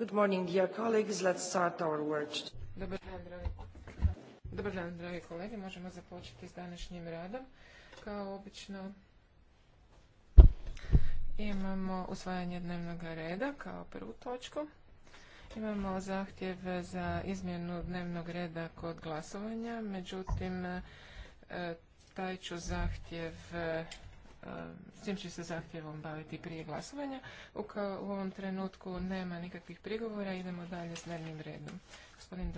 Good morning, dear colleagues. Let's start our Dobar dan, dragi. kolege. Možemo započeti s današnjim radom. Kao obično imamo usvajanje dnevnog reda kao prvu točku. Imamo zahtjev za izmjenu dnevnog reda kod glasovanja, međutim e, taj ću zahtjev s tim će se zahtjevom baviti prije glasovanja. U, ovom trenutku nema nikakvih prigovora, idemo dalje s dnevnim redom. Gospodin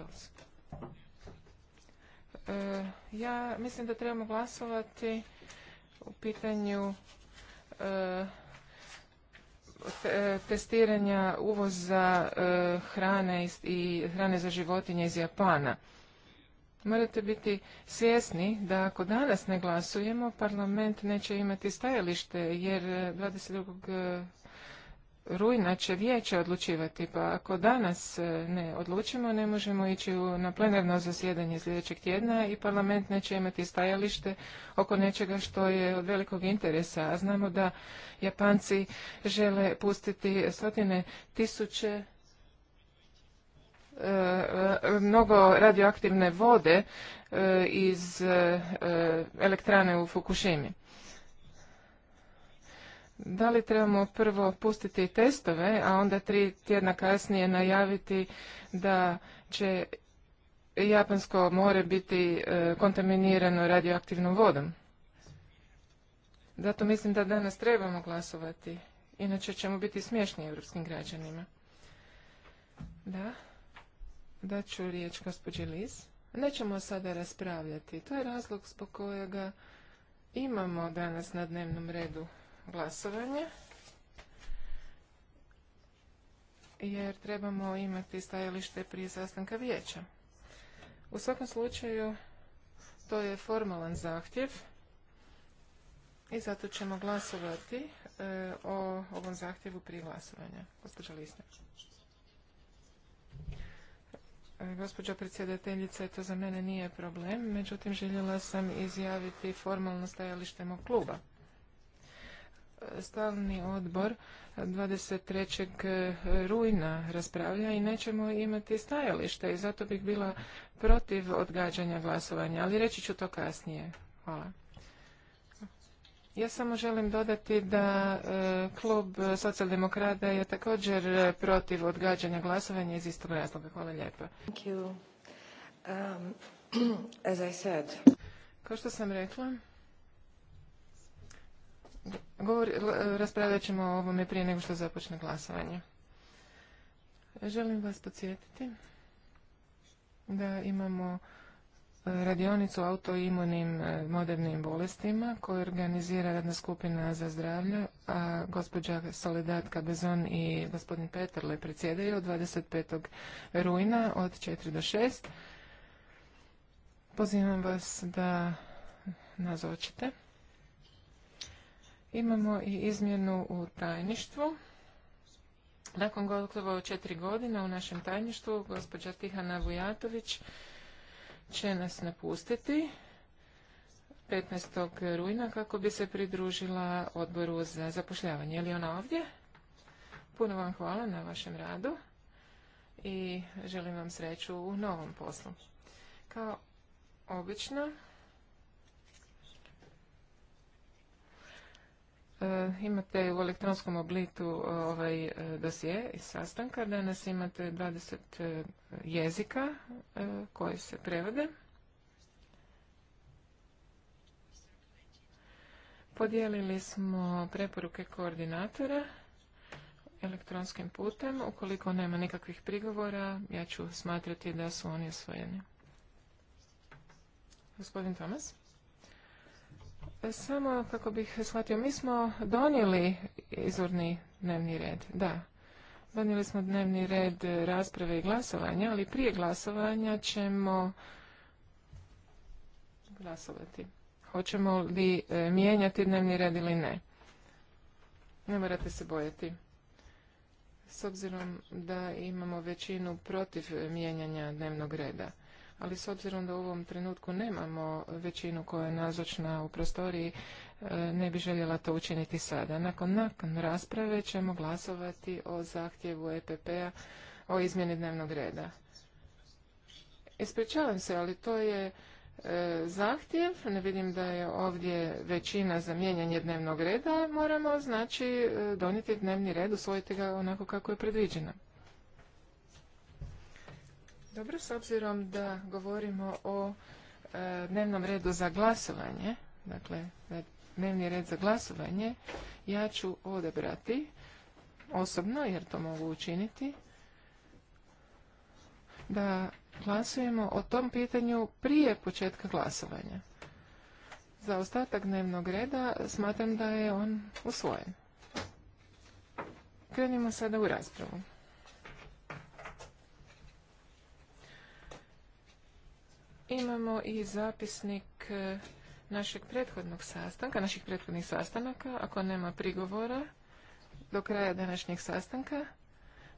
e, ja mislim da trebamo glasovati u pitanju e, testiranja uvoza e, hrane i hrane za životinje iz Japana. Morate biti svjesni da ako danas ne glasujemo, parlament neće imati stajalište jer 22 eh, eh, rujna će vijeće odlučivati, pa ako danas eh, ne odlučimo, ne možemo ići na plenarno zasjedanje sljedećeg tjedna i parlament neće imati stajalište oko nečega što je od velikog interesa. A znamo da Japanci žele pustiti stotine tisuće E, e, mnogo radioaktivne vode e, iz elektrane u Fukushimi. Da li trebamo prvo pustiti testove, a onda tri tjedna kasnije najaviti da će Japansko more biti kontaminirano radioaktivnom vodom? Zato mislim da danas trebamo glasovati, inače ćemo biti smješni europskim građanima. Da da ću riječ gospođi Liz. Nećemo sada raspravljati. To je razlog zbog kojega imamo danas na dnevnom redu glasovanje. Jer trebamo imati stajalište prije sastanka vijeća. U svakom slučaju, to je formalan zahtjev i zato ćemo glasovati e, o ovom zahtjevu prije glasovanja. Gospođa E, Gospođo predsjedateljice, to za mene nije problem, međutim željela sam izjaviti formalno stajalište mog kluba. E, stalni odbor 23. E, rujna raspravlja i nećemo imati stajalište i zato bih bila protiv odgađanja glasovanja, ali reći ću to kasnije. Hvala. Ja samo želim dodati da e, klub socijaldemokrata je također protiv odgađanja glasovanja iz istog razloga. Hvala lijepa. Thank um, Kao što sam rekla, raspravljat ćemo o ovome prije nego što započne glasovanje. Želim vas podsjetiti da imamo radionicu o autoimunim e, modernim bolestima koju organizira radna skupina za zdravlje, a gospođa Soledatka Bezon i gospodin le predsjedaju od 25. rujna od 4 do 6. Pozivam vas da nazočite. Imamo i izmjenu u tajništvu. Nakon gotovo četiri godine u našem tajništvu gospođa Tihana Vujatović će nas napustiti 15. rujna kako bi se pridružila odboru za zapošljavanje. Je li ona ovdje? Puno vam hvala na vašem radu i želim vam sreću u novom poslu. Kao obično, E, imate u elektronskom obliku e, ovaj e, dosije i sastanka. Danas imate 20 jezika koji se prevode. Podijelili smo preporuke koordinatora elektronskim putem. Ukoliko nema nikakvih prigovora, ja ću smatrati da su oni osvojeni. Gospodin Tomas. Samo kako bih shvatio, mi smo donijeli izvorni dnevni red, da. Donijeli smo dnevni red rasprave i glasovanja, ali prije glasovanja ćemo glasovati. Hoćemo li e, mijenjati dnevni red ili ne? Ne morate se bojati. S obzirom da imamo većinu protiv mijenjanja dnevnog reda ali s obzirom da u ovom trenutku nemamo većinu koja je nazočna u prostoriji, e, ne bi željela to učiniti sada. Nakon, nakon rasprave ćemo glasovati o zahtjevu EPP-a o izmjeni dnevnog reda. Ispričavam se, ali to je e, zahtjev, ne vidim da je ovdje većina za mijenjanje dnevnog reda, moramo znači e, donijeti dnevni red, usvojiti ga onako kako je predviđeno. Dobro, s obzirom da govorimo o e, dnevnom redu za glasovanje, dakle e, dnevni red za glasovanje, ja ću odebrati osobno, jer to mogu učiniti, da glasujemo o tom pitanju prije početka glasovanja. Za ostatak dnevnog reda smatram da je on usvojen. Krenimo sada u raspravu. Imamo i zapisnik e, našeg prethodnog sastanka, naših prethodnih sastanaka. Ako nema prigovora do kraja današnjeg sastanka,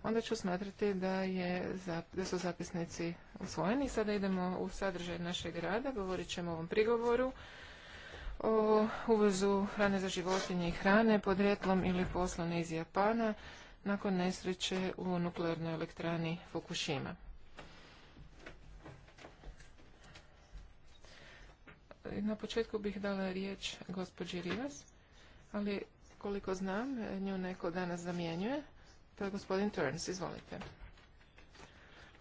onda ću smatrati da, je, da su zapisnici usvojeni. Sada idemo u sadržaj našeg rada, govorit ćemo o ovom prigovoru o uvozu hrane za životinje i hrane podrijetlom ili poslane iz Japana nakon nesreće u nuklearnoj elektrani Fukushima. na početku bih dala riječ gospođi Rivas, ali koliko znam, nju neko danas zamjenjuje. To je gospodin Turns, izvolite.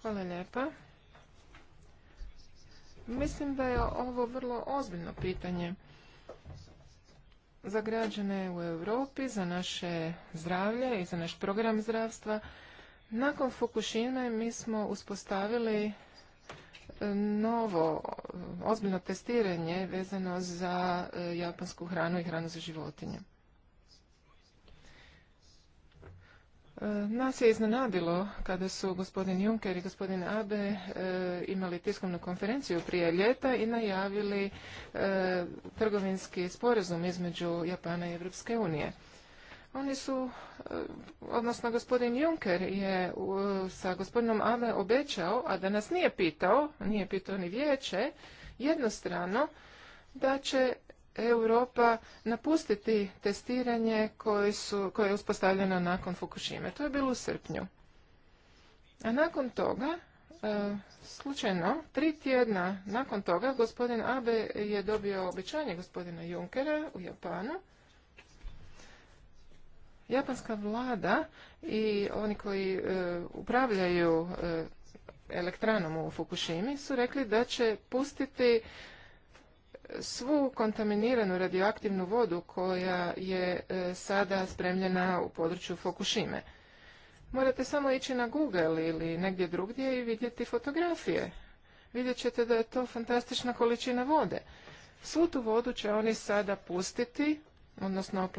Hvala lijepa. Mislim da je ovo vrlo ozbiljno pitanje za građane u Europi, za naše zdravlje i za naš program zdravstva. Nakon fukusine mi smo uspostavili novo ozbiljno testiranje vezano za e, japansku hranu i hranu za životinje. E, nas je iznenadilo kada su gospodin Juncker i gospodin Abe e, imali tiskovnu konferenciju prije ljeta i najavili trgovinski sporazum između Japana i Europske unije. Oni su, eh, odnosno gospodin Juncker je sa gospodinom Abe obećao, a da nas nije pitao, nije pitao ni vijeće, jednostrano da će Europa napustiti testiranje koje, su, koje je uspostavljeno nakon Fukushime. To je bilo u srpnju. A nakon toga, eh, slučajno, tri tjedna nakon toga, gospodin Abe je dobio obećanje gospodina Junkera u Japanu Japanska vlada i oni koji e, upravljaju e, elektranom u Fukushimi su rekli da će pustiti svu kontaminiranu radioaktivnu vodu koja je e, sada spremljena u području Fukushime. Morate samo ići na Google ili negdje drugdje i vidjeti fotografije. Vidjet ćete da je to fantastična količina vode. Svu tu vodu će oni sada pustiti odnosno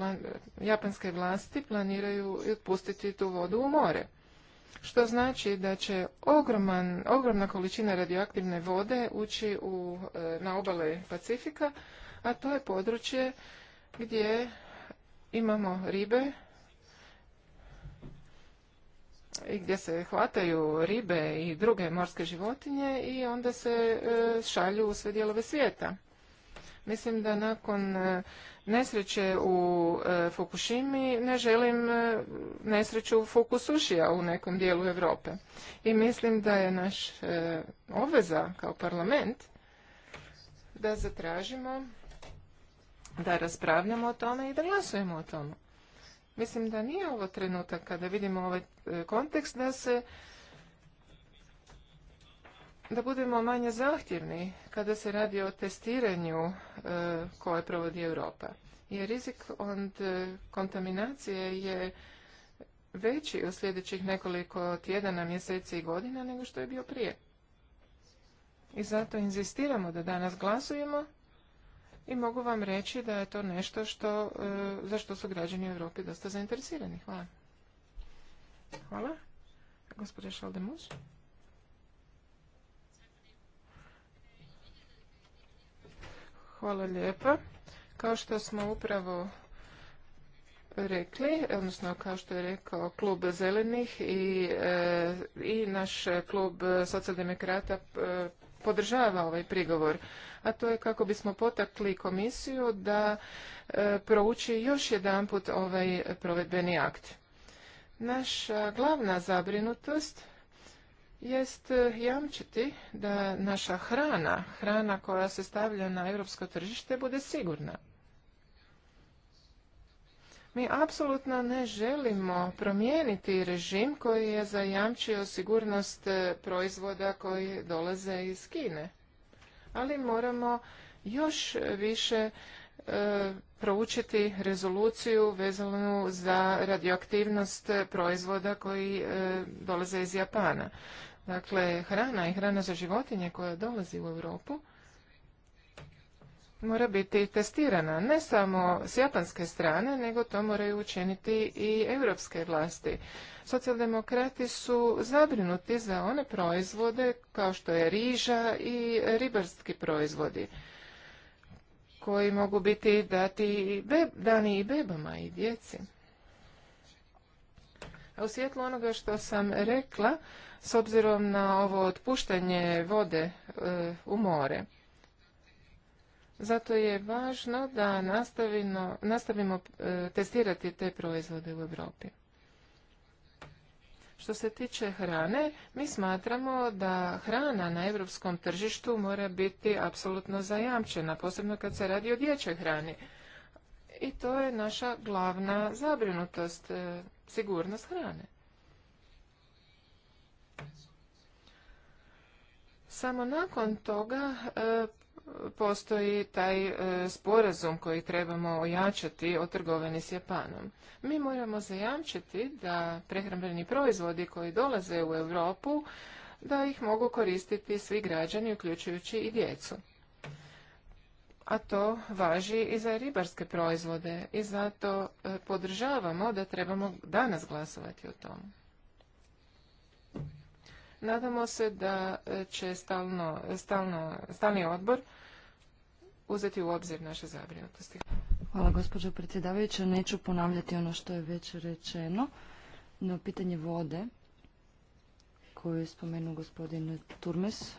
japanske vlasti planiraju otpustiti tu vodu u more. Što znači da će ogromna količina radioaktivne vode ući u, e, na obale Pacifika, a to je područje gdje imamo ribe i gdje se hvataju ribe i druge morske životinje i onda se e, šalju u sve dijelove svijeta. Mislim da nakon e, nesreće u e, Fukushimi ne želim e, nesreću u u nekom dijelu Europe. I mislim da je naš obveza kao parlament da zatražimo da raspravljamo o tome i da glasujemo o tome. Mislim da nije ovo trenutak kada vidimo ovaj kontekst da se da budemo manje zahtjevni kada se radi o testiranju e, koje provodi Europa. Jer rizik od e, kontaminacije je veći u sljedećih nekoliko tjedana, mjeseci i godina nego što je bio prije. I zato inzistiramo da danas glasujemo i mogu vam reći da je to nešto što, e, za što su građani u Europi dosta zainteresirani. Hvala. Hvala. Gospodin Šaldemus. Hvala lijepa. Kao što smo upravo rekli, odnosno kao što je rekao klub zelenih i, e, i naš klub socijaldemokrata e, podržava ovaj prigovor, a to je kako bismo potakli komisiju da e, prouči još jedanput ovaj provedbeni akt. Naša glavna zabrinutost jest e, jamčiti da naša hrana, hrana koja se stavlja na europsko tržište, bude sigurna. Mi apsolutno ne želimo promijeniti režim koji je zajamčio sigurnost e, proizvoda koji dolaze iz Kine. Ali moramo još više e, proučiti rezoluciju vezanu za radioaktivnost proizvoda koji dolaze iz Japana. Dakle, hrana i hrana za životinje koja dolazi u Europu mora biti testirana ne samo s japanske strane, nego to moraju učiniti i europske vlasti. Socijaldemokrati su zabrinuti za one proizvode kao što je riža i ribarski proizvodi koji mogu biti dati dani i bebama i djeci. A u svjetlu onoga što sam rekla, s obzirom na ovo otpuštanje vode e, u more. Zato je važno da nastavimo, e, testirati te proizvode u Europi. Što se tiče hrane, mi smatramo da hrana na europskom tržištu mora biti apsolutno zajamčena, posebno kad se radi o dječjoj hrani. I to je naša glavna zabrinutost, e, sigurnost hrane. Samo nakon toga e, postoji taj e, sporazum koji trebamo ojačati o trgovini s Japanom. Mi moramo zajamčiti da prehrambeni proizvodi koji dolaze u Europu da ih mogu koristiti svi građani, uključujući i djecu. A to važi i za ribarske proizvode i zato e, podržavamo da trebamo danas glasovati o tom. Nadamo se da e, će stalno, stalno, stalni odbor uzeti u obzir naše zabrinutosti. Hvala gospođo predsjedavajuća. Neću ponavljati ono što je već rečeno. No pitanje vode koju je spomenuo gospodin Turmes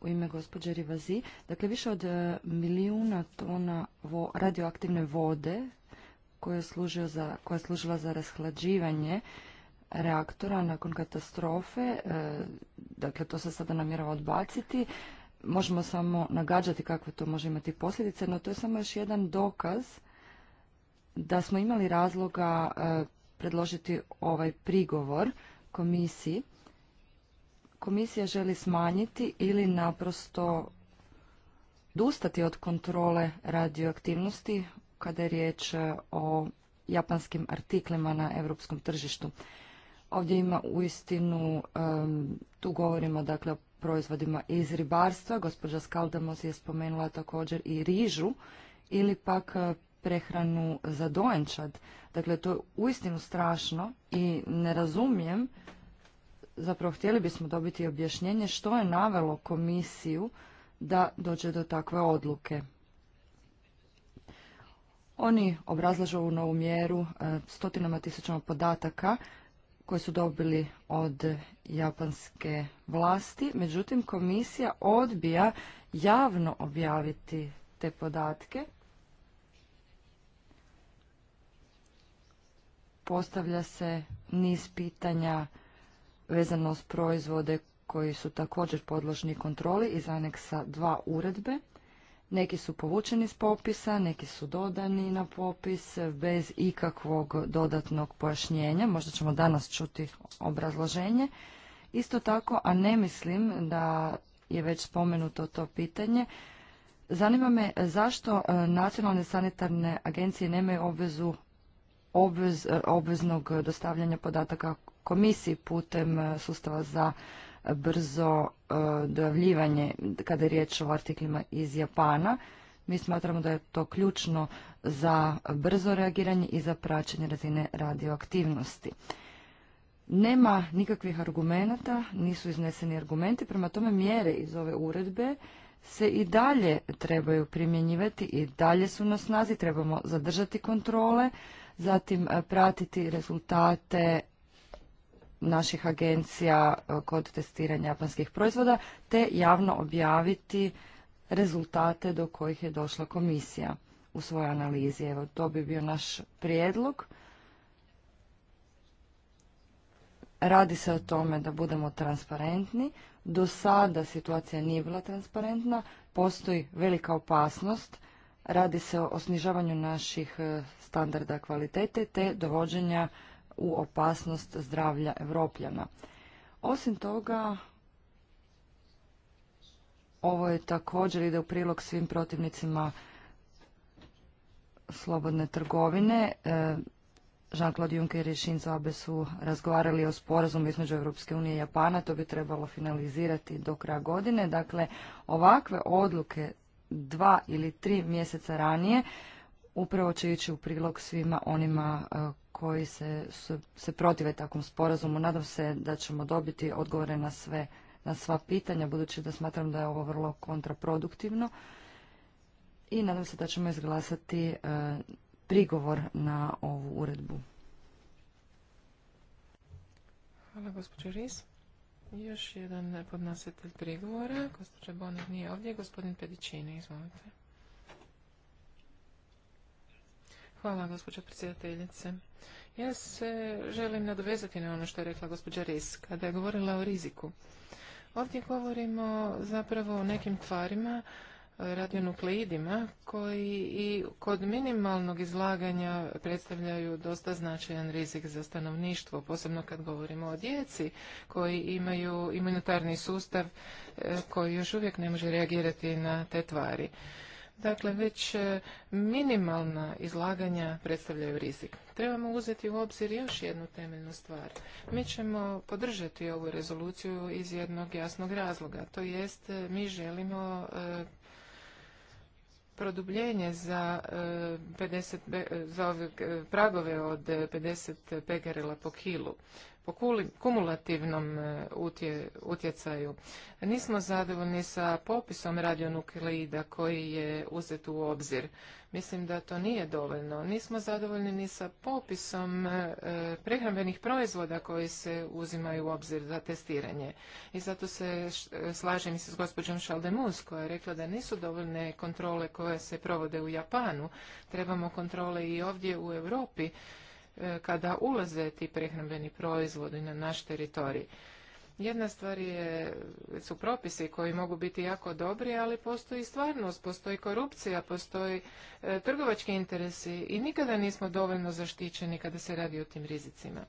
u ime gospođe Rivazi. Dakle, više od e, milijuna tona vo, radioaktivne vode koja je, za, koja je služila za rashlađivanje reaktora nakon katastrofe, e, dakle to se sada namjerava odbaciti, možemo samo nagađati kakve to može imati posljedice, no to je samo još jedan dokaz da smo imali razloga e, predložiti ovaj prigovor komisiji. Komisija želi smanjiti ili naprosto dustati od kontrole radioaktivnosti kada je riječ e, o japanskim artiklima na europskom tržištu. Ovdje ima uistinu, tu govorimo dakle o proizvodima iz ribarstva, gospođa Skaldamos je spomenula također i rižu ili pak e, prehranu za dojenčad. Dakle, to je uistinu strašno i ne razumijem, zapravo htjeli bismo dobiti objašnjenje što je navelo komisiju da dođe do takve odluke. Oni obrazlažu ovu novu mjeru e, stotinama tisućama podataka koje su dobili od japanske vlasti. Međutim, komisija odbija javno objaviti te podatke. Postavlja se niz pitanja vezano s proizvode koji su također podložni kontroli iz aneksa dva uredbe. Neki su povučeni s popisa, neki su dodani na popis bez ikakvog dodatnog pojašnjenja. Možda ćemo danas čuti obrazloženje. Isto tako, a ne mislim da je već spomenuto to pitanje, zanima me zašto e, nacionalne sanitarne agencije nemaju obvezu e, obveznog dostavljanja podataka komisiji putem e, sustava za brzo e, dojavljivanje kada je riječ o artiklima iz Japana. Mi smatramo da je to ključno za brzo reagiranje i za praćenje razine radioaktivnosti. Nema nikakvih argumenata, nisu izneseni argumenti, prema tome mjere iz ove uredbe se i dalje trebaju primjenjivati i dalje su na snazi, trebamo zadržati kontrole, zatim pratiti rezultate naših agencija e, kod testiranja japanskih proizvoda te javno objaviti rezultate do kojih je došla komisija u svojoj analizi. Evo, to bi bio naš prijedlog. Radi se o tome da budemo transparentni. Do sada situacija nije bila transparentna. Postoji velika opasnost. Radi se o snižavanju naših e, standarda kvalitete te dovođenja u opasnost zdravlja Evropljana. Osim toga, ovo je također ide u prilog svim protivnicima slobodne trgovine. E, Jean-Claude Juncker i Shinzo Abe su razgovarali o sporazumu između Europske unije i Japana, to bi trebalo finalizirati do kraja godine. Dakle, ovakve odluke dva ili tri mjeseca ranije upravo će ići u prilog svima onima e, koji se, se protive takvom sporazumu. Nadam se da ćemo dobiti odgovore na sve na sva pitanja, budući da smatram da je ovo vrlo kontraproduktivno. I nadam se da ćemo izglasati e, prigovor na ovu uredbu. Hvala, gospođo Ris. Još jedan podnositelj prigovora. Gospođa Bonet nije ovdje. Gospodin Pedićini, izvolite. Hvala, gospođo predsjedateljice. Ja se želim nadovezati na ono što je rekla gospođa Ris, kada je govorila o riziku. Ovdje govorimo zapravo o nekim tvarima, e, radionukleidima, koji i kod minimalnog izlaganja predstavljaju dosta značajan rizik za stanovništvo, posebno kad govorimo o djeci koji imaju imunitarni sustav e, koji još uvijek ne može reagirati na te tvari. Dakle, već e, minimalna izlaganja predstavljaju rizik. Trebamo uzeti u obzir još jednu temeljnu stvar. Mi ćemo podržati ovu rezoluciju iz jednog jasnog razloga. To jest, e, mi želimo e, produbljenje za, 50, za ove pragove od 50 pegarela po kilu po kumulativnom e, utjecaju. Nismo zadovoljni sa popisom radionukleida koji je uzet u obzir. Mislim da to nije dovoljno. Nismo zadovoljni ni sa popisom e, prehrambenih proizvoda koji se uzimaju u obzir za testiranje. I zato se e, slažem s gospođom Šaldemus koja je rekla da nisu dovoljne kontrole koje se provode u Japanu. Trebamo kontrole i ovdje u Europi E, kada ulaze ti prehrambeni proizvodi na naš teritorij. Jedna stvar je, su propisi koji mogu biti jako dobri, ali postoji stvarnost, postoji korupcija, postoji e, trgovački interesi i nikada nismo dovoljno zaštićeni kada se radi o tim rizicima.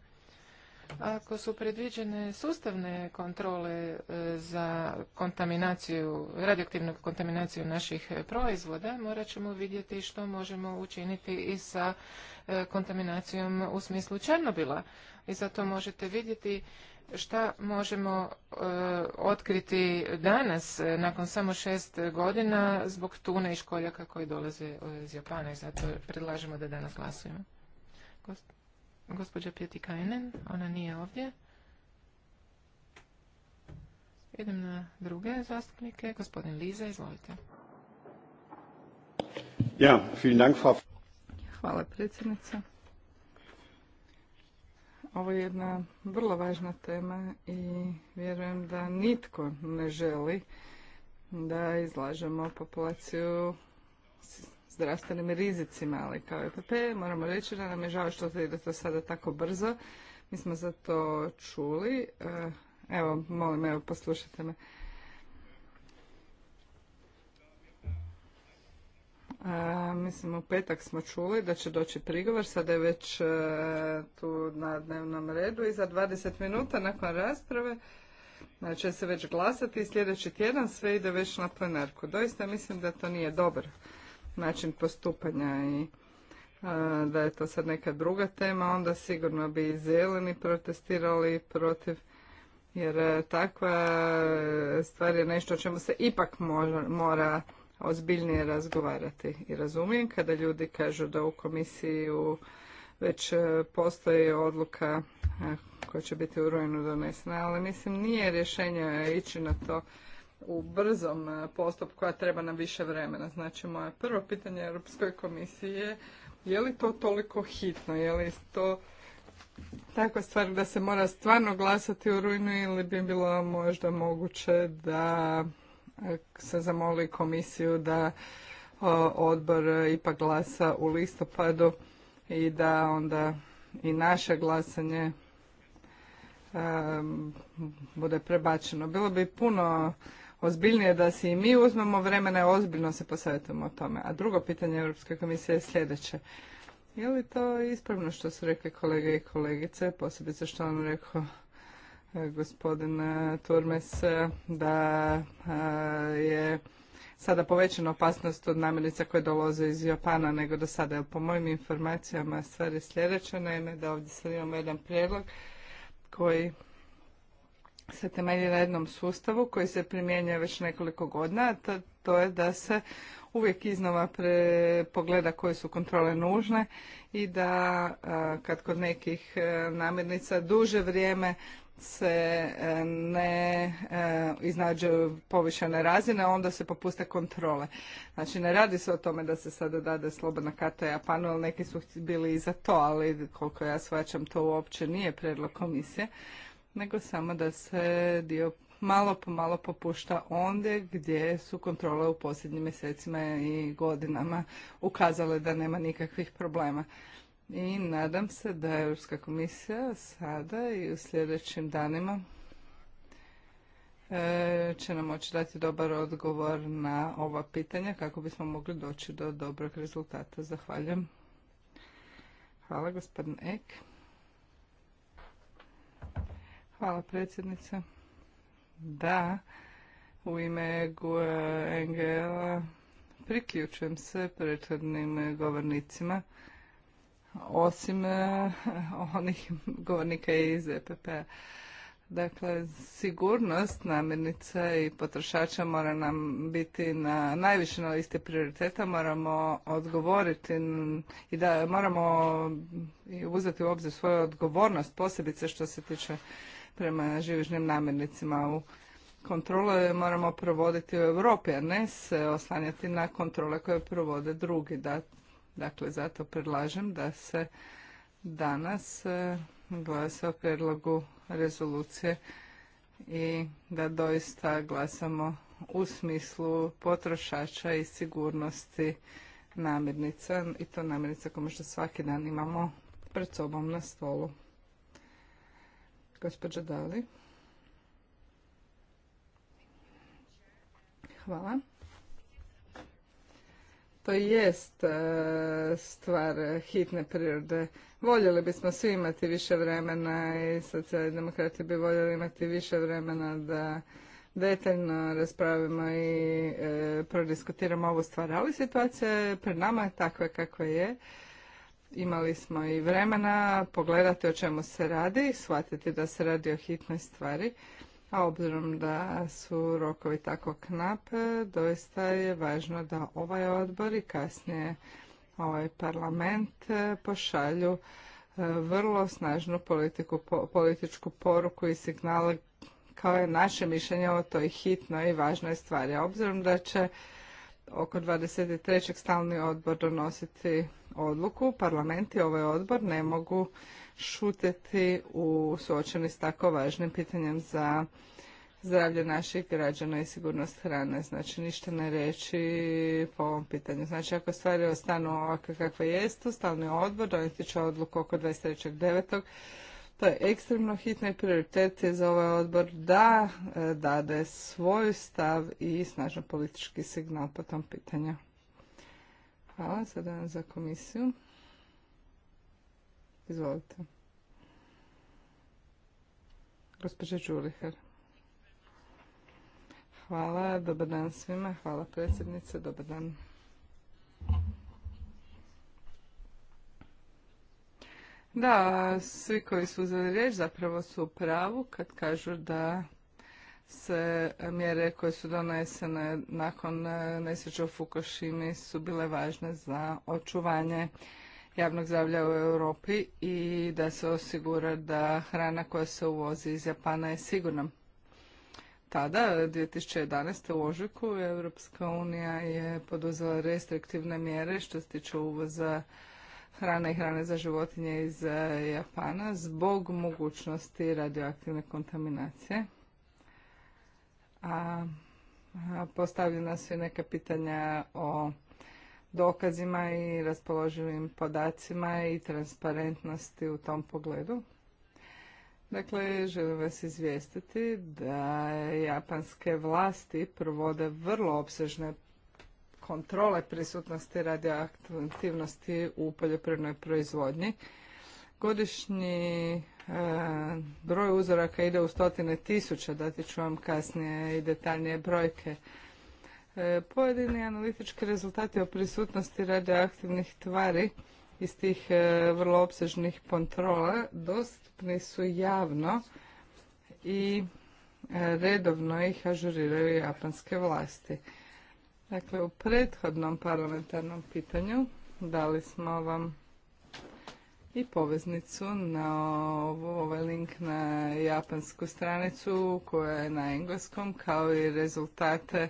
Ako su predviđene sustavne kontrole e, za kontaminaciju, radioaktivnu kontaminaciju naših proizvoda, morat ćemo vidjeti što možemo učiniti i sa E, kontaminacijom u smislu Černobila. I zato možete vidjeti šta možemo e, otkriti danas e, nakon samo šest godina zbog tune i školjaka koji dolaze iz Japana i zato predlažemo da danas glasujemo. gospođa Pjeti Kajnen, ona nije ovdje. Idem na druge zastupnike. Gospodin Liza, izvolite. Ja, vielen Dank, Hvala predsjednica. Ovo je jedna vrlo važna tema i vjerujem da nitko ne želi da izlažemo populaciju zdravstvenim rizicima, ali kao EPP moramo reći da nam je žao što to ide to sada tako brzo. Mi smo za to čuli. E, evo, molim, evo, poslušajte me. A, mislim, u petak smo čuli da će doći prigovor, sada je već e, tu na dnevnom redu i za 20 minuta nakon rasprave da e, će se već glasati i sljedeći tjedan sve ide već na plenarku. Doista mislim da to nije dobar način postupanja i e, da je to sad neka druga tema, onda sigurno bi i zeleni protestirali protiv jer takva stvar je nešto o čemu se ipak mora, mora ozbiljnije razgovarati. I razumijem kada ljudi kažu da u komisiji već e, postoji odluka e, koja će biti u rujnu donesena, ali mislim nije rješenje ići na to u brzom e, postupku, a treba nam više vremena. Znači, moje prvo pitanje Europskoj komisiji je je li to toliko hitno, je li to takva stvar da se mora stvarno glasati u rujnu ili bi bilo možda moguće da se zamoli komisiju da odbor ipak glasa u listopadu i da onda i naše glasanje bude prebačeno. Bilo bi puno ozbiljnije da si i mi uzmemo vremena i ozbiljno se posavjetujemo o tome. A drugo pitanje Europske komisije je sljedeće. Je li to ispravno što su rekli kolege i kolegice, posebice što vam rekao gospodin e, Turmes e, da e, je sada povećana opasnost od namirnica koje dolaze iz Japana nego do sada. po mojim informacijama stvar je sljedeća, naime da ovdje sad imamo jedan prijedlog koji se temelji na jednom sustavu koji se primjenjuje već nekoliko godina, a to je da se uvijek iznova pre, pogleda koje su kontrole nužne i da kad kod nekih namirnica duže vrijeme se e, ne e, iznađu povišene razine, onda se popuste kontrole. Znači, ne radi se o tome da se sada dade slobodna karta Japanu, ali neki su bili i za to, ali koliko ja shvaćam, to uopće nije predlog komisije, nego samo da se dio malo po malo popušta ondje gdje su kontrole u posljednjim mjesecima i godinama ukazale da nema nikakvih problema i nadam se da Europska komisija sada i u sljedećim danima e, će nam moći dati dobar odgovor na ova pitanja kako bismo mogli doći do dobrog rezultata. Zahvaljujem. Hvala gospodin Ek. Hvala predsjednice. Da, u ime Engela priključujem se prethodnim govornicima osim e, onih govornika iz epp Dakle, sigurnost namirnica i potrošača mora nam biti na najviše na liste prioriteta, moramo odgovoriti i da moramo uzeti u obzir svoju odgovornost, posebice što se tiče prema živižnim namirnicima u kontrole moramo provoditi u Europi, a ne se oslanjati na kontrole koje provode drugi. Da, Dakle, zato predlažem da se danas e, glasa o predlogu rezolucije i da doista glasamo u smislu potrošača i sigurnosti namirnica i to namirnica koje možda svaki dan imamo pred sobom na stolu. Gospođa Dali. Hvala to jest e, stvar hitne prirode. Voljeli bismo svi imati više vremena i demokrati bi voljeli imati više vremena da detaljno raspravimo i e, prodiskutiramo ovu stvar, ali situacija je pred nama je takva kakva je. Imali smo i vremena pogledati o čemu se radi, shvatiti da se radi o hitnoj stvari a obzirom da su rokovi tako knape, doista je važno da ovaj odbor i kasnije ovaj parlament e, pošalju e, vrlo snažnu politiku, političku poruku i signal kao je naše mišljenje o toj hitnoj i važnoj stvari. A obzirom da će oko 23. stalni odbor donositi odluku, parlament i ovaj odbor ne mogu šuteti u suočeni s tako važnim pitanjem za zdravlje naših građana i sigurnost hrane. Znači ništa ne reći po ovom pitanju. Znači ako stvari ostanu ovakve kakve jestu, stalni odbor donijeti će odluku oko 23.9. To je ekstremno hitno i prioritet je za ovaj odbor da e, dade svoj stav i snažan politički signal po tom pitanju. Hvala, sada za komisiju. Izvolite. Gospođa Hvala, dobar dan svima, hvala predsjednice, dobar dan. Da, svi koji su uzeli riječ zapravo su u pravu kad kažu da se mjere koje su donesene nakon nesreća u Fukushimi su bile važne za očuvanje javnog zdravlja u Europi i da se osigura da hrana koja se uvozi iz Japana je sigurna. Tada, 2011. u ožujku, Europska unija je poduzela restriktivne mjere što se tiče uvoza hrane i hrane za životinje iz e, Japana zbog mogućnosti radioaktivne kontaminacije. A postavljena su i neka pitanja o dokazima i raspoloživim podacima i transparentnosti u tom pogledu. Dakle, želim vas izvijestiti da japanske vlasti provode vrlo opsežne kontrole prisutnosti radioaktivnosti u poljoprivrednoj proizvodnji. Godišnji e, broj uzoraka ide u stotine tisuća, dati ću vam kasnije i detaljnije brojke E, pojedini analitički rezultati o prisutnosti radioaktivnih tvari iz tih e, vrlo opsežnih kontrola dostupni su javno i e, redovno ih ažuriraju japanske vlasti. Dakle, u prethodnom parlamentarnom pitanju dali smo vam i poveznicu na ovaj link na japansku stranicu koja je na engleskom kao i rezultate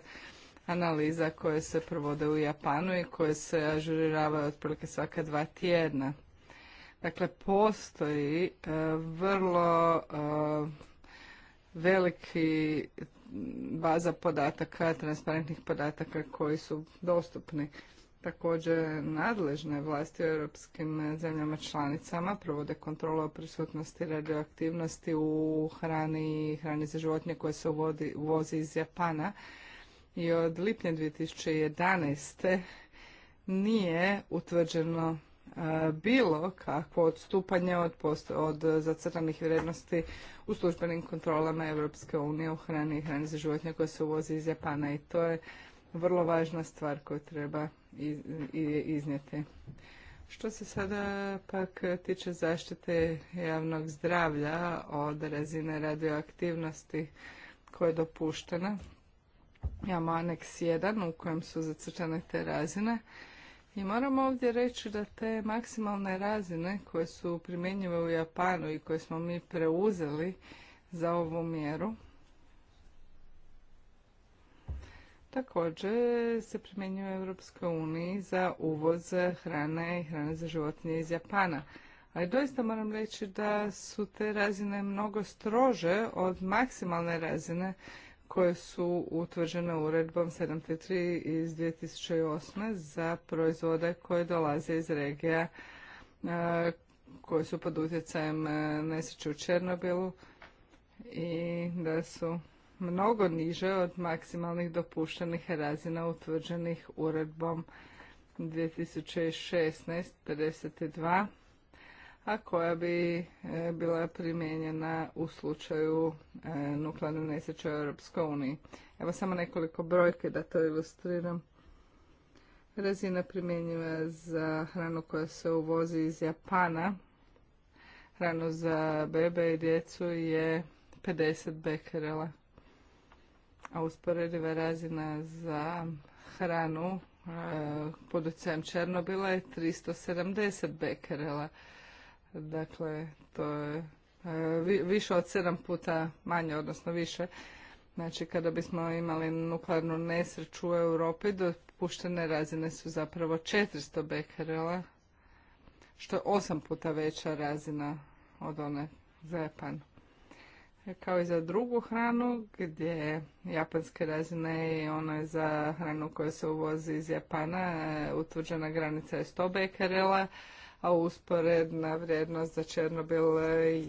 analiza koje se provode u Japanu i koje se ažuriravaju otprilike svaka dva tjedna. Dakle, postoji e, vrlo e, veliki baza podataka, transparentnih podataka koji su dostupni. Također nadležne vlasti u europskim zemljama članicama provode kontrolu o prisutnosti radioaktivnosti u hrani i hrani za životinje koje se uvozi iz Japana i od lipnja 2011. nije utvrđeno bilo kakvo odstupanje od, zacrtanih vrijednosti u službenim kontrolama Europske unije u hrani i hrani za životinje koje se uvozi iz Japana i to je vrlo važna stvar koju treba iznijeti. Što se sada pak tiče zaštite javnog zdravlja od razine radioaktivnosti koja je dopuštena, Imamo aneks 1 u kojem su zacrčane te razine. I moram ovdje reći da te maksimalne razine koje su primjenjive u Japanu i koje smo mi preuzeli za ovu mjeru, također se primjenjuje u Europskoj uniji za uvoz hrane i hrane za životinje iz Japana. Ali doista moram reći da su te razine mnogo strože od maksimalne razine koje su utvrđene uredbom 73 iz 2008. za proizvode koje dolaze iz regija e, koje su pod utjecajem e, nesreće u Černobilu i da su mnogo niže od maksimalnih dopuštenih razina utvrđenih uredbom 2016-52 a koja bi e, bila primijenjena u slučaju e, nuklearne nesreće u Europskoj uniji. Evo samo nekoliko brojke da to ilustriram. Razina primjenjiva za hranu koja se uvozi iz Japana, hranu za bebe i djecu je 50 bekerela, a usporediva razina za hranu e, pod utjecajem Černobila je 370 bekerela. Dakle, to je e, više od sedam puta manje, odnosno više. Znači, kada bismo imali nuklearnu nesreću u Europi, dopuštene razine su zapravo 400 bekerela, što je osam puta veća razina od one za Japan. E, kao i za drugu hranu, gdje japanske razine i ono je za hranu koja se uvozi iz Japana, e, utvrđena granica je 100 bekerela, a usporedna vrijednost za Černobil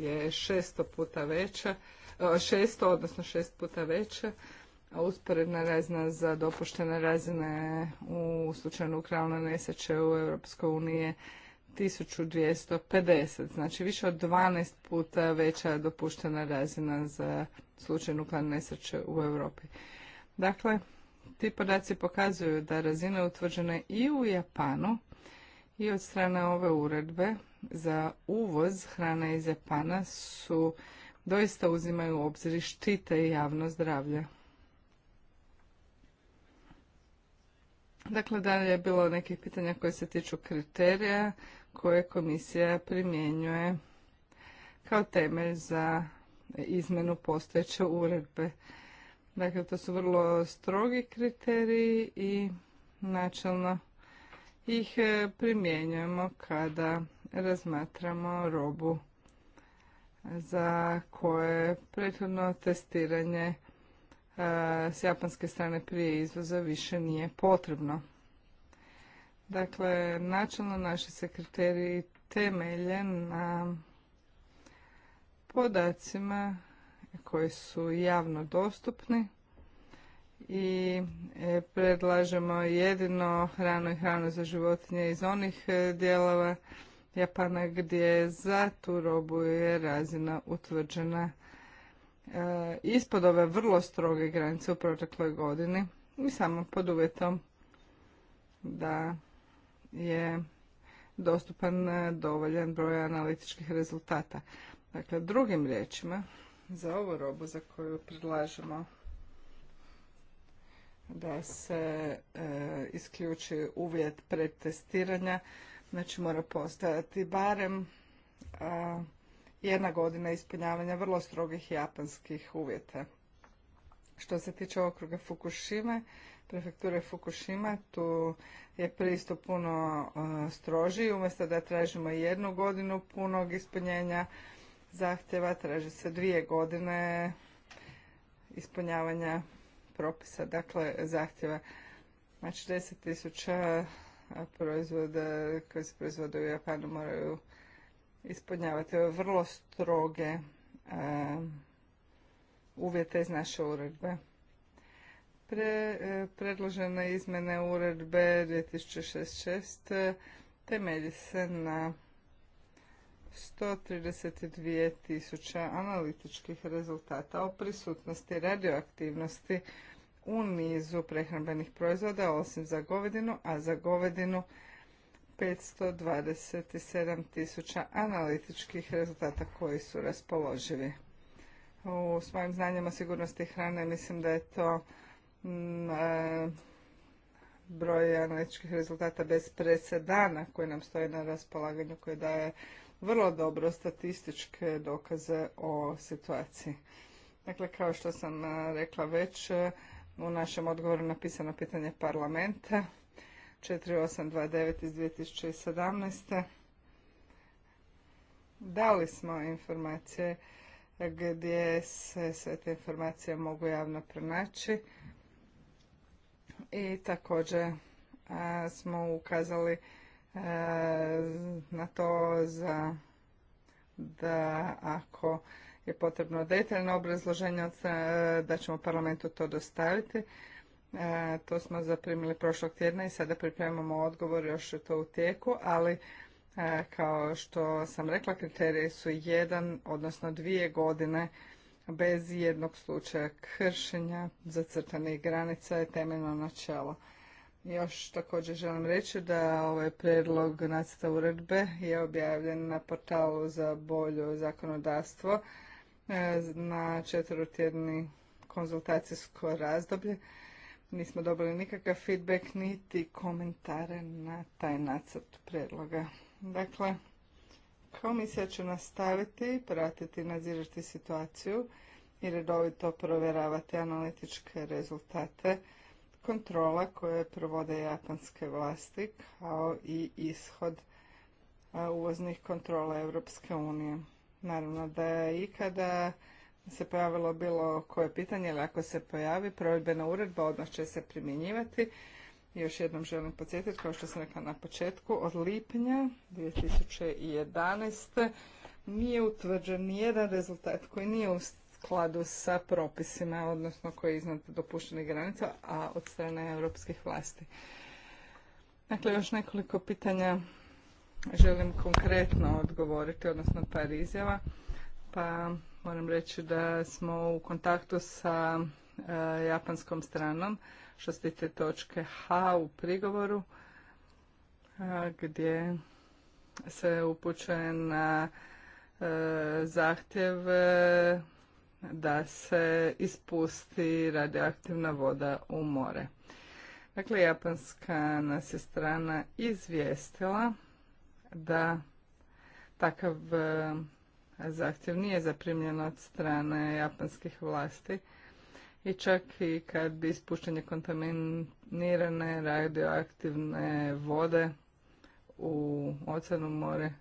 je 600 puta veća, 600, e, odnosno šest puta veća, a usporedna razina za dopuštene razine u slučaju nuklearne nesreće u EU je 1250, znači više od 12 puta veća dopuštena razina za slučaj nuklearne nesreće u Europi. Dakle, ti podaci pokazuju da razine utvrđene i u Japanu i od strane ove uredbe za uvoz hrane iz Japana su doista uzimaju u obzir i štite i javno zdravlje. Dakle, dalje je bilo nekih pitanja koje se tiču kriterija koje komisija primjenjuje kao temelj za izmenu postojeće uredbe. Dakle, to su vrlo strogi kriteriji i načelno ih e, primjenjujemo kada razmatramo robu za koje prethodno testiranje e, s japanske strane prije izvoza više nije potrebno. Dakle, načelno naši se kriteriji temelje na podacima koji su javno dostupni i e, predlažemo jedino hranu i hranu za životinje iz onih e, dijelova Japana gdje za tu robu je razina utvrđena e, ispod ove vrlo stroge granice u protekloj godini i samo pod uvjetom da je dostupan dovoljan broj analitičkih rezultata. Dakle, drugim riječima, za ovu robu za koju predlažemo da se e, isključi uvjet pretestiranja, znači mora postojati barem a, e, jedna godina ispunjavanja vrlo strogih japanskih uvjeta. Što se tiče okruga Fukushima, prefekture Fukushima, tu je pristup puno a, e, stroži. Umjesto da tražimo jednu godinu punog ispunjenja zahtjeva, traži se dvije godine ispunjavanja propisa, dakle zahtjeva. Znači tisuća proizvoda koji se proizvode u Japanu moraju ispunjavati ove vrlo stroge uvjete iz naše uredbe. Pre, e, predložene izmjene uredbe 2066 e, temelji se na 132 tisuća analitičkih rezultata o prisutnosti radioaktivnosti u nizu prehrambenih proizvoda osim za govedinu, a za govedinu 527 tisuća analitičkih rezultata koji su raspoloživi. U svojim znanjima sigurnosti hrane mislim da je to mm, e, broj analitičkih rezultata bez presedana koji nam stoji na raspolaganju, koji daje vrlo dobro statističke dokaze o situaciji. Dakle, kao što sam e, rekla već, u našem odgovoru napisano pitanje parlamenta 4829 iz 2017. Dali smo informacije gdje se sve te informacije mogu javno pronaći i također smo ukazali na to za da ako je potrebno detaljno obrazloženje da ćemo parlamentu to dostaviti. E, to smo zaprimili prošlog tjedna i sada pripremamo odgovor, još je to u tijeku, ali e, kao što sam rekla, kriteriji su jedan, odnosno dvije godine bez jednog slučaja kršenja zacrtanih granica je temeljno načelo. Još također želim reći da ovaj predlog nacrta uredbe je objavljen na portalu za bolju zakonodavstvo na četvrtjedni konzultacijsko razdoblje. Nismo dobili nikakav feedback niti komentare na taj nacrt predloga. Dakle, komisija će nastaviti, pratiti i nadzirati situaciju i redovito provjeravati analitičke rezultate kontrola koje provode japanske vlasti kao i ishod uvoznih kontrola Europske unije. Naravno da je ikada se pojavilo bilo koje pitanje ili ako se pojavi provedbena uredba odmah će se primjenjivati. Još jednom želim podsjetiti, kao što sam rekla na početku, od lipnja 2011. nije utvrđen nijedan rezultat koji nije u skladu sa propisima, odnosno koji je iznad dopuštenih granica, a od strane europskih vlasti. Dakle, još nekoliko pitanja želim konkretno odgovoriti, odnosno par izjava. Pa moram reći da smo u kontaktu sa e, japanskom stranom što se tiče točke H u prigovoru e, gdje se upućuje na e, zahtjev da se ispusti radioaktivna voda u more. Dakle, japanska nas je strana izvijestila da takav e, zahtjev nije zaprimljen od strane japanskih vlasti i čak i kad bi ispuštanje kontaminirane radioaktivne vode u oceanu more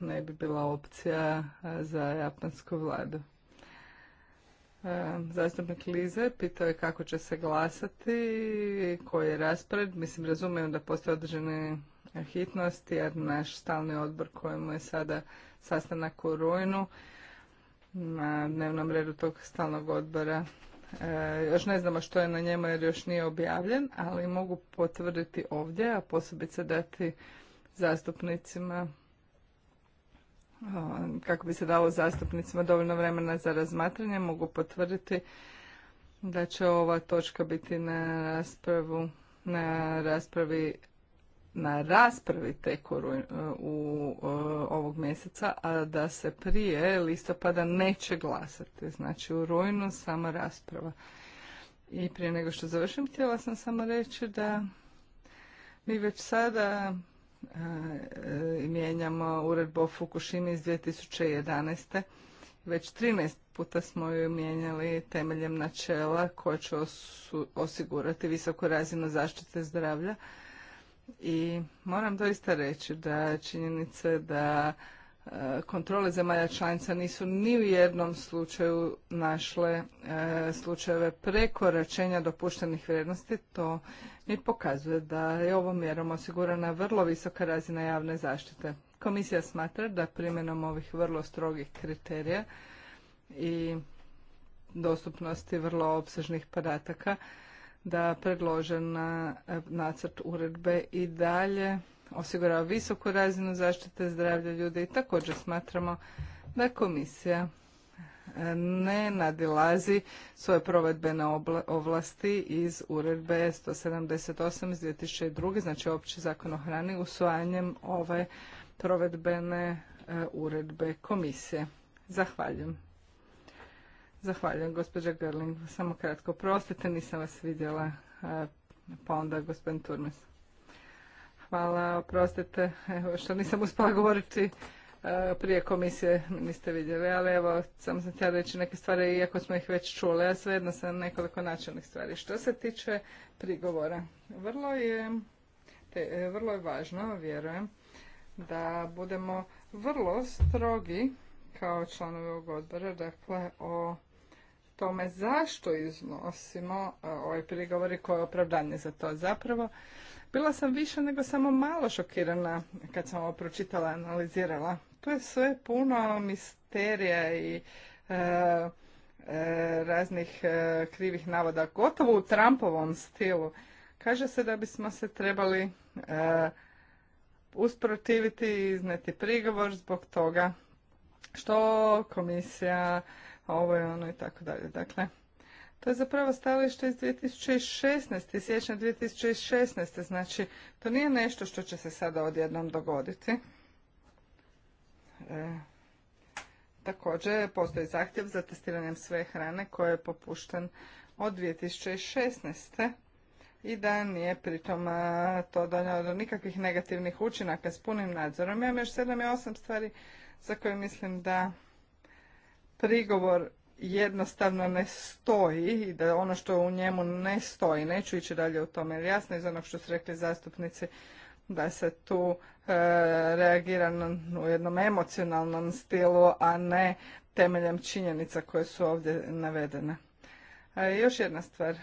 ne bi bila opcija e, za japansku vladu. E, zastupnik Lize pitao je kako će se glasati, koji je raspored. Mislim, razumijem da postoje određene hitnosti, jer naš stalni odbor kojemu je sada sastanak u Rujnu, na dnevnom redu tog stalnog odbora. E, još ne znamo što je na njemu jer još nije objavljen, ali mogu potvrditi ovdje, a posebice dati zastupnicima kako bi se dalo zastupnicima dovoljno vremena za razmatranje, mogu potvrditi da će ova točka biti na raspravu na raspravi na raspravi teku u, e, ovog mjeseca, a da se prije listopada neće glasati. Znači u rujnu samo rasprava. I prije nego što završim, htjela sam samo reći da mi već sada E, e, mijenjamo uredbu o Fukushimi iz 2011. Već 13 puta smo ju mijenjali temeljem načela koje će osigurati visoku razinu zaštite zdravlja. I moram doista reći da činjenice da kontrole zemalja članica nisu ni u jednom slučaju našle e, slučajeve prekoračenja dopuštenih vrijednosti, to mi pokazuje da je ovom mjerom osigurana vrlo visoka razina javne zaštite. Komisija smatra da primjenom ovih vrlo strogih kriterija i dostupnosti vrlo opsežnih podataka da predložena e, nacrt uredbe i dalje osigurava visoku razinu zaštite zdravlja ljudi i također smatramo da komisija e, ne nadilazi svoje provedbene ovlasti iz uredbe 178 iz 2002. znači opći zakon o hrani usvajanjem ove provedbene e, uredbe komisije. Zahvaljujem. Zahvaljujem gospođa Gerling. Samo kratko prostite, nisam vas vidjela, e, pa onda gospodin Turmes. Hvala, oprostite evo, što nisam uspjela govoriti e, prije komisije niste vidjeli, ali evo sam sam htjela reći neke stvari iako smo ih već čuli, a jedno sam nekoliko načelnih stvari. Što se tiče prigovora, vrlo je, te, e, vrlo je važno, vjerujem, da budemo vrlo strogi kao članovi ovog odbora, dakle o tome zašto iznosimo e, ove prigovori koje je opravdanje za to zapravo. Bila sam više nego samo malo šokirana kad sam ovo pročitala, analizirala. To je sve puno misterija i e, e, raznih e, krivih navoda, gotovo u Trumpovom stilu. Kaže se da bismo se trebali e, usprotiviti i izneti prigovor zbog toga što komisija ovo je ono i tako dalje. Dakle, to je zapravo stajalište iz 2016. siječnja 2016. Znači, to nije nešto što će se sada odjednom dogoditi. E, također, postoji zahtjev za testiranjem sve hrane koje je popušten od 2016. I da nije pritom e, to donijelo do nikakvih negativnih učinaka s punim nadzorom. Ja imam još sedam i osam stvari za koje mislim da prigovor jednostavno ne stoji i da ono što u njemu ne stoji, neću ići dalje u tome, jer jasno iz onog što su rekli zastupnici, da se tu e, reagira u jednom emocionalnom stilu, a ne temeljem činjenica koje su ovdje navedene. E, još jedna stvar.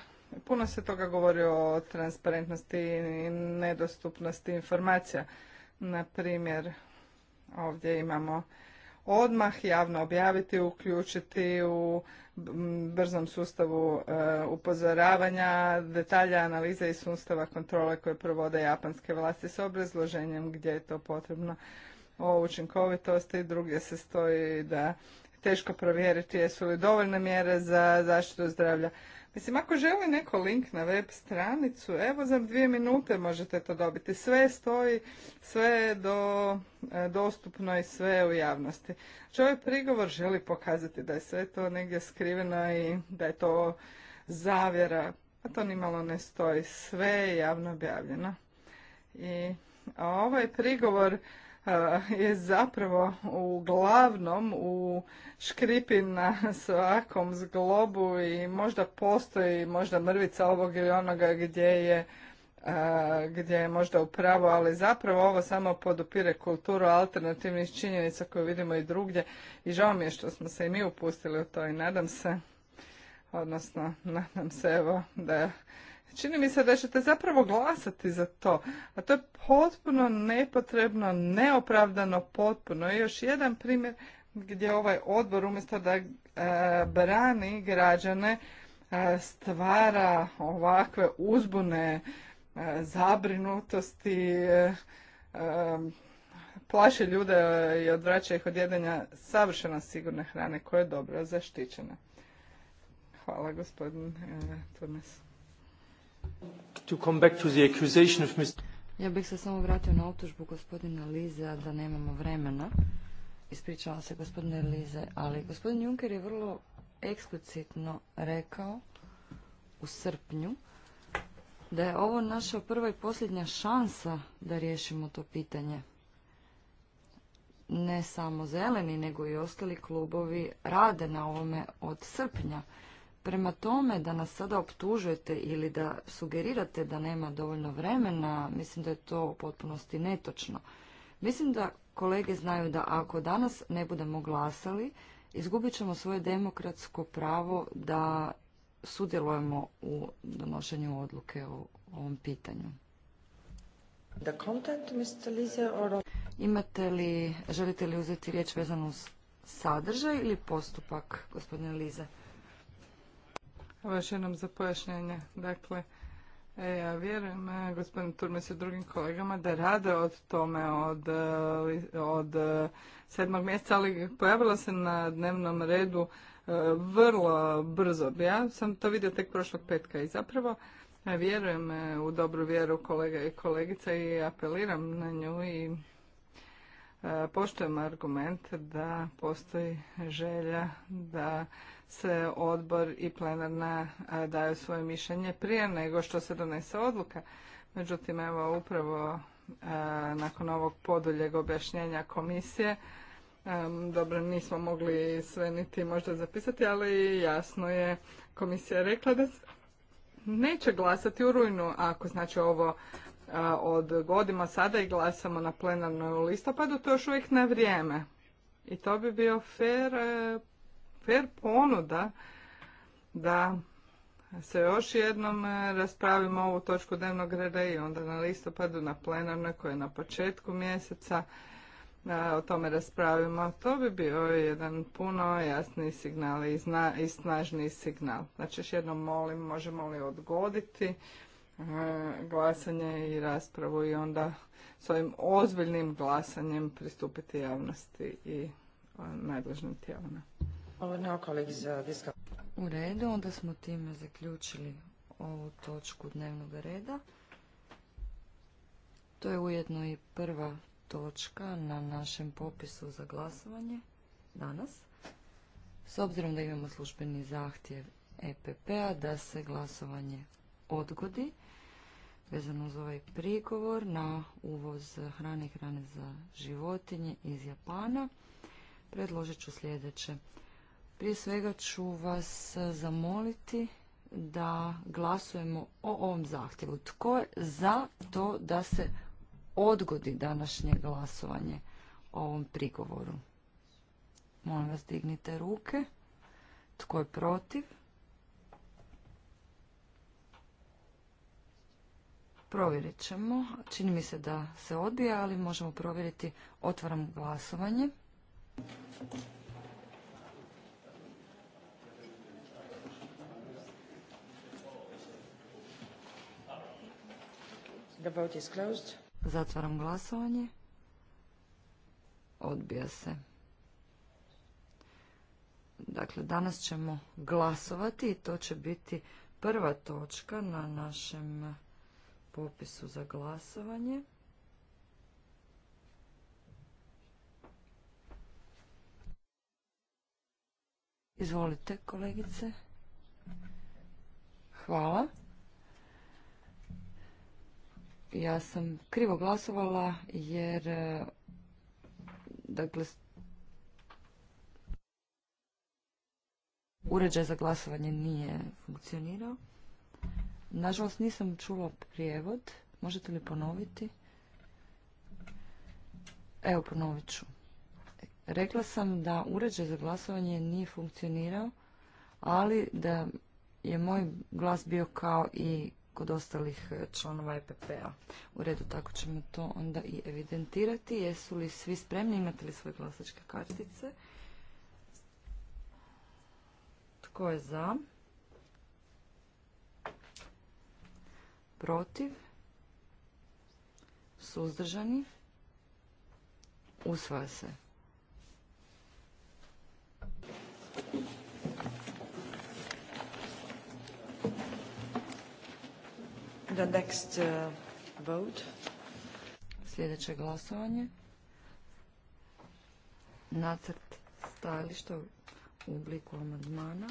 Puno se toga govori o transparentnosti i nedostupnosti informacija. Na primjer, ovdje imamo odmah javno objaviti, uključiti u brzom sustavu e, upozoravanja, detalja analize i sustava kontrole koje provode japanske vlasti s obrazloženjem gdje je to potrebno o učinkovitosti. Drugdje se stoji da teško provjeriti jesu li dovoljne mjere za zaštitu zdravlja Mislim, ako želi neko link na web stranicu, evo za dvije minute možete to dobiti. Sve stoji, sve je do, e, dostupno i sve je u javnosti. ovaj prigovor želi pokazati da je sve to negdje skriveno i da je to zavjera. A pa to nimalo ne stoji. Sve je javno objavljeno. I ovaj prigovor Eh, je zapravo uglavnom u škripi na svakom zglobu i možda postoji možda mrvica ovog ili onoga gdje je eh, gdje je možda upravo, ali zapravo ovo samo podupire kulturu alternativnih činjenica koju vidimo i drugdje i žao mi je što smo se i mi upustili u to i nadam se, odnosno nadam se evo da Čini mi se da ćete zapravo glasati za to, a to je potpuno nepotrebno, neopravdano potpuno. I još jedan primjer gdje ovaj odbor umjesto da e, brani građane e, stvara ovakve uzbune e, zabrinutosti, plaše ljude i odvraća ih od jedanja savršeno sigurne hrane koja je dobro zaštićena. Hvala gospodin Turmes. Ja bih se samo vratio na optužbu gospodina Lize da nemamo vremena. Ispričavam se gospodine Lize, ali gospodin Juncker je vrlo eksplicitno rekao u srpnju da je ovo naša prva i posljednja šansa da riješimo to pitanje. Ne samo zeleni, nego i ostali klubovi rade na ovome od srpnja Prema tome da nas sada optužujete ili da sugerirate da nema dovoljno vremena, mislim da je to u potpunosti netočno. Mislim da kolege znaju da ako danas ne budemo glasali, izgubit ćemo svoje demokratsko pravo da sudjelujemo u donošenju odluke o ovom pitanju. content, Mr. Imate li, želite li uzeti riječ vezanu uz sadržaj ili postupak, gospodine Lize? Vaš još jednom za pojašnjenje. Dakle, e, ja vjerujem e, gospodin Turmes i drugim kolegama da rade od tome od, e, od sedmog mjeseca, ali pojavila se na dnevnom redu vrlo brzo. Ja sam to vidio tek prošlog petka i zapravo vjerujem u dobru vjeru kolega i kolegica i apeliram na nju i poštujem argument da postoji želja da se odbor i plenarna daju svoje mišljenje prije nego što se donese odluka. Međutim, evo upravo nakon ovog poduljeg objašnjenja komisije, dobro nismo mogli sve niti možda zapisati, ali jasno je, komisija rekla da neće glasati u rujnu, ako znači ovo od odgodimo sada i glasamo na plenarnoj u listopadu, to još uvijek na vrijeme. I to bi bio fair e, fer ponuda da se još jednom e, raspravimo ovu točku dnevnog reda i onda na listopadu na plenarnoj koja je na početku mjeseca e, o tome raspravimo. To bi bio jedan puno jasniji signal i, zna, i snažniji signal. Znači još jednom molim, možemo li odgoditi e, glasanje i raspravu i onda s ovim ozbiljnim glasanjem pristupiti javnosti i nadležnim tijelima. U redu, onda smo time zaključili ovu točku dnevnog reda. To je ujedno i prva točka na našem popisu za glasovanje danas. S obzirom da imamo službeni zahtjev EPP-a da se glasovanje odgodi vezano uz ovaj prigovor na uvoz hrane i hrane za životinje iz Japana, predložit ću sljedeće. Prije svega ću vas zamoliti da glasujemo o ovom zahtjevu. Tko je za to da se odgodi današnje glasovanje o ovom prigovoru? Molim vas dignite ruke. Tko je protiv? Provjerit ćemo. Čini mi se da se odbija, ali možemo provjeriti. Otvaram glasovanje. The vote Zatvaram glasovanje. Odbija se. Dakle, danas ćemo glasovati i to će biti prva točka na našem popisu za glasovanje. Izvolite, kolegice. Hvala ja sam krivo glasovala jer e, dakle uređaj za glasovanje nije funkcionirao. Nažalost nisam čula prijevod. Možete li ponoviti? Evo ponovit ću. Rekla sam da uređaj za glasovanje nije funkcionirao, ali da je moj glas bio kao i kod ostalih e, članova EPP-a. U redu, tako ćemo to onda i evidentirati. Jesu li svi spremni? Imate li svoje glasačke kartice? Tko je za? Protiv? Suzdržani? Usvaja se. Uh, Sljedeće glasovanje. Nacrt stajališta u obliku amandmana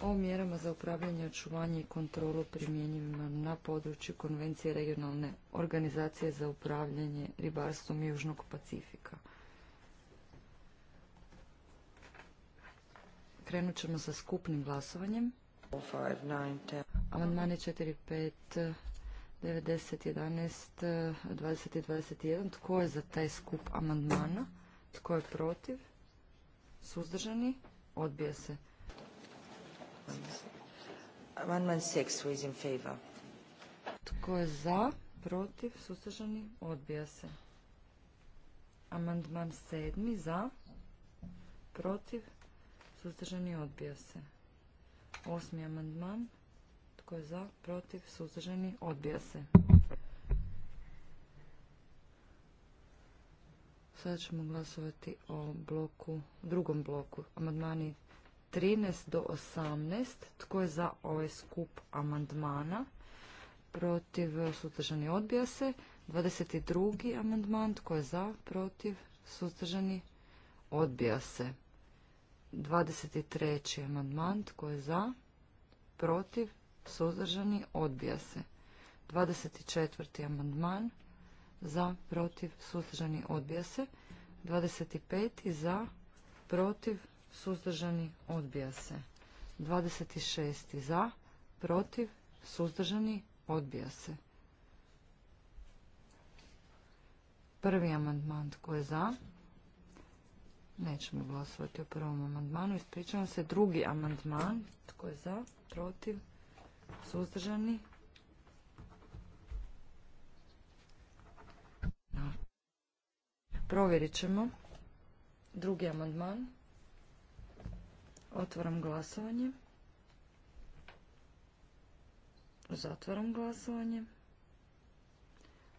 o mjerama za upravljanje, očuvanje i kontrolu primjenjivima na području Konvencije regionalne organizacije za upravljanje ribarstvom Južnog Pacifika. Krenut ćemo sa skupnim glasovanjem. 5, 9, Amandmane 4, 5, 90, 11, 20 i 21. Tko je za taj skup amandmana? Tko je protiv? Suzdržani? Odbija se. Amandman 6, who is in favor? Tko je za? Protiv? Suzdržani? Odbija se. Amandman 7, za? Protiv? Suzdržani? Odbija se. Osmi amandman tko je za? Protiv? Suzdržani? Odbija se. Sada ćemo glasovati o bloku, drugom bloku. Amandmani 13 do 18. Tko je za ovaj skup amandmana? Protiv? Suzdržani? Odbija se. 22. amandman. Tko je za? Protiv? Suzdržani? Odbija se. 23. amandman. Tko je za? Protiv? suzdržani, odbija se. 24. amandman za, protiv, suzdržani, odbija se. 25. za, protiv, suzdržani, odbija se. 26. za, protiv, suzdržani, odbija se. Prvi amandman tko je za? Nećemo glasovati o prvom amandmanu. Ispričavam se. Drugi amandman tko je za, protiv, Suzdržani? Provjerit ćemo. Drugi amandman. Otvaram glasovanje. Zatvaram glasovanje.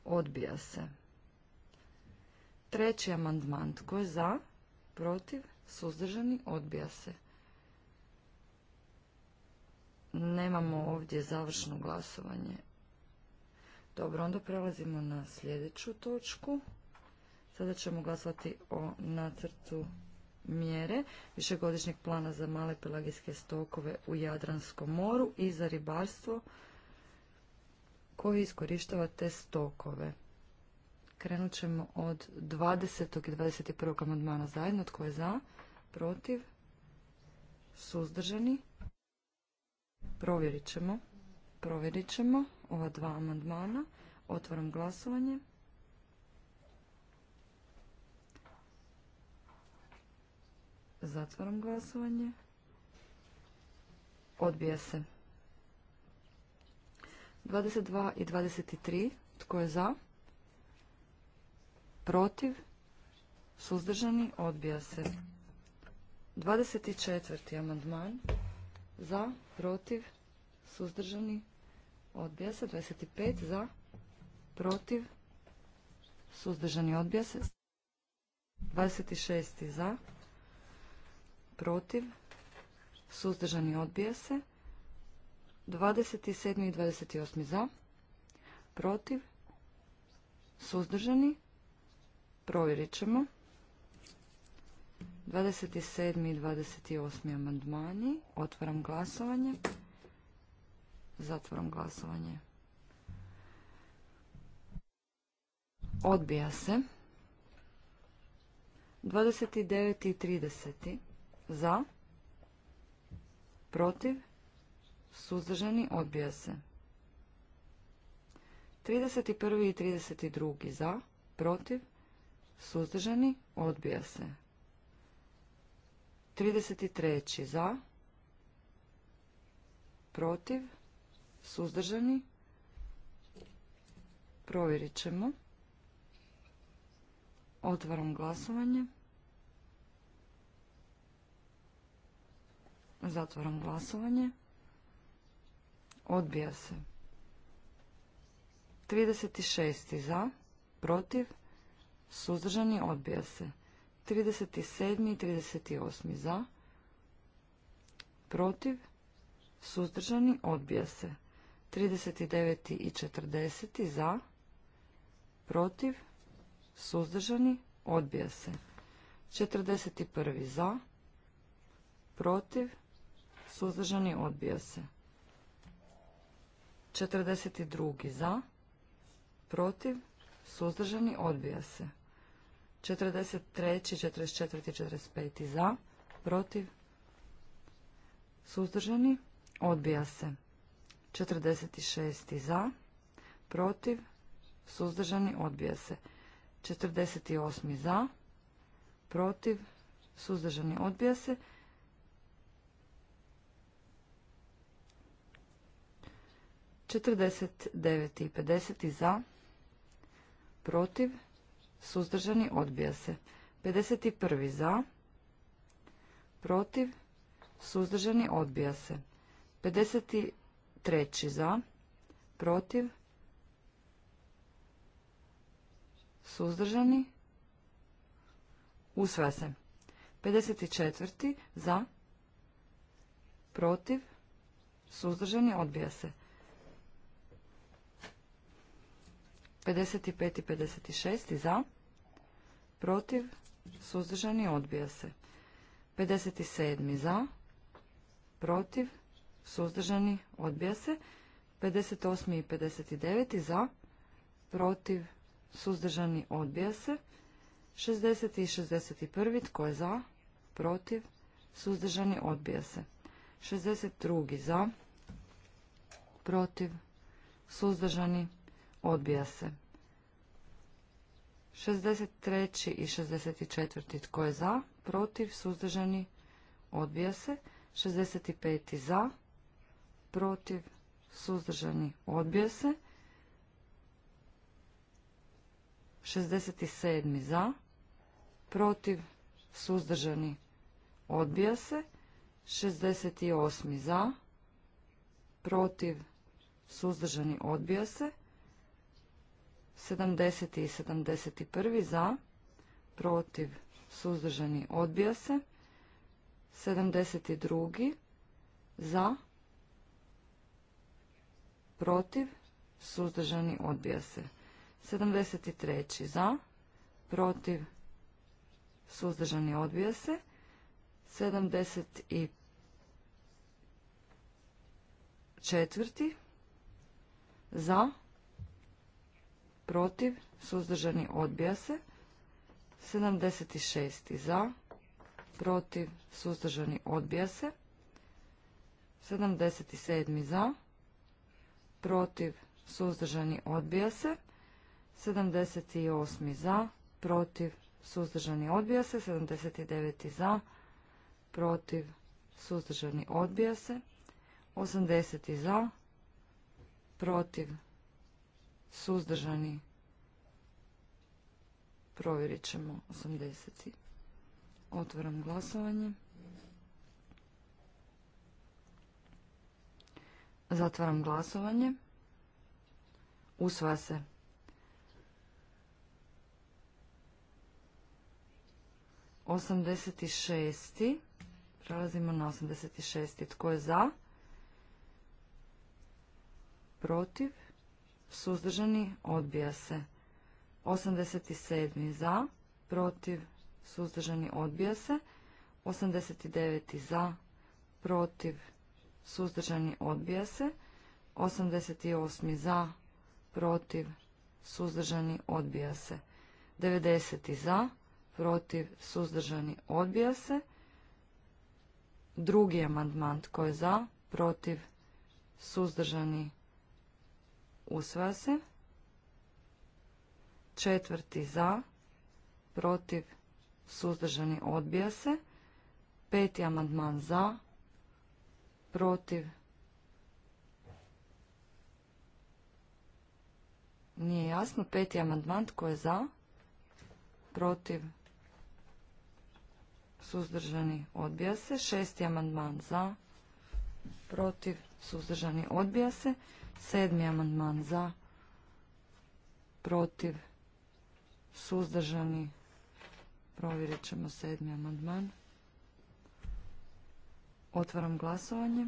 Odbija se. Treći amandman. Tko je za? Protiv? Suzdržani? Odbija se. Nemamo ovdje završno glasovanje. Dobro, onda prelazimo na sljedeću točku. Sada ćemo glasovati o nacrtu mjere višegodišnjeg plana za male pelagijske stokove u Jadranskom moru i za ribarstvo koji iskorištava te stokove. Krenut ćemo od 20. i 21. amandmana zajedno. Tko je za? Protiv? Suzdržani? Provjerit ćemo. Provjerit ćemo ova dva amandmana. Otvaram glasovanje. Zatvaram glasovanje. Odbija se. 22 i 23. Tko je za? Protiv? Suzdržani? Odbija se. 24. amandman za, protiv, suzdržani, odbija se. 25 za, protiv, suzdržani, odbija se. 26 za, protiv, suzdržani, odbija se. 27 i 28 za, protiv, suzdržani, provjerit ćemo. 27. i 28. amandmani. Otvaram glasovanje. Zatvaram glasovanje. Odbija se. 29. i 30. Za. Protiv. Suzdržani. Odbija se. 31. i 32. Za. Protiv. Suzdržani. Odbija se. 33. za, protiv, suzdržani, provjerit ćemo. Otvaram glasovanje. Zatvaram glasovanje. Odbija se. 36. za, protiv, suzdržani, odbija se. 37. i 38. za, protiv, suzdržani, odbija se. 39. i 40. za, protiv, suzdržani, odbija se. 41. za, protiv, suzdržani, odbija se. 42. za, protiv, suzdržani, odbija se. 43., 44. 45. za, protiv, suzdržani, odbija se. 46. za, protiv, suzdržani, odbija se. 48. za, protiv, suzdržani, odbija se. 49. i 50. za, protiv, suzdržani, odbija se. 51. za, protiv, suzdržani, odbija se. 53. za, protiv, suzdržani, usvaja se. 54. za, protiv, suzdržani, odbija se. 55 i 56 za, protiv, suzdržani, odbija se. 57 za, protiv, suzdržani, odbija se. 58 i 59 za, protiv, suzdržani, odbija se. 60 i 61 tko je za, protiv, suzdržani, odbija se. 62 za, protiv, suzdržani, odbija se Odbija se. 63. i 64. tko je za, protiv, suzdržani, odbija se. 65. za, protiv, suzdržani, odbija se. 67. za, protiv, suzdržani, odbija se. 68. za, protiv, suzdržani, odbija se. 70. i 71. za, protiv, suzdržani, odbija se. 72. za, protiv, suzdržani, odbija se. 73. za, protiv, suzdržani, odbija se. 74. za, protiv, suzdržani odbija se. 76. za, protiv, suzdržani odbija se. 77. za, protiv, suzdržani odbija se. 78. za, protiv, suzdržani odbija se. 79. za, protiv, suzdržani odbija se. 80. za, protiv, suzdržani. Provjerit ćemo 80. Otvaram glasovanje. Zatvaram glasovanje. Usva se. 86. Prelazimo na 86. Tko je za? Protiv? suzdržani, odbija se. 87. za, protiv, suzdržani, odbija se. 89. za, protiv, suzdržani, odbija se. 88. za, protiv, suzdržani, odbija se. 90. za, protiv, suzdržani, odbija se. Drugi amandman, koji je za, protiv, suzdržani, usvaja se. Četvrti za, protiv, suzdržani, odbija se. Peti amandman za, protiv, nije jasno. Peti amandman tko je za, protiv, suzdržani, odbija se. Šesti amandman za, protiv, suzdržani, odbija se. Sedmi amandman za, protiv, suzdržani. Provjerit ćemo sedmi amandman. Otvaram glasovanje.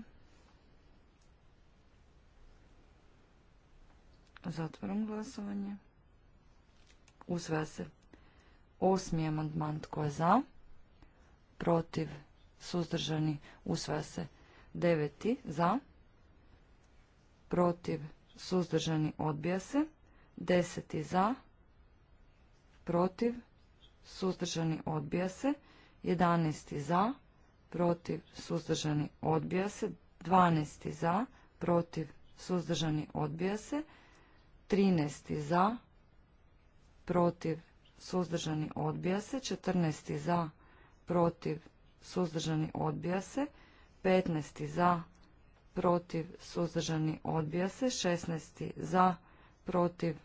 Zatvaram glasovanje. Usvaja se osmi amandman tko je za, protiv, suzdržani, usvaja se deveti za, protiv, suzdržani, odbija se. 10 za, protiv, suzdržani, odbija se. 11 za, protiv, suzdržani, odbija se. 12 za, protiv, suzdržani, odbija se. Trinesti za, protiv, suzdržani, odbija se. 14 za, protiv, suzdržani, odbija se. 15 za, protiv, suzdržani, odbija se. 16. za, protiv,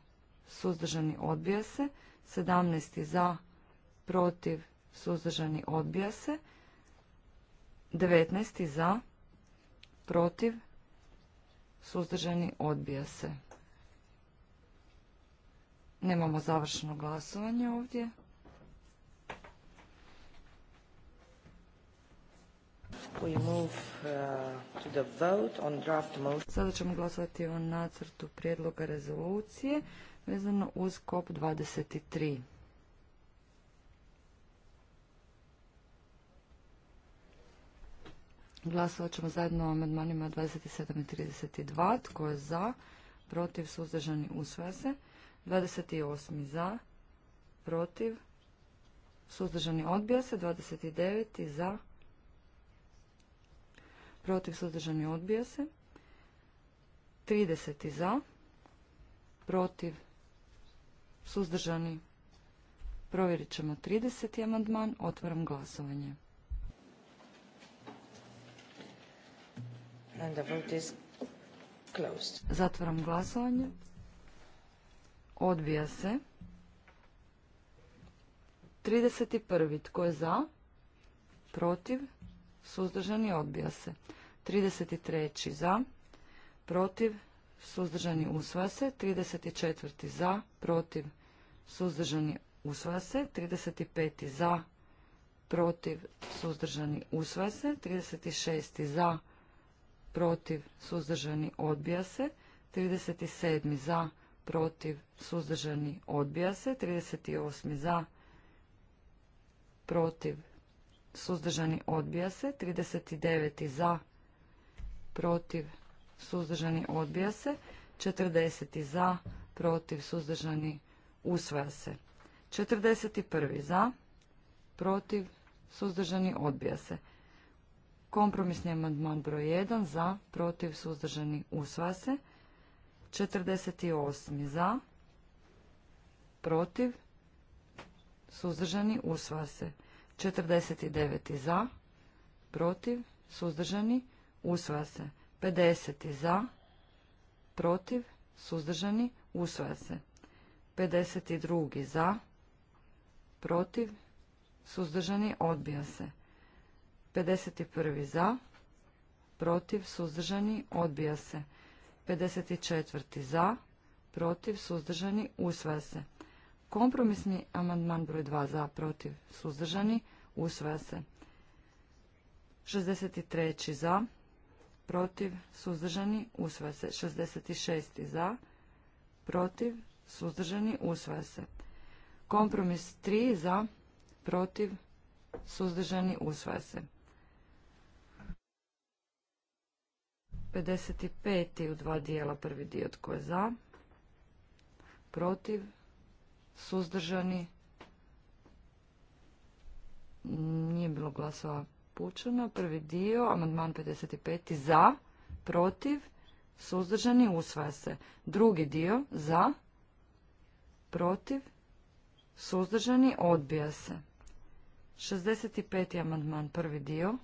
suzdržani, odbija se. 17. za, protiv, suzdržani, odbija se. 19. za, protiv, suzdržani, odbija se. Nemamo završeno glasovanje ovdje. Uh, Sada ćemo glasovati o nacrtu prijedloga rezolucije vezano uz COP23. Glasovat ćemo zajedno o amandmanima 27 i 32. Tko je za? Protiv? Suzdržani? Usvaja se. 28. za? Protiv? Suzdržani? Odbija se. 29. za? protiv suzdržani odbija se. 30 za, protiv suzdržani provjerit ćemo 30. amandman, otvaram glasovanje. And Zatvaram glasovanje. Odbija se. 31. Tko je za? Protiv? suzdržani, odbija se. 33. za, protiv, suzdržani, usvase. se. 34. za, protiv, suzdržani, usvase. se. 35. za, protiv, suzdržani, usvase. se. 36. za, protiv, suzdržani, odbija se. 37. za, protiv, suzdržani, odbija se. 38. za, protiv, suzdržani odbija se. 39. za, protiv, suzdržani odbija se. 40. za, protiv, suzdržani usvaja se. 41. za, protiv, suzdržani odbija se. Kompromisni amandman broj 1 za, protiv, suzdržani usvaja se. 48. za, protiv, suzdržani usvaja se. 49. za, protiv, suzdržani, usvaja se. 50. za, protiv, suzdržani, usvaja se. 52. za, protiv, suzdržani, odbija se. 51. za, protiv, suzdržani, odbija se. 54. za, protiv, suzdržani, usvaja se. Kompromisni amandman broj 2 za, protiv, suzdržani, usvaja se. 63. za, protiv, suzdržani, usvaja se. 66. za, protiv, suzdržani, usvaja se. Kompromis 3 za, protiv, suzdržani, usvaja se. 55. u dva dijela prvi dio tko je za, protiv, suzdržani. Nije bilo glasova pučeno. Prvi dio, amandman 55. za, protiv, suzdržani, usvaja se. Drugi dio, za, protiv, suzdržani, odbija se. 65. amandman, prvi dio.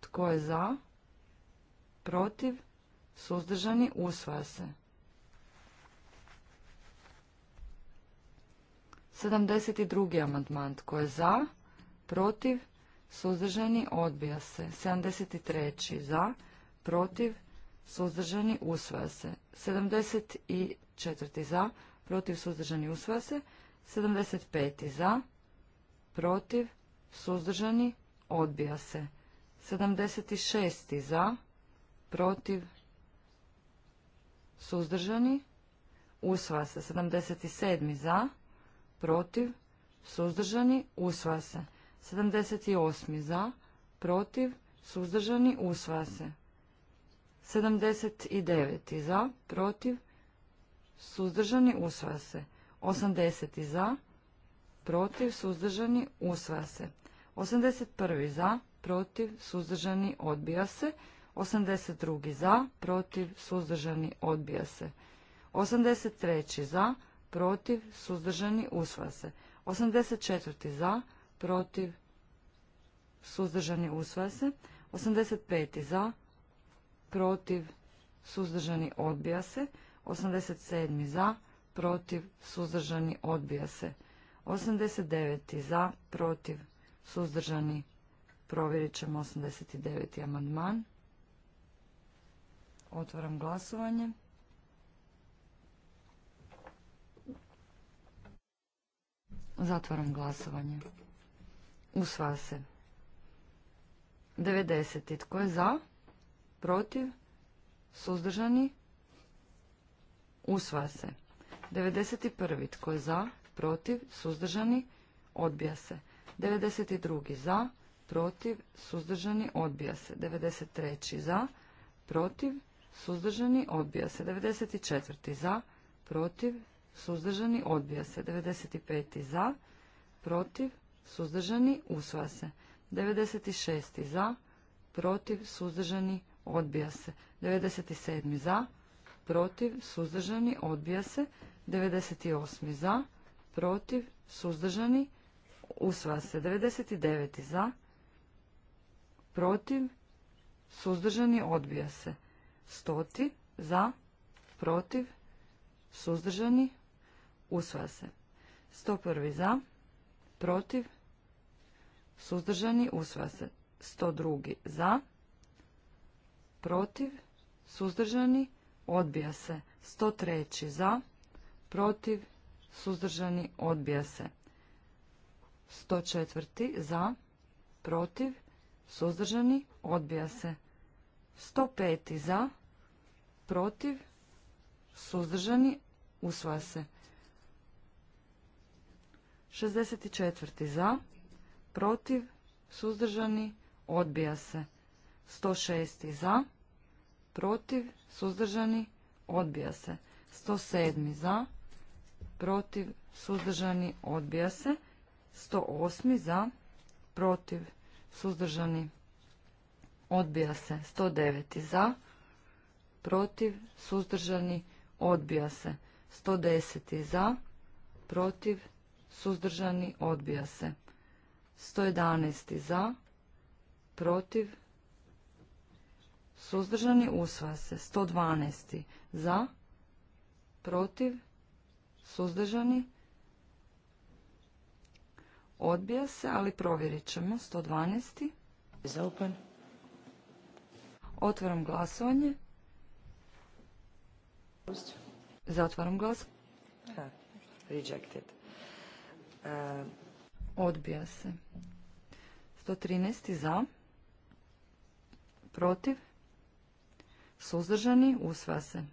Tko je za? Protiv? Suzdržani? Usvaja se. 72. amandman tko je za, protiv, suzdržani, odbija se. 73. za, protiv, suzdržani, usvaja se. 74. za, protiv, suzdržani, usvaja se. 75. za, protiv, suzdržani, odbija se. 76. za, protiv, suzdržani, usvaja se. 77. za, protiv, suzdržani, usvaja se. 78. za, protiv, suzdržani, usvaja se. 79. za, protiv, suzdržani, usvaja se. 80. za, protiv, suzdržani, usvaja se. 81. za, protiv, suzdržani, odbija se. 82. za, protiv, suzdržani, odbija se. 83. za, protiv, suzdržani, usvaja se. 84. za, protiv, suzdržani, usvaja se. 85. za, protiv, suzdržani, odbija se. 87. za, protiv, suzdržani, odbija se. 89. za, protiv, suzdržani, provjerit ćemo 89. amandman. Otvaram glasovanje. Zatvaram glasovanje. Usvaja se. 90. Tko je za? Protiv? Suzdržani? Usvaja se. 91. Tko je za? Protiv? Suzdržani? Odbija se. 92. Za? Protiv? Suzdržani? Odbija se. 93. Za? Protiv? Suzdržani? Odbija se. 94. Za? Protiv? suzdržani, odbija se. 95. za, protiv, suzdržani, usvaja se. 96. za, protiv, suzdržani, odbija se. 97. za, protiv, suzdržani, odbija se. 98. za, protiv, suzdržani, usvaja se. 99. za, protiv, suzdržani, odbija se. 100. za, protiv, suzdržani, Usvaja se. 101. za. Protiv. Suzdržani. Usvaja se. 102. za. Protiv. Suzdržani. Odbija se. 103. za. Protiv. Suzdržani. Odbija se. 104. za. Protiv. Suzdržani. Odbija se. 105. za. Protiv. Suzdržani. Usvaja se. 64. za, protiv, suzdržani, odbija se. 106. za, protiv, suzdržani, odbija se. 107. za, protiv, suzdržani, odbija se. 108. za, protiv, suzdržani, odbija se. 109. za, protiv, suzdržani, odbija se. 110. za, protiv, suzdržani, odbija se. 111. za, protiv, suzdržani, usva se. 112. za, protiv, suzdržani, odbija se, ali provjerit ćemo. 112. za open. Otvaram glasovanje. Zatvaram glas. Rejected. E, odbija se. 113. za. Protiv. Suzdržani. Usva se.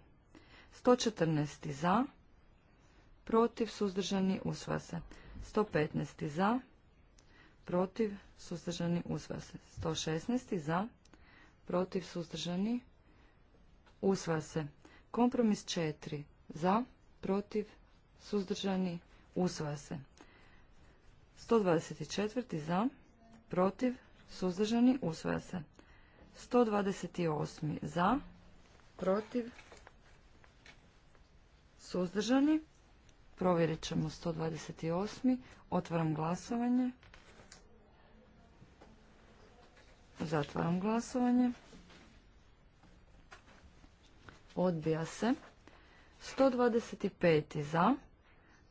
114. za. Protiv. Suzdržani. Usva se. 115. za. Protiv. Suzdržani. Usva se. 116. za. Protiv. Suzdržani. Usva se. Kompromis 4. Za. Protiv. Suzdržani. Usva se. 124. za, protiv, suzdržani, usvaja se. 128. za, protiv, suzdržani. Provjerit ćemo 128. Otvaram glasovanje. Zatvaram glasovanje. Odbija se. 125. za,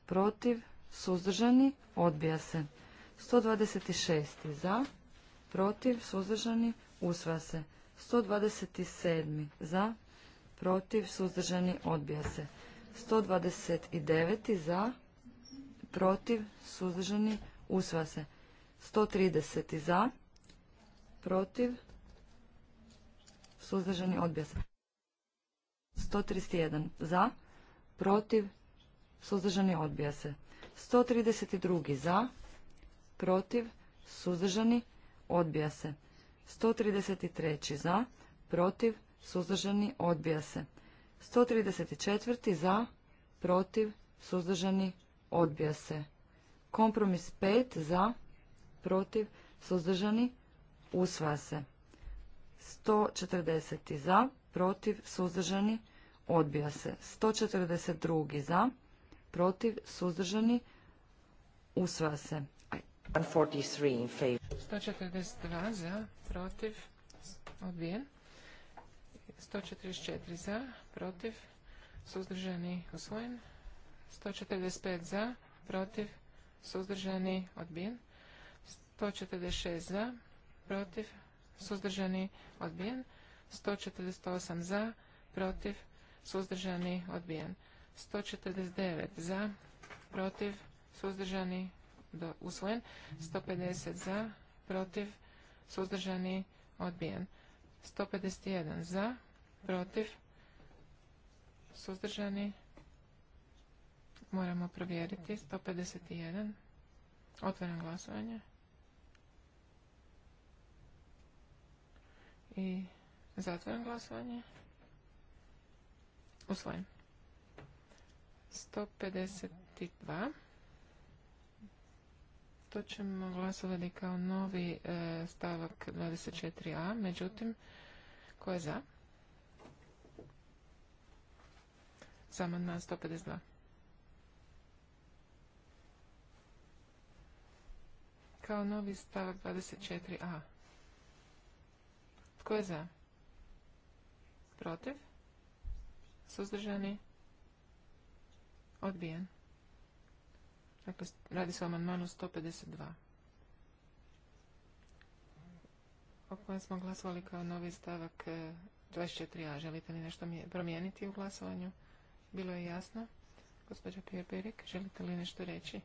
protiv, suzdržani, odbija se. 126. za, protiv, suzdržani, usvaja se. 127. za, protiv, suzdržani, odbija se. 129. za, protiv, suzdržani, usvaja se. 130. za, protiv, suzdržani, odbija se. 131. za, protiv, suzdržani, odbija se. 132. za, protiv, suzdržani, odbija se. 133. za, protiv, suzdržani, odbija se. 134. za, protiv, suzdržani, odbija se. Kompromis 5 za, protiv, suzdržani, usvaja se. 140. za, protiv, suzdržani, odbija se. 142. za, protiv, suzdržani, usvaja se. 142 za, protiv, odbijen. 144 za, protiv, suzdržani, usvojen. 145 za, protiv, suzdržani, odbijen. 146 za, protiv, suzdržani, odbijen. 148 za, protiv, suzdržani, odbijen. 149 za, protiv, suzdržani, do, usvojen. 150 za, protiv, suzdržani, odbijen. 151 za, protiv, suzdržani, moramo provjeriti. 151, otvaram glasovanje. I zatvaram glasovanje. Usvojen. 152. To ćemo glasovati kao novi e, stavak 24a. Međutim, ko je za? Samo na 152. Kao novi stavak 24a. Tko je za? Protiv? Suzdržani? Odbijen. Dakle, radi se o amandmanu 152. O kojem smo glasovali kao novi stavak 24a. E, želite li nešto promijeniti u glasovanju? Bilo je jasno. Gospođa Pijepirik, želite li nešto reći?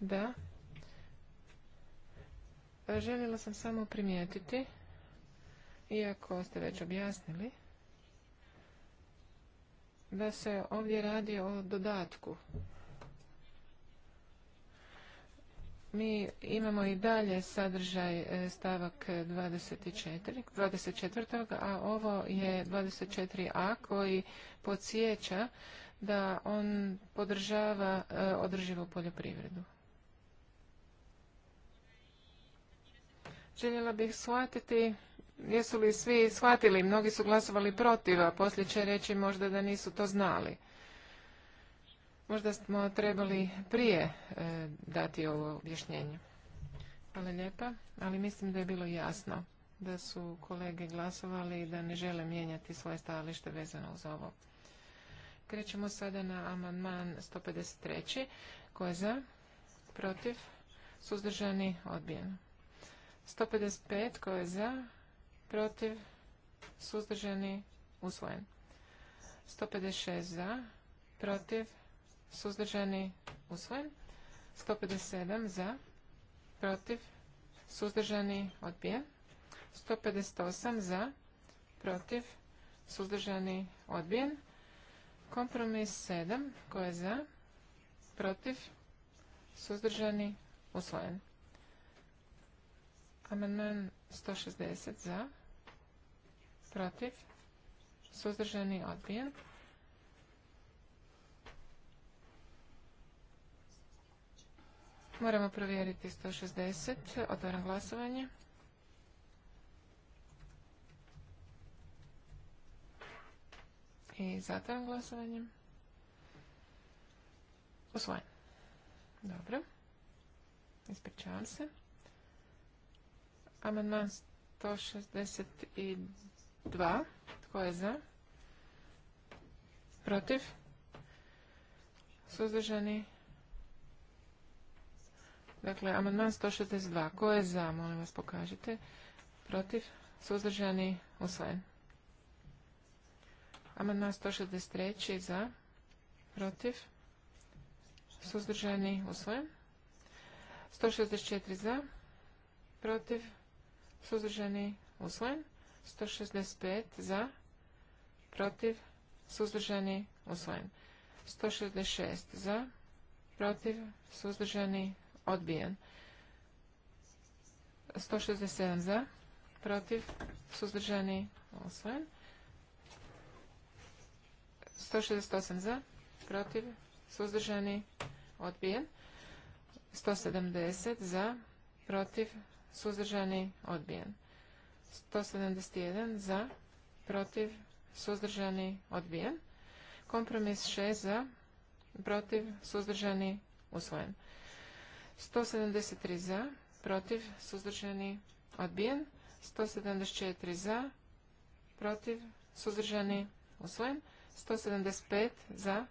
Da. Željela sam samo primijetiti, iako ste već objasnili, da se ovdje radi o dodatku. Mi imamo i dalje sadržaj e, stavak 24, 24. a ovo je 24a koji podsjeća da on podržava e, održivu poljoprivredu. Željela bih shvatiti jesu li svi shvatili, mnogi su glasovali protiv, a poslije će reći možda da nisu to znali. Možda smo trebali prije e, dati ovo objašnjenje. Hvala lijepa, ali mislim da je bilo jasno da su kolege glasovali i da ne žele mijenjati svoje stajalište vezano uz ovo. Krećemo sada na amandman 153. Ko je za? Protiv? Suzdržani? Odbijen. 155. Ko je za? protiv, suzdržani, usvojen. 156 za, protiv, suzdržani, usvojen. 157 za, protiv, suzdržani, odbijen. 158 za, protiv, suzdržani, odbijen. Kompromis 7, koje je za, protiv, suzdržani, usvojen. Amandman 160 za, protiv, suzdržani, odbijen. Moramo provjeriti 160. Otvaram glasovanje. I zatvaram glasovanje. Usvojen. Dobro. Ispričavam se. Amandman i... Dva. Tko je za? Protiv? Suzdržani? Dakle, amandman 162. Ko je za? Molim vas pokažite. Protiv? Suzdržani? Usvajen. Amandman 163. Za? Protiv? Suzdržani? Usvojen. 164. Za? Protiv? Suzdržani? Usvojen. 165 za, protiv, suzdržani, usvojen. 166 za, protiv, suzdržani, odbijen. 167 za, protiv, suzdržani, usvojen. 168 za, protiv, suzdržani, odbijen. 170 za, protiv, suzdržani, odbijen. 171 za, protiv, suzdržani, odbijen. Kompromis 6 za, protiv, suzdržani, usvojen. 173 za, protiv, suzdržani, odbijen. 174 za, protiv, suzdržani, usvojen. 175 za,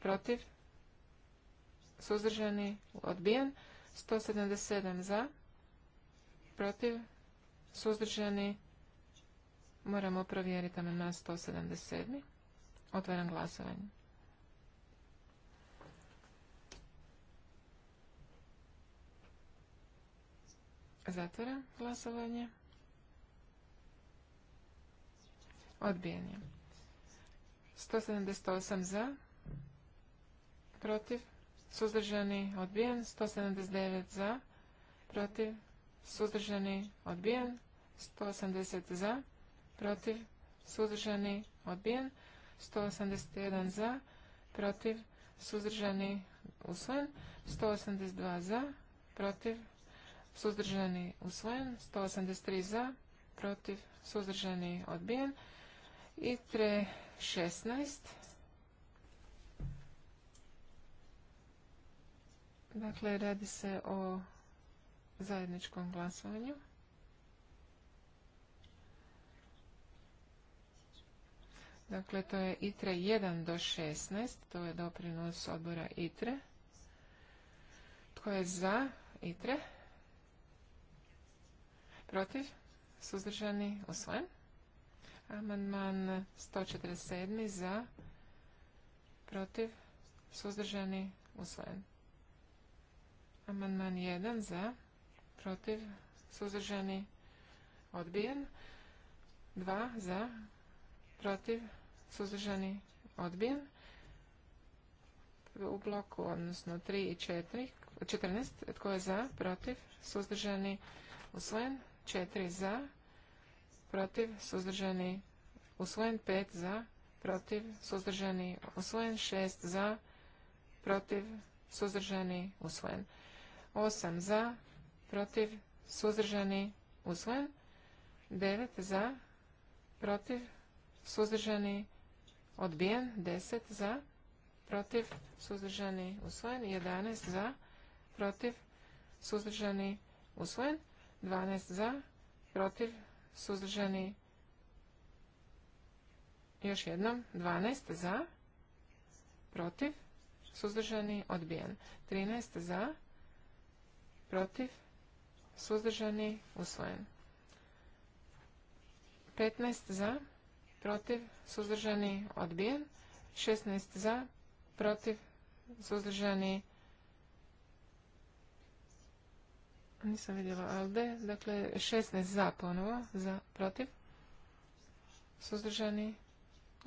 protiv, suzdržani, odbijen. 177 za, protiv, suzdržani, moramo provjeriti sedamdeset 177. Otvaram glasovanje. Zatvaram glasovanje. Odbijen je. 178 za, protiv, suzdržani, odbijen. 179 za, protiv, suzdržani, odbijen. 180 za, protiv, suzdržani, odbijen. 181 za, protiv, suzdržani, usvojen. 182 za, protiv, suzdržani, usvojen. 183 za, protiv, suzdržani, odbijen. I tre 16. Dakle, radi se o zajedničkom glasovanju. Dakle, to je ITRE 1 do 16, to je doprinos odbora ITRE. Tko je za ITRE? Protiv? Suzdržani? Usvojen. Amandman 147 za, protiv, suzdržani, usvojen. Amandman 1 za, protiv, suzdržani, odbijen. 2 za, protiv, suzdržani, odbijen. U bloku, odnosno 3 i 4, 14, tko je za, protiv, suzdržani, usvojen. 4 za, protiv, suzdržani, usvojen. 5 za, protiv, suzdržani, usvojen. 6 za, protiv, suzdržani, usvojen. 8 za, protiv, suzdržani, usvojen. 9 za, protiv, suzdržani, odbijen. 10 za, protiv, suzdržani, usvojen. 11 za, protiv, suzdržani, usvojen. 12 za, protiv, suzdržani, još jednom, 12 za, protiv, suzdržani, odbijen. 13 za, protiv, suzdržani, usvojen. 15 za, protiv, suzdržani, odbijen. 16 za, protiv, suzdržani, nisam vidjela LD, dakle 16 za ponovo, za, protiv, suzdržani,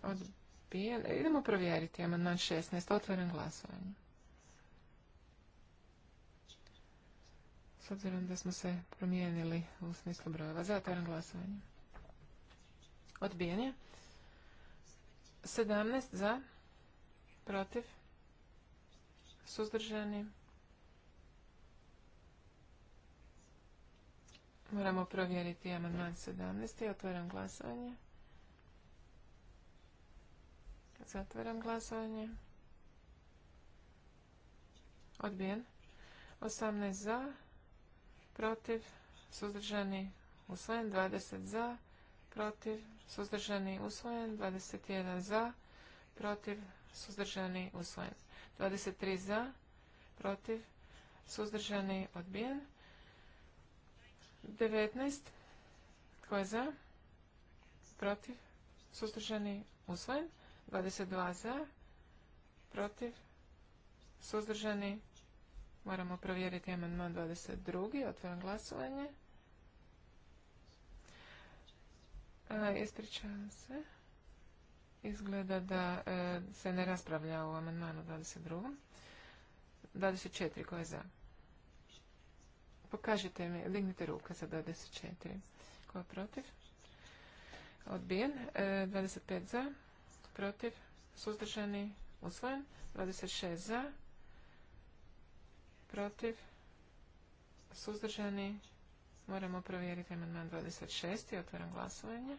odbijen. E, idemo provjeriti amandman 16, otvoren glasovanje. S obzirom da smo se promijenili u smislu brojeva. Zatvaram glasovanje. je. 17 za, protiv, suzdržani. Moramo provjeriti amandman 17. Otvaram glasovanje. Zatvaram glasovanje. Odbijen. 18 za, protiv, suzdržani, usvojen, 20 za, protiv, suzdržani, usvojen, 21 za, protiv, suzdržani, usvojen, 23 za, protiv, suzdržani, odbijen, 19, tko je za, protiv, suzdržani, usvojen, 22 za, protiv, suzdržani, Moramo provjeriti amandman 22. Otvaram glasovanje. ispričavam se. Izgleda da e, se ne raspravlja o amandmanu 22. 24. Ko je za? Pokažite mi, dignite ruke za 24. Ko je protiv? Odbijen. 25 e, za. Protiv. Suzdržani. Usvojen. 26 za protiv, suzdržani, moramo provjeriti amandman 26. Otvaram glasovanje.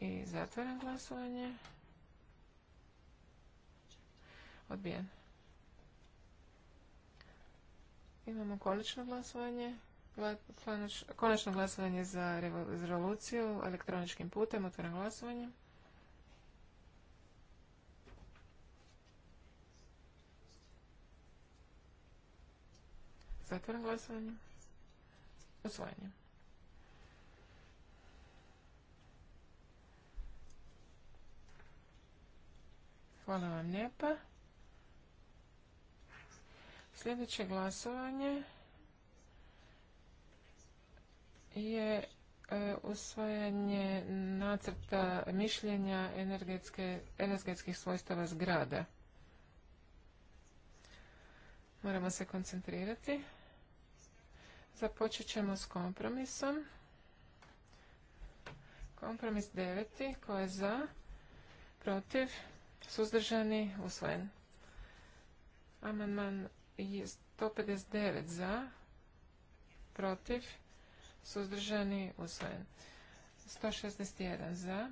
I zatvaram glasovanje. Odbijen. Imamo konačno glasovanje. Konačno glasovanje za revoluciju elektroničkim putem. Otvaram glasovanje. zatvaram glasovanje. Usvojenje. Hvala vam lijepa. Sljedeće glasovanje je e, usvajanje nacrta mišljenja energetskih svojstava zgrada. Moramo se koncentrirati. Započet ćemo s kompromisom. Kompromis deveti. Ko je za? Protiv? Suzdržani? Usvojen. Amandman je 159 za. Protiv? Suzdržani? Usvojen. 161 za.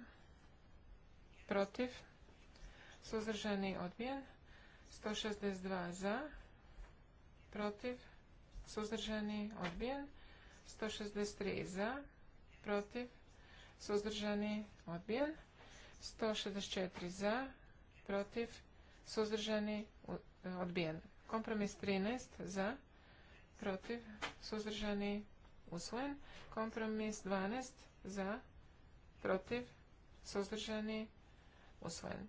Protiv? Suzdržani? Odbijen. 162 za. Protiv? suzdržani, odbijen. 163 za, protiv, suzdržani, odbijen. 164 za, protiv, suzdržani, odbijen. Kompromis 13 za, protiv, suzdržani, usvojen. Kompromis 12 za, protiv, suzdržani, usvojen.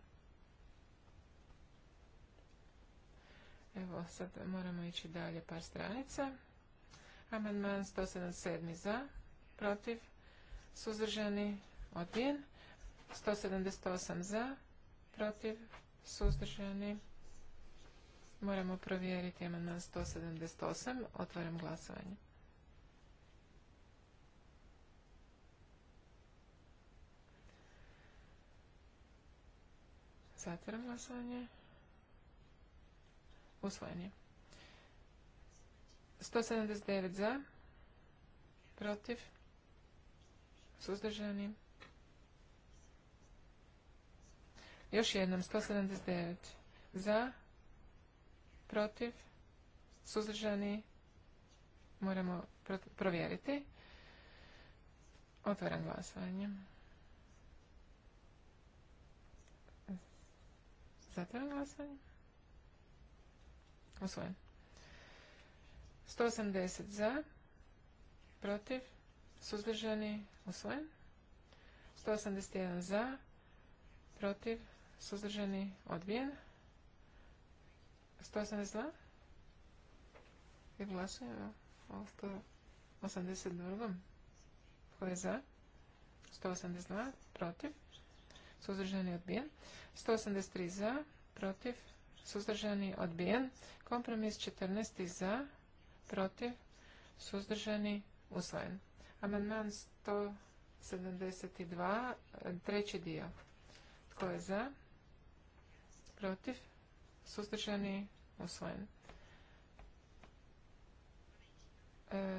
Evo, sad moramo ići dalje par stranica. Amandman 177. za, protiv, suzdržani, odbijen. 178 za, protiv, suzdržani. Moramo provjeriti amandman 178. Otvaram glasovanje. Zatvaram glasovanje. Usvojen 179 za. Protiv. Suzdržani. Još jednom. 179 za. Protiv. Suzdržani. Moramo provjeriti. Otvaram glasovanje. Zatvaram glasovanje. Osvojen. 180 za, protiv, suzdržani, osvojen 181 za, protiv, suzdržani, odbijen. 182. I glasujem o 182. Tko je za? 182. Protiv. Suzdržani odbijen. 183 za. Protiv suzdržani, odbijen. Kompromis 14. za, protiv, suzdržani, usvojen. Amandman 172, treći dio. Tko je za? Protiv? Suzdržani? Usvojen. E,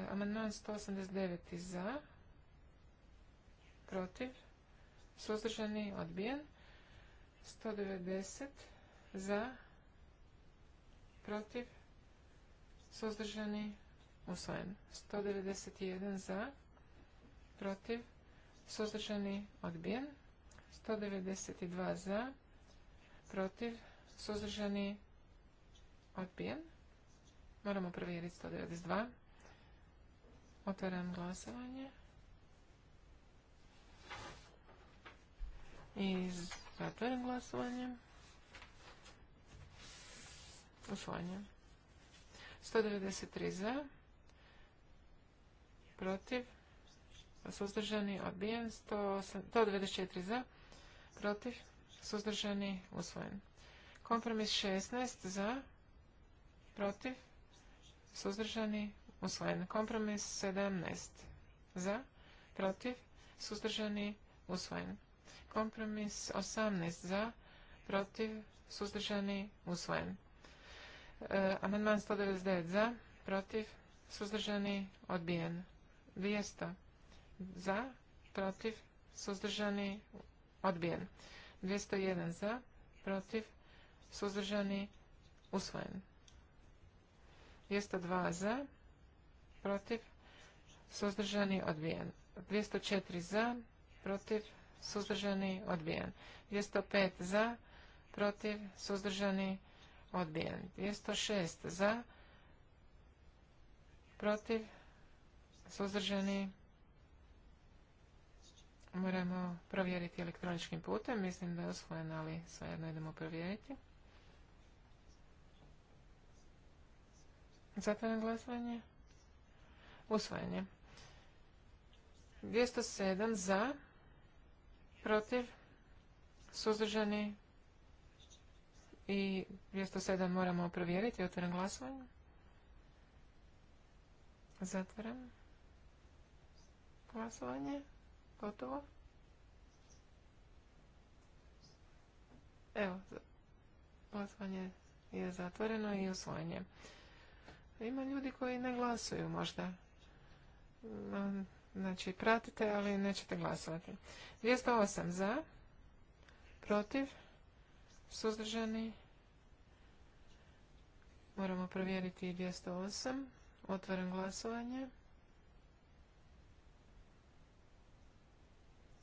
sto Amandman 189 za. Protiv? Suzdržani? Odbijen. 190 za protiv, suzdržani, usvojen. 191 za, protiv, suzdržani, odbijen. 192 za, protiv, suzdržani, odbijen. Moramo provjeriti 192. Otvaram glasovanje. I zatvaram glasovanje. Usvajanje. 193 za. Protiv. Suzdržani. Odbijen. 194 za. Protiv. Suzdržani. Usvojen. Kompromis 16 za. Protiv. Suzdržani. Usvojen. Kompromis 17 za. Protiv. Suzdržani. Usvojen. Kompromis 18 za. Protiv. Suzdržani. Usvojen. E, Amendman 199 za, protiv, suzdržani, odbijen. 200 za, protiv, suzdržani, odbijen. 201 za, protiv, suzdržani, usvojen. 202 za, protiv, suzdržani, odbijen. 204 za, protiv, suzdržani, odbijen. 205 za, protiv, suzdržani, odbijen. 206 za, protiv, suzdržani. Moramo provjeriti elektroničkim putem. Mislim da je usvojen, ali svejedno idemo provjeriti. Zatvaram glasovanje. Usvojenje. 207 za, protiv, suzdržani, i 207 moramo provjeriti. Otvaram glasovanje. Zatvaram glasovanje. Gotovo. Evo, glasovanje je zatvoreno i osvojenje. Ima ljudi koji ne glasuju možda. Znači, pratite, ali nećete glasovati. 208 za, protiv, suzdržani. Moramo provjeriti 208. Otvaram glasovanje.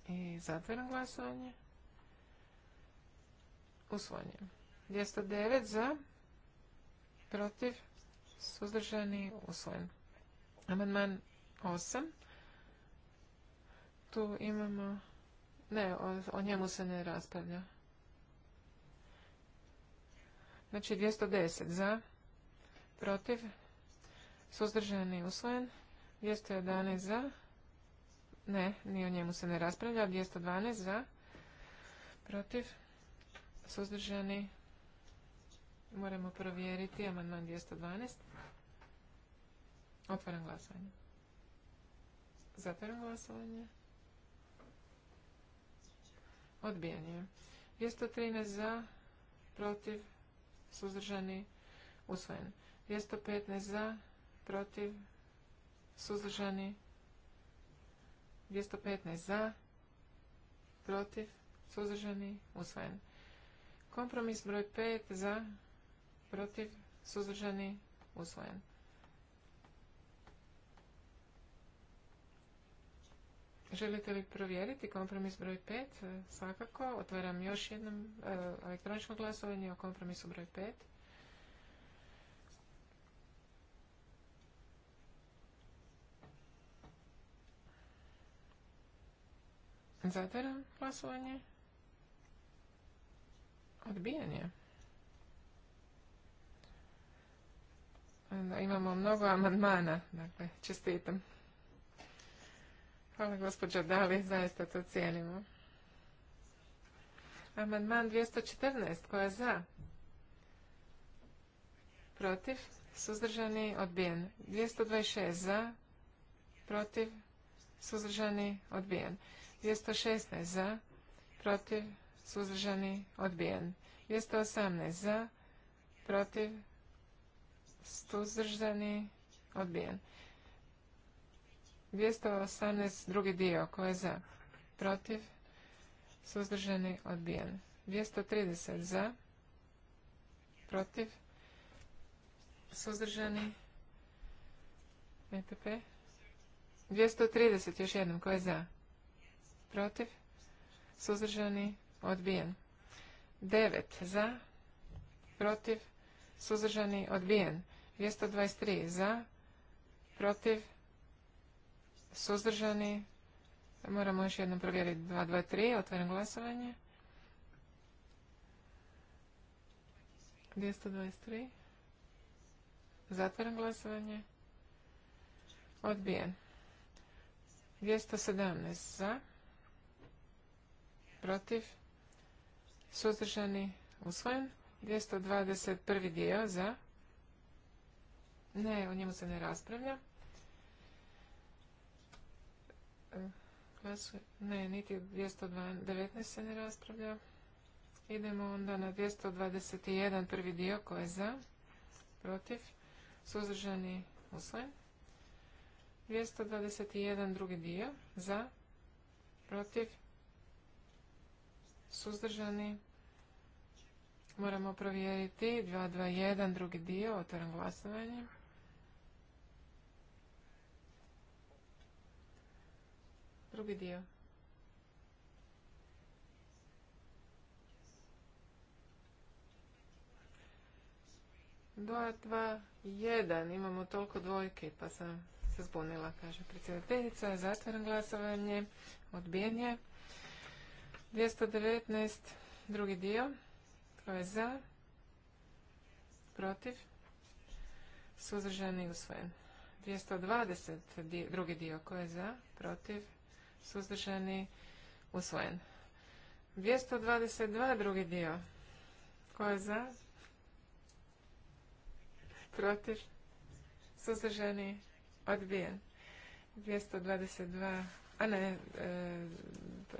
I zatvaram glasovanje. Usvojen. 209 za, protiv, suzdržani, usvojen. Amandman 8. Tu imamo... Ne, o, o njemu se ne raspravlja. Znači 210 za, protiv, suzdržani usvojen, 211 za, ne, ni o njemu se ne raspravlja, 212 za, protiv, suzdržani, moramo provjeriti, amandman 212. Otvaram glasovanje. Zatvaram glasovanje. Odbijan je. 213 za, protiv, suzdržani, usvojen. 215 za, protiv, suzdržani, 215 za, protiv, suzdržani, usvojen. Kompromis broj 5 za, protiv, suzdržani, usvojen. Želite li provjeriti kompromis broj 5? E, svakako. Otvaram još jedno e, elektroničko glasovanje o kompromisu broj 5. Zatvaram glasovanje. Odbijanje. E, imamo mnogo amandmana, dakle, čestitam. Hvala gospođo Dali, zaista to cijenimo. Amandman 214, koja je za? Protiv? Suzdržani? Odbijen. 226 za? Protiv? Suzdržani? Odbijen. 216 za? Protiv? Suzdržani? Odbijen. 218 za? Protiv? Suzdržani? Odbijen. 218 drugi dio. Ko je za? Protiv? Suzdržani? Odbijen. 230 za? Protiv? Suzdržani? E ETP? 230 još jednom. Ko je za? Protiv? Suzdržani? Odbijen. 9 za? Protiv? Suzdržani? Odbijen. 223 za? Protiv? suzdržani. Moramo još jednom provjeriti 223, otvoren glasovanje. 223. Zatvoren glasovanje. Odbijen. 217 za. Protiv. Suzdržani. Usvojen. 221. dio za. Ne, o njemu se ne raspravlja. Ne, niti 219 se ne raspravlja. Idemo onda na 221 prvi dio koji je za, protiv, suzdržani usvojen. 221 drugi dio za, protiv, suzdržani. Moramo provjeriti 221 drugi dio, otvaram glasovanje. Drugi dio. Dva, dva, jedan. Imamo toliko dvojke, pa sam se zbunila, kaže predsjedateljica. Zatvoren glasovanje. Odbijen je. 219. Drugi dio. Tko je za? Protiv? Suzdržan i usvojen. 220. Drugi dio. ko je za? Protiv? suzdržani, usvojen. 222 drugi dio. Ko je za? Protiv? Suzdržani? Odbijen. 222, a ne, e,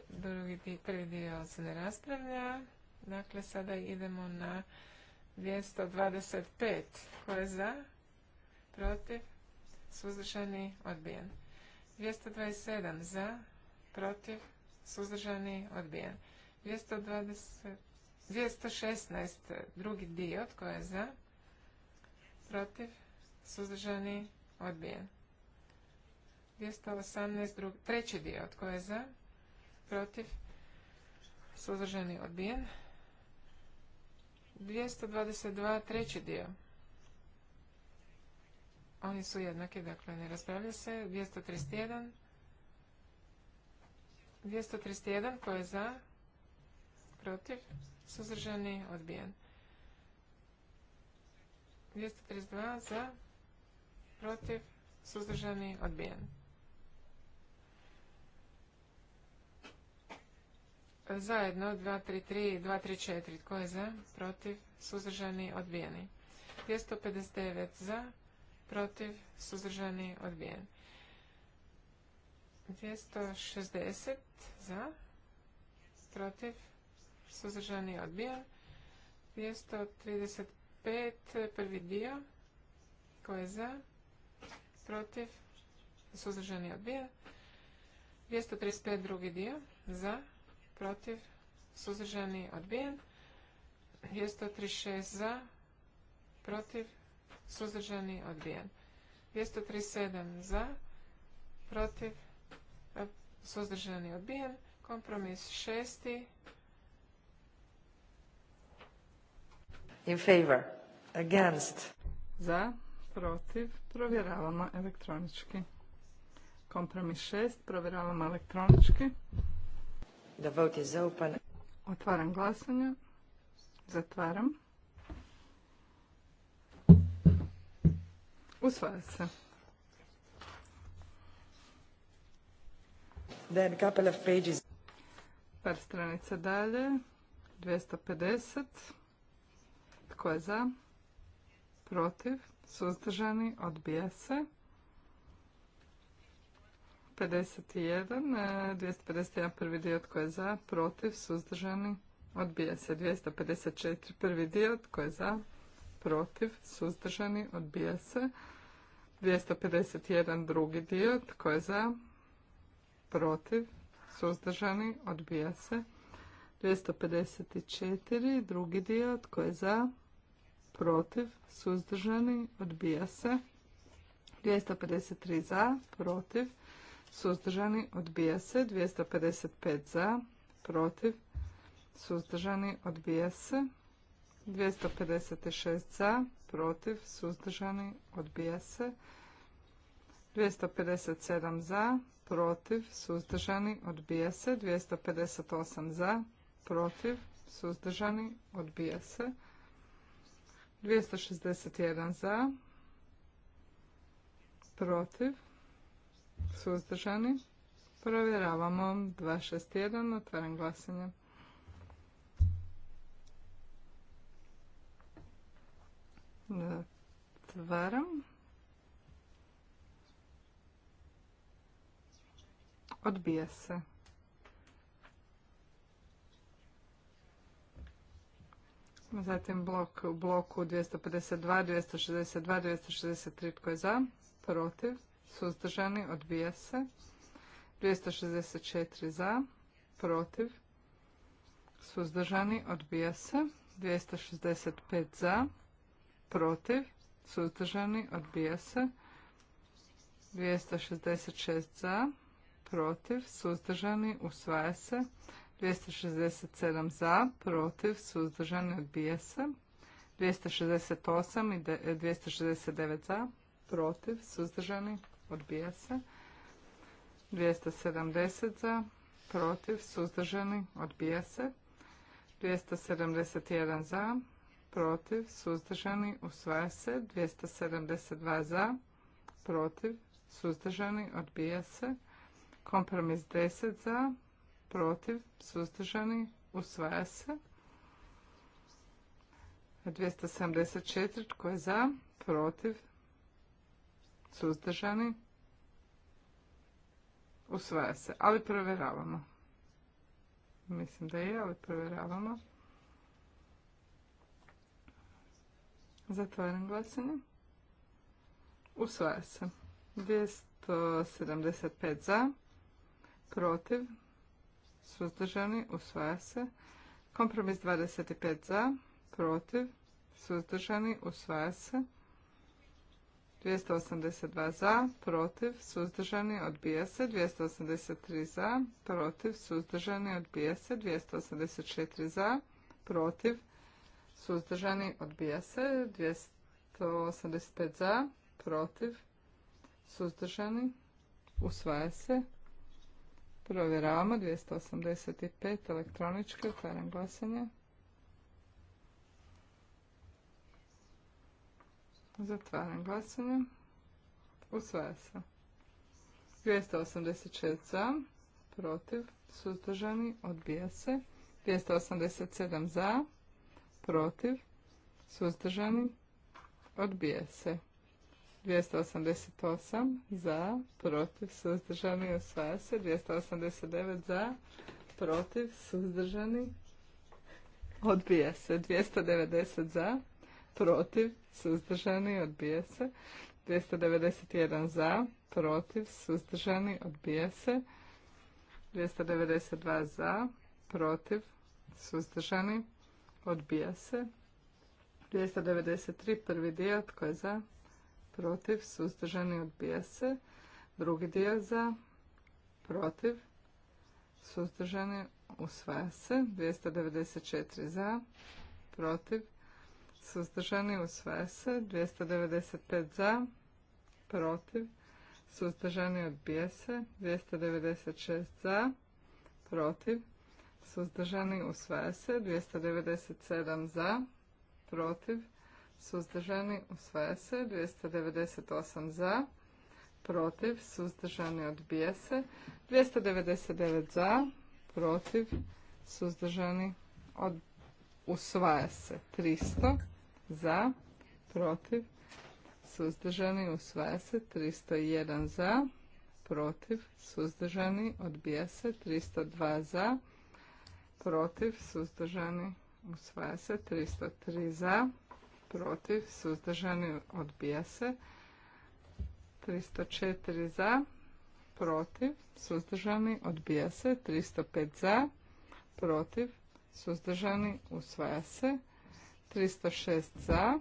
drugi, prvi dio se ne raspravlja. Dakle, sada idemo na 225. Ko je za? Protiv? Suzdržani? Odbijen. 227 za? protiv, suzdržani, odbijen. 220, 216, drugi dio, tko je za, protiv, suzdržani, odbijen. 218, drugi, treći dio, tko je za, protiv, suzdržani, odbijen. 222, treći dio. Oni su jednaki, dakle ne raspravlja se. 231, 231 tko je za, protiv, suzdržani, odbijen. 232 za, protiv, suzdržani, odbijen. Zajedno 233 234. Tko je za? Protiv, suzdržani, odbijeni. 259 za, protiv, suzdržani, odbijen. 260 za, protiv, suzdržani odbijan 235 prvi dio, koji je za, protiv, suzdržani odbijan 235 drugi dio, za, protiv, suzdržani odbijan 236 za, protiv, suzdržani odbijan 237 za, protiv, suzdržani odbijen. Kompromis šesti. In favor. Against. Za, protiv, provjeravamo elektronički. Kompromis šest, provjeravamo elektronički. The vote is open. Otvaram glasanje. Zatvaram. Usvaja se. Then couple of pages. Par stranica dalje. 250. Tko je za? Protiv? Suzdržani? Odbija se. 51. 251. E, prvi dio. Tko je za? Protiv? Suzdržani? Odbija se. 254. prvi dio. Tko je za? Protiv? Suzdržani? Odbija se. 251. drugi dio. Tko je za? protiv, suzdržani, odbija se. 254, drugi dio, tko je za, protiv, suzdržani, odbija se. 253 za, protiv, suzdržani, odbija se. 255 za, protiv, suzdržani, odbija se. 256 za, protiv, suzdržani, odbija se. 257 za, protiv, suzdržani, odbija se. 258 za, protiv, suzdržani, odbija se. 261 za, protiv, suzdržani. Provjeravamo 261, otvaram glasanje. Zatvaram. Odbija se. Zatim blok u bloku 252, 262, 263 tko je za, protiv, suzdržani, odbija se. 264 za, protiv, suzdržani, odbija se. 265 za, protiv, suzdržani, odbija se. 266 za, protiv, suzdržani, usvaja se. 267 za, protiv, suzdržani, odbija se. 268 i 269 e, za, protiv, suzdržani, odbija se. 270 za, protiv, suzdržani, odbija se. 271 za, protiv, suzdržani, usvaja se. 272 za, protiv, suzdržani, odbija se. Kompromis 10 za, protiv, suzdržani, usvaja se. 274 tko je za, protiv, suzdržani, usvaja se. Ali provjeravamo. Mislim da je, ali provjeravamo. Zatvaram glasanje. Usvaja se. 275 za, protiv, suzdržani, usvaja se. Kompromis 25 za, protiv, suzdržani, usvaja se. 282 za, protiv, suzdržani, odbija se. 283 za, protiv, suzdržani, odbija se. 284 za, protiv, suzdržani, odbija se. 285 za, protiv, suzdržani, usvaja se. Provjeravamo 285 elektronički, otvaram glasanje. Zatvaram glasanje. Usvaja se. 286 za, protiv, suzdržani, odbija se. 287 za, protiv, suzdržani, odbija se. 288 za, protiv, suzdržani, osvaja se. 289 za, protiv, suzdržani, odbija se. 290 za, protiv, suzdržani, odbija se. 291 za, protiv, suzdržani, odbija se. 292 za, protiv, suzdržani, odbija se. 293 prvi dio, tko je za, protiv, suzdržani, od se. Drugi dio za, protiv, suzdržani, usvaja se. 294 za, protiv, suzdržani, usvaja se. 295 za, protiv, suzdržani, od se. 296 za, protiv, suzdržani, usvaja se. 297 za, protiv, suzdržani, usvaja se. 298 za, protiv, suzdržani, odbija se. 299 za, protiv, suzdržani, od, usvaja se. 300 za, protiv, suzdržani, usvaja se. 301 za, protiv, suzdržani, odbija se. 302 za, protiv, suzdržani, usvaja se. 303 za, protiv, suzdržani, odbija se. 304 za, protiv, suzdržani, odbija se. 305 za, protiv, suzdržani, usvaja se. 306 za,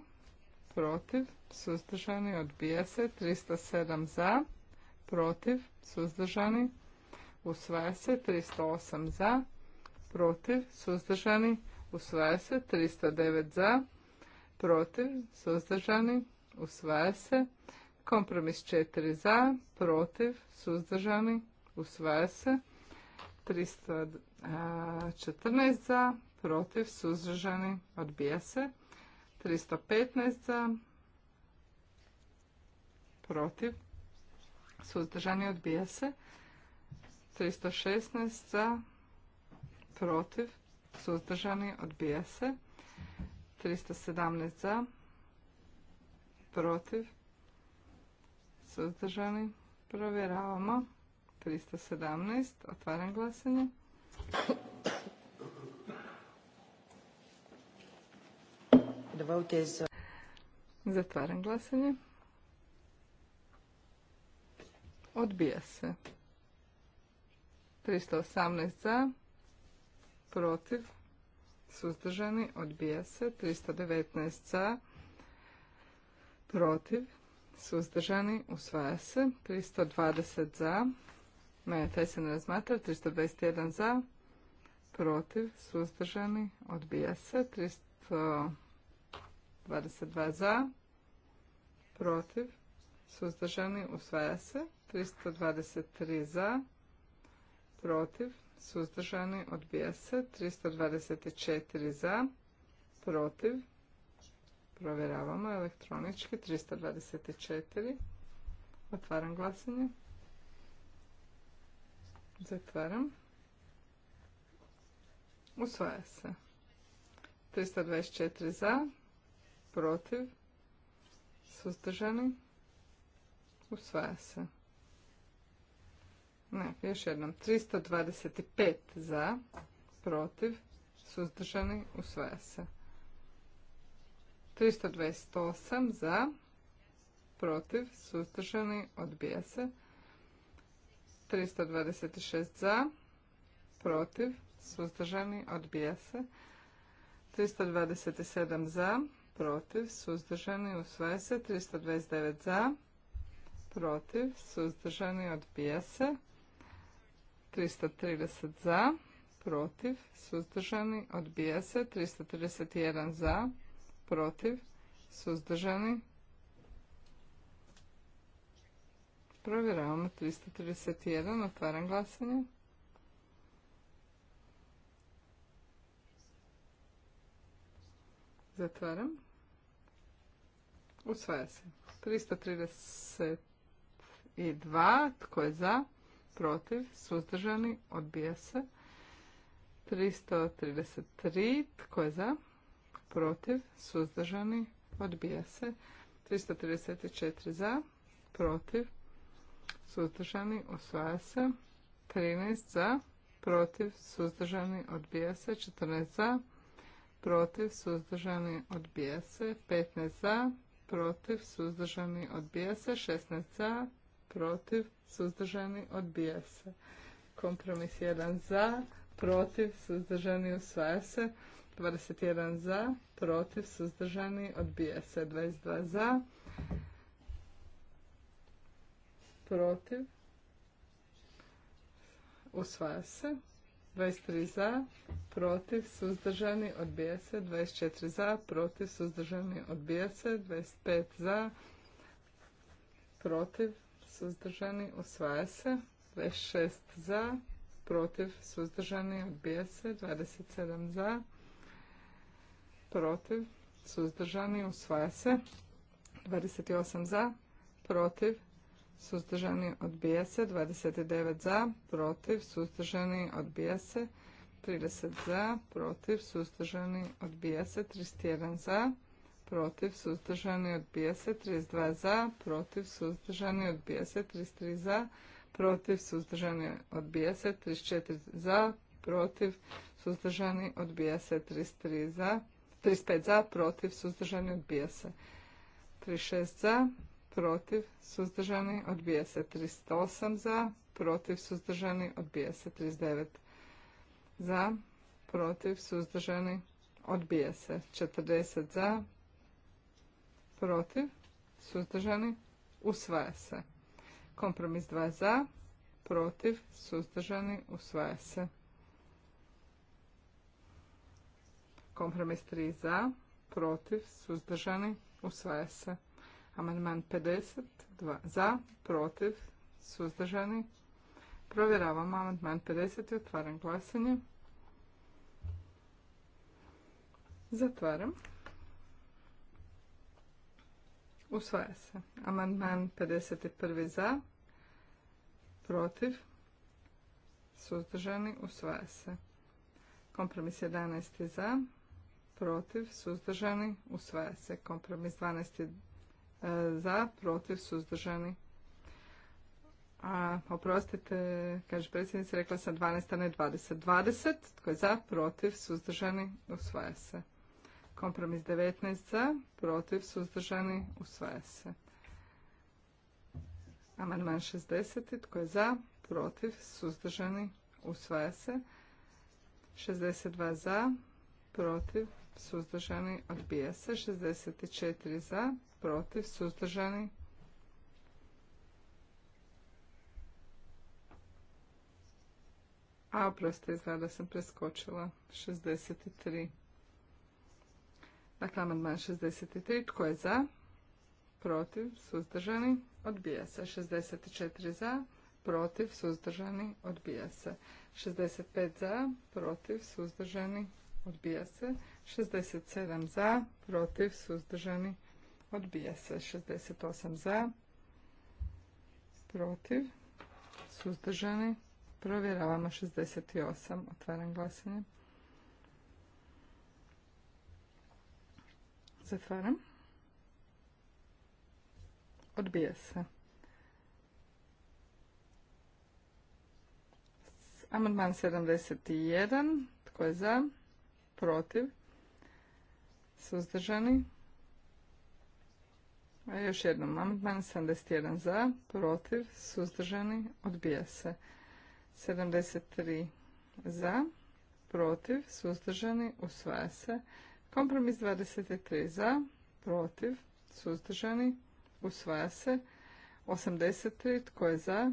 protiv, suzdržani, odbija se. 307 za, protiv, suzdržani, usvaja se. 308 za, protiv, suzdržani, usvaja se. 309 za, protiv, suzdržani, usvaja se. Kompromis 4 za, protiv, suzdržani, usvaja se. 314 za, protiv, suzdržani, odbija se. 315 za, protiv, suzdržani, odbija se. 316 za, protiv, suzdržani, odbija se. 317 za, protiv, suzdržani, provjeravamo. 317, otvaram glasanje. Uh, Zatvaram glasanje. Odbija se. 318 za, protiv, suzdržani, odbija se. 319 za, protiv, suzdržani, usvaja se. 320 za, ne, taj se ne razmatra. 321 za, protiv, suzdržani, odbija se. 322 za, protiv, suzdržani, usvaja se. 323 za, protiv, suzdržani, odbija se. 324 za, protiv, provjeravamo elektronički. 324, otvaram glasanje. Zatvaram. Usvaja se. 324 za, protiv, suzdržani, usvaja se. Ne, još jednom. 325 za, protiv, suzdržani, usvaja se. 328 za, protiv, suzdržani, odbija se. 326 za, protiv, suzdržani, odbija se. 327 za, protiv, suzdržani, usvaja se. 329 za, protiv, suzdržani, odbija se. 330 za, protiv, suzdržani, odbija se. 331 za, protiv, suzdržani. Provjeravamo 331, otvaram glasanje. Zatvaram. Usvaja se. 332. Tko je za? protiv, suzdržani, odbija se. 333, tko je za, protiv, suzdržani, odbija se. 334 za, protiv, suzdržani, Osvaja se. 13 za, protiv, suzdržani, odbija se. 14 za, protiv, suzdržani, odbija se. 15 za, protiv, suzdržani, odbija se. 16 za, protiv, suzdržani, odbija se. Kompromis 1 za, protiv, suzdržani, usvaja se. 21 za, protiv, suzdržani, odbija se. 22 za, protiv, usvaja se. 23 za, protiv, suzdržani, odbija se. 24 za, protiv, suzdržani, odbija se. 25 za, protiv, suzdržani, usvaja se. 26 za, protiv, suzdržani, odbija se. 27 za, protiv, suzdržani, usvaja se. 28 za, protiv, suzdržani, odbija se. 29 za, protiv, suzdržani, odbija se. 30 za, protiv, suzdržani, odbija se. 31 za, protiv, suzdržani, odbija se. 32 za, protiv, suzdržani, odbija se. 33 za, protiv, suzdržani, odbija se. 34 za, protiv, suzdržani, odbija se. 33 za, 35 za, protiv, suzdržani, odbija se. 36 za, protiv, suzdržani, odbija se. 38 za, protiv, suzdržani, odbija se. 39 za, protiv, suzdržani, odbija se. 40 za, protiv, suzdržani, usvaja se. Kompromis 2 za, protiv, suzdržani, usvaja se. Kompromis 3 za, protiv, suzdržani, usvaja se. Amandman 50, za, protiv, suzdržani. Provjeravamo amandman 50 i otvaram glasanje. Zatvaram. Usvaja se. Amandman 51. za. Protiv. Suzdržani. Usvaja se. Kompromis 11. za. Protiv. Suzdržani. Usvaja se. Kompromis 12. E, za. Protiv. Suzdržani. A, oprostite, kaže predsjednica, rekla sam 12, a ne 20. 20, tko je za, protiv, suzdržani, usvaja se. Kompromis 19 za, protiv, suzdržani, usvaja se. Amandman 60. Tko je za, protiv, suzdržani, usvaja se. 62 za, protiv, suzdržani, odbija se. 64 za, protiv, suzdržani, A, oprosti, izgleda sam preskočila. 63. Dakle, amandman 63. Tko je za? Protiv. Suzdržani. Odbija se. 64 za. Protiv. Suzdržani. Odbija se. 65 za. Protiv. Suzdržani. Odbija se. 67 za. Protiv. Suzdržani. Odbija se. 68 za. Protiv. Suzdržani. Provjeravamo 68. Otvaram glasanje. Zatvaram. Odbija se. Amandman 71. Tko je za? Protiv? Suzdržani? A još jednom. Amandman 71 za, protiv, suzdržani, odbija se. 73 za, protiv, suzdržani, usvaja se. Kompromis 23 za, protiv, suzdržani, usvaja se. 83 tko je za?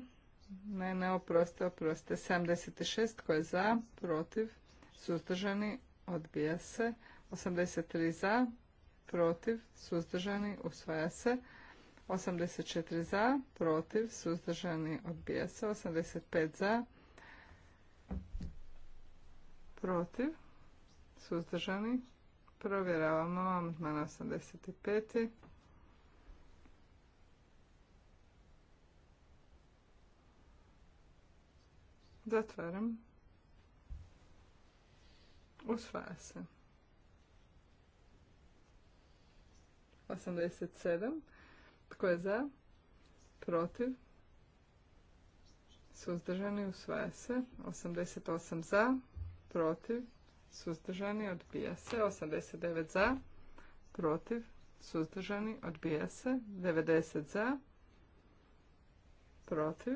Ne, ne, oproste, oproste. 76 tko je za, protiv, suzdržani, odbija se. 83 za, protiv, suzdržani, usvaja se. 84 za, protiv, suzdržani, odbija se. 85 za, protiv, suzdržani, Provjeravamo amandman 85. Zatvaram. Usvaja se. 87. Tko je za? Protiv? Suzdržani usvaja se. 88 za. Protiv? suzdržani, odbija se. 89 za, protiv, suzdržani, odbija se. 90 za, protiv,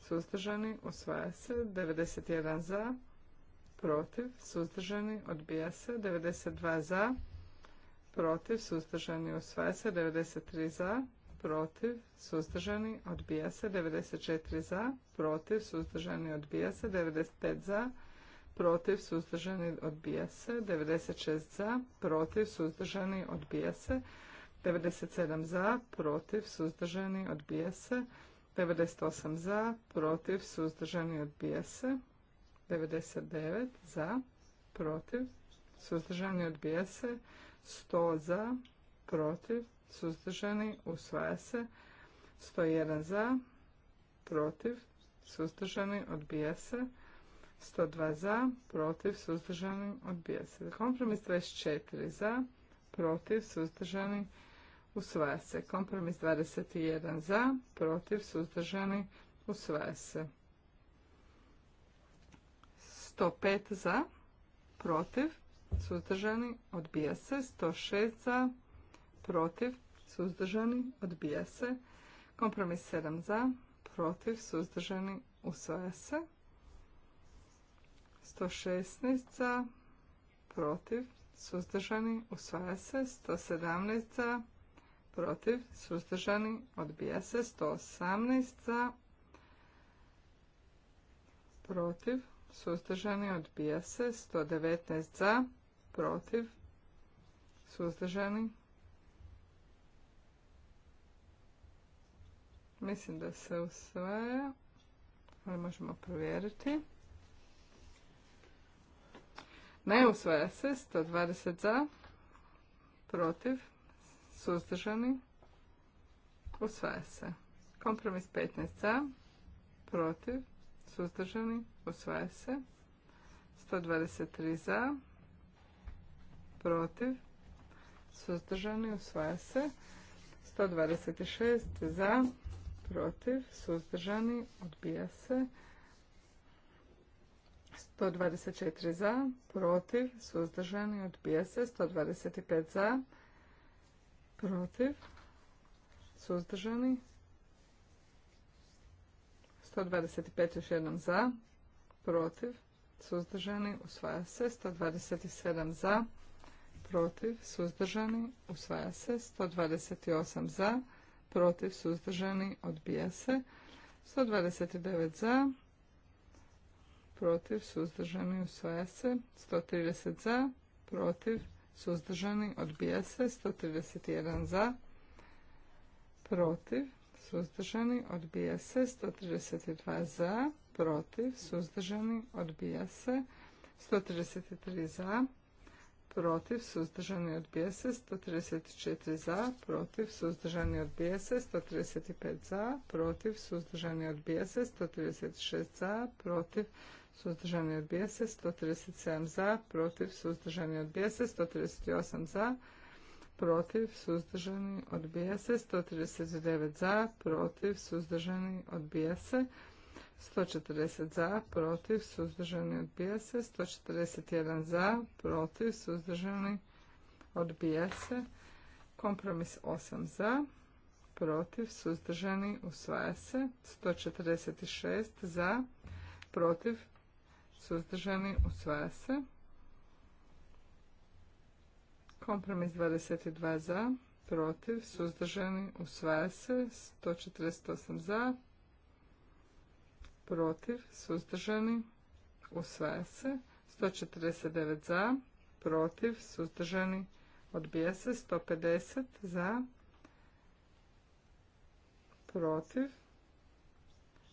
suzdržani, usvaja se. 91 za, protiv, suzdržani, odbija se. 92 za, protiv, suzdržani, usvaja se. 93 za, protiv, suzdržani, odbija se. 94 za, protiv, suzdržani, odbija se. 95 za, protiv, suzdržani, odbija se. 96 za, protiv, suzdržani, odbija se. 97 za, protiv, suzdržani, odbija se. 98 za, protiv, suzdržani, odbija se. 99 za, protiv, suzdržani, odbija se. 100 za, protiv, suzdržani, usvaja se. 101 za, protiv, suzdržani, odbija se. 102 za, protiv, suzdržani, odbija se. Kompromis 24 za, protiv, suzdržani, usvaja se. Kompromis 21 za, protiv, suzdržani, usvaja se. 105 za, protiv, suzdržani, odbija se. 106 za, protiv, suzdržani, odbija se. Kompromis 7 za, protiv, suzdržani, usvaja se. 116 za, protiv, suzdržani, usvaja se. 117 za, protiv, suzdržani, odbija se. 118 za, protiv, suzdržani, odbija se. 119 za, protiv, suzdržani, Mislim da se usvaja, ali možemo provjeriti. Ne usvaja se. 120 za. Protiv. Suzdržani. Usvaja se. Kompromis 15 za. Protiv. Suzdržani. Usvaja se. 123 za. Protiv. Suzdržani. Usvaja se. 126 za. Protiv. Suzdržani. Odbija se. 124 za, protiv, suzdržani, odbija se. 125 za, protiv, suzdržani. 125 još jednom za, protiv, suzdržani, usvaja se. 127 za, protiv, suzdržani, usvaja se. 128 za, protiv, suzdržani, odbija se. 129 za, protiv, suzdržani, usvaja se. 130 za, protiv, suzdržani, odbija se. 131 za, protiv, suzdržani, odbija se. 132 za, protiv, suzdržani, odbija se. 133 za, protiv, suzdržani, odbija se. 134 za, protiv, suzdržani, odbija se. 135 za, protiv, suzdržani, odbija se. 136 za, protiv, suzdržani, suzdržani od bijese, 137 za, protiv, suzdržani od bijese, 138 za, protiv, suzdržani od se, 139 za, protiv, suzdržani od se, 140 za, protiv, suzdržani od se, 141 za, protiv, suzdržani od se, kompromis 8 za, protiv, suzdržani usvaja se, 146 za, protiv, suzdržani, usvaja se. Kompromis 22 za, protiv, suzdržani, usvaja se. 148 za, protiv, suzdržani, usvaja se. 149 za, protiv, suzdržani, odbija se. 150 za, protiv,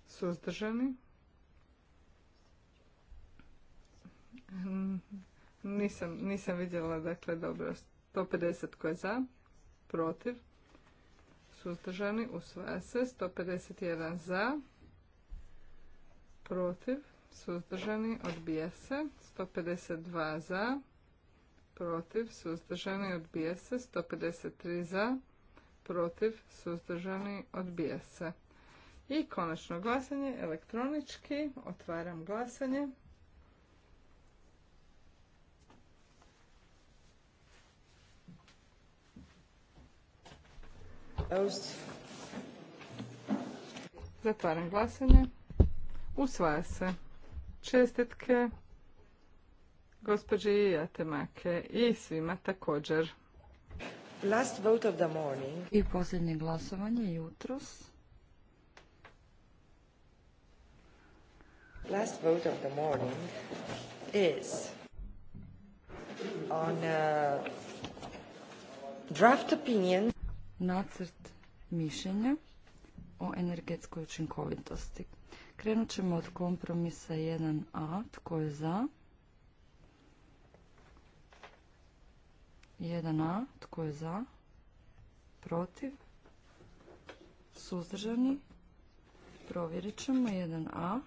suzdržani, Mhm. Nisam, nisam vidjela, dakle, dobro. 150 koje je za, protiv, suzdržani, usvaja se. 151 za, protiv, suzdržani, odbija se. 152 za, protiv, suzdržani, odbija se. 153 za, protiv, suzdržani, odbija se. I konačno glasanje elektronički. Otvaram glasanje. Zatvaram glasanje. Usvaja se. Čestitke gospođi Jatemake i svima također. Last vote of the morning. I posljednje glasovanje jutros. Last vote of the morning is on uh, draft opinion nacrt mišljenja o energetskoj učinkovitosti. Krenut ćemo od kompromisa 1a, tko je za? 1a, tko je za? Protiv? Suzdržani? Provjerit ćemo 1a.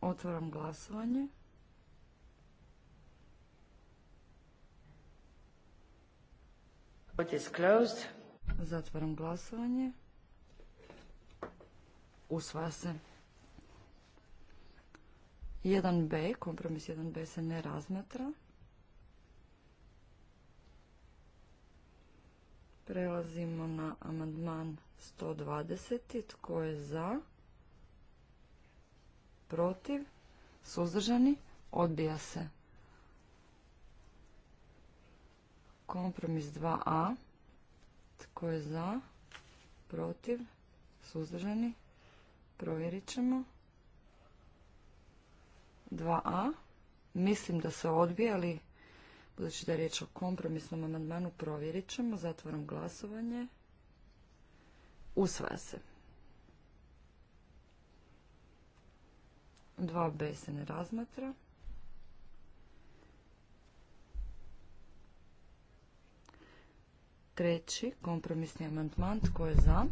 Otvoram glasovanje. Zatvaram glasovanje. Usvaja se. 1b, kompromis 1b se ne razmatra. Prelazimo na amandman 120. Tko je za? Protiv? Suzdržani? Odbija se. Kompromis 2a. Tko je za? Protiv? Suzdržani? Provjerit ćemo. 2a. Mislim da se odbije, ali budući da je riječ o kompromisnom amandmanu, provjerit ćemo. Zatvaram glasovanje. Usvaja se. 2b se ne razmatra. Treći kompromisni amandman tko je za?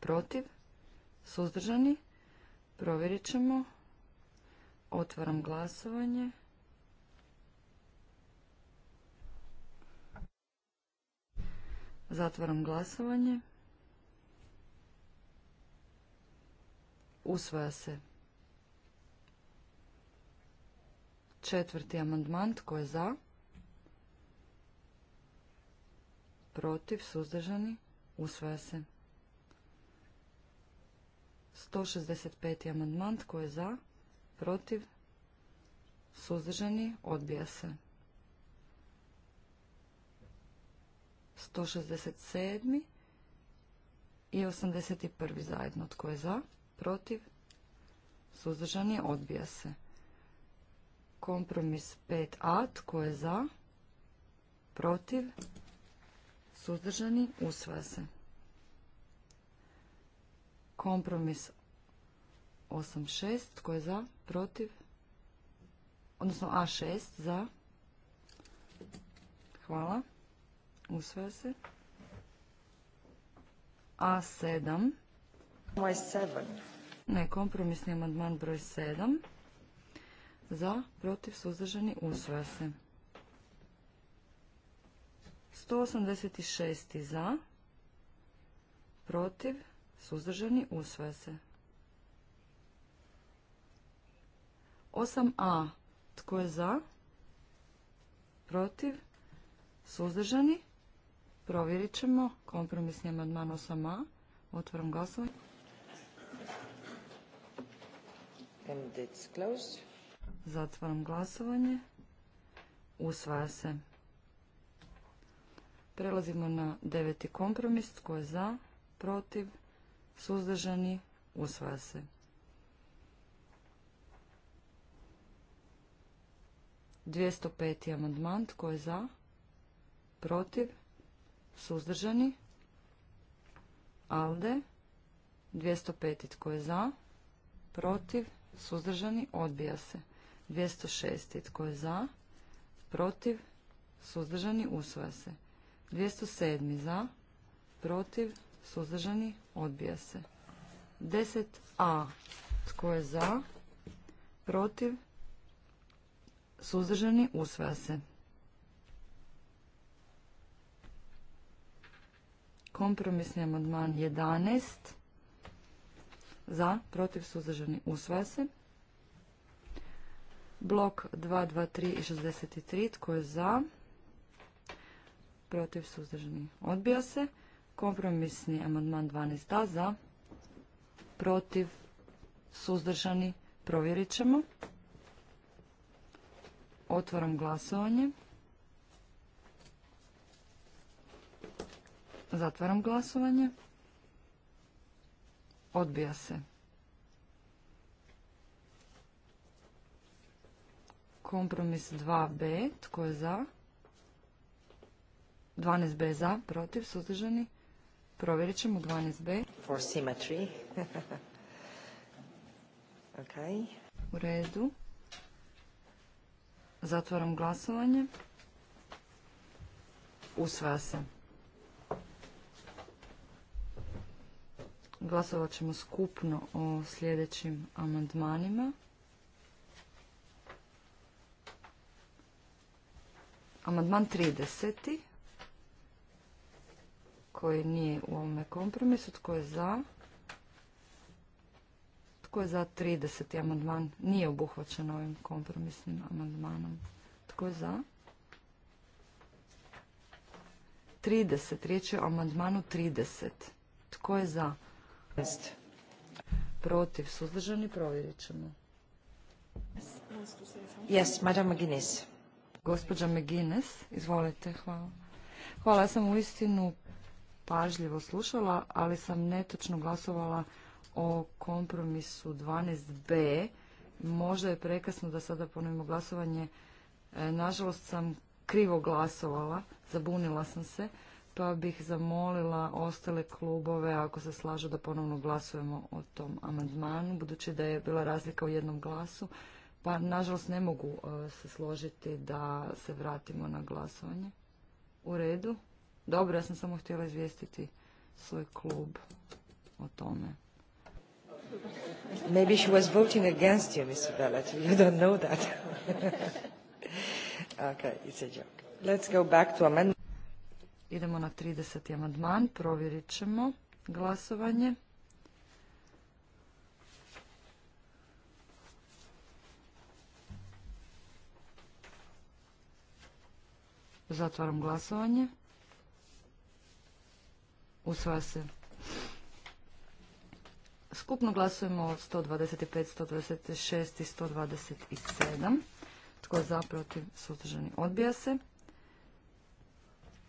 Protiv? Suzdržani? Provjerit ćemo. Otvaram glasovanje. Zatvaram glasovanje. Usvaja se. Četvrti amandman tko je za? protiv, suzdržani, usvaja se. 165. amandman, tko je za, protiv, suzdržani, odbija se. 167. i 81. zajedno, tko je za, protiv, suzdržani, odbija se. Kompromis 5a, tko je za, protiv, suzdržani, usvaja se. Kompromis 8.6, tko je za, protiv, odnosno A6 za, hvala, usvaja se. A7. Moj 7. Ne, kompromisni amandman broj 7. Za, protiv, suzdržani, usvaja se. 186. za, protiv, suzdržani, usvaja se. 8a. Tko je za? Protiv? Suzdržani? Provjerit ćemo. Kompromisni amandman 8a. Otvaram glasovanje. Zatvaram glasovanje. Usvaja se. Prelazimo na deveti kompromis. Tko je za? Protiv? Suzdržani? Usvaja se. Dvijesto peti amandman. Tko je za? Protiv? Suzdržani? Alde? 205. Tko je za? Protiv? Suzdržani? Odbija se. 206. Tko je za? Protiv? Suzdržani? Usvaja se. 207. za, protiv, suzdržani, odbija se. 10a. Tko je za, protiv, suzdržani, usvaja se. Kompromisni amandman 11. Za, protiv, suzdržani, usvaja se. Blok 223 i 63. Tko je za? protiv, suzdržani, odbija se. Kompromisni amandman 12a za, protiv, suzdržani, provjerit ćemo. Otvaram glasovanje. Zatvaram glasovanje. Odbija se. Kompromis 2b. Tko je za? 12b za, protiv, suzdržani. Provjerit ćemo 12b. For symmetry. U redu. Zatvaram glasovanje. Usvaja se. Glasovat ćemo skupno o sljedećim amandmanima. Amandman 30 koji nije u ovome kompromisu. Tko je za? Tko je za 30. amandman? Nije obuhvaćen ovim kompromisnim amandmanom. Tko je za? 30. Riječ je o amandmanu 30. Tko je za? Protiv. Suzdržani provjerit ćemo. Yes, Madam McGuinness. Gospođa McGuinness, izvolite, hvala. Hvala, ja sam u istinu pažljivo slušala, ali sam netočno glasovala o kompromisu 12b. Možda je prekasno da sada ponovimo glasovanje. E, nažalost sam krivo glasovala, zabunila sam se, pa bih zamolila ostale klubove ako se slažu da ponovno glasujemo o tom amandmanu, budući da je bila razlika u jednom glasu. Pa nažalost ne mogu e, se složiti da se vratimo na glasovanje. U redu. Dobro, ja sam samo htjela izvijestiti svoj klub o tome. Maybe she was voting against you, Mr. Bellet. You don't know that. okay, it's a joke. Let's go back to amendment. Idemo na 30. amandman, provjerit ćemo glasovanje. Zatvaram glasovanje. Usvaja se. Skupno glasujemo od 125, 126 i 127. Tko je za, protiv, suzdržani, odbija se.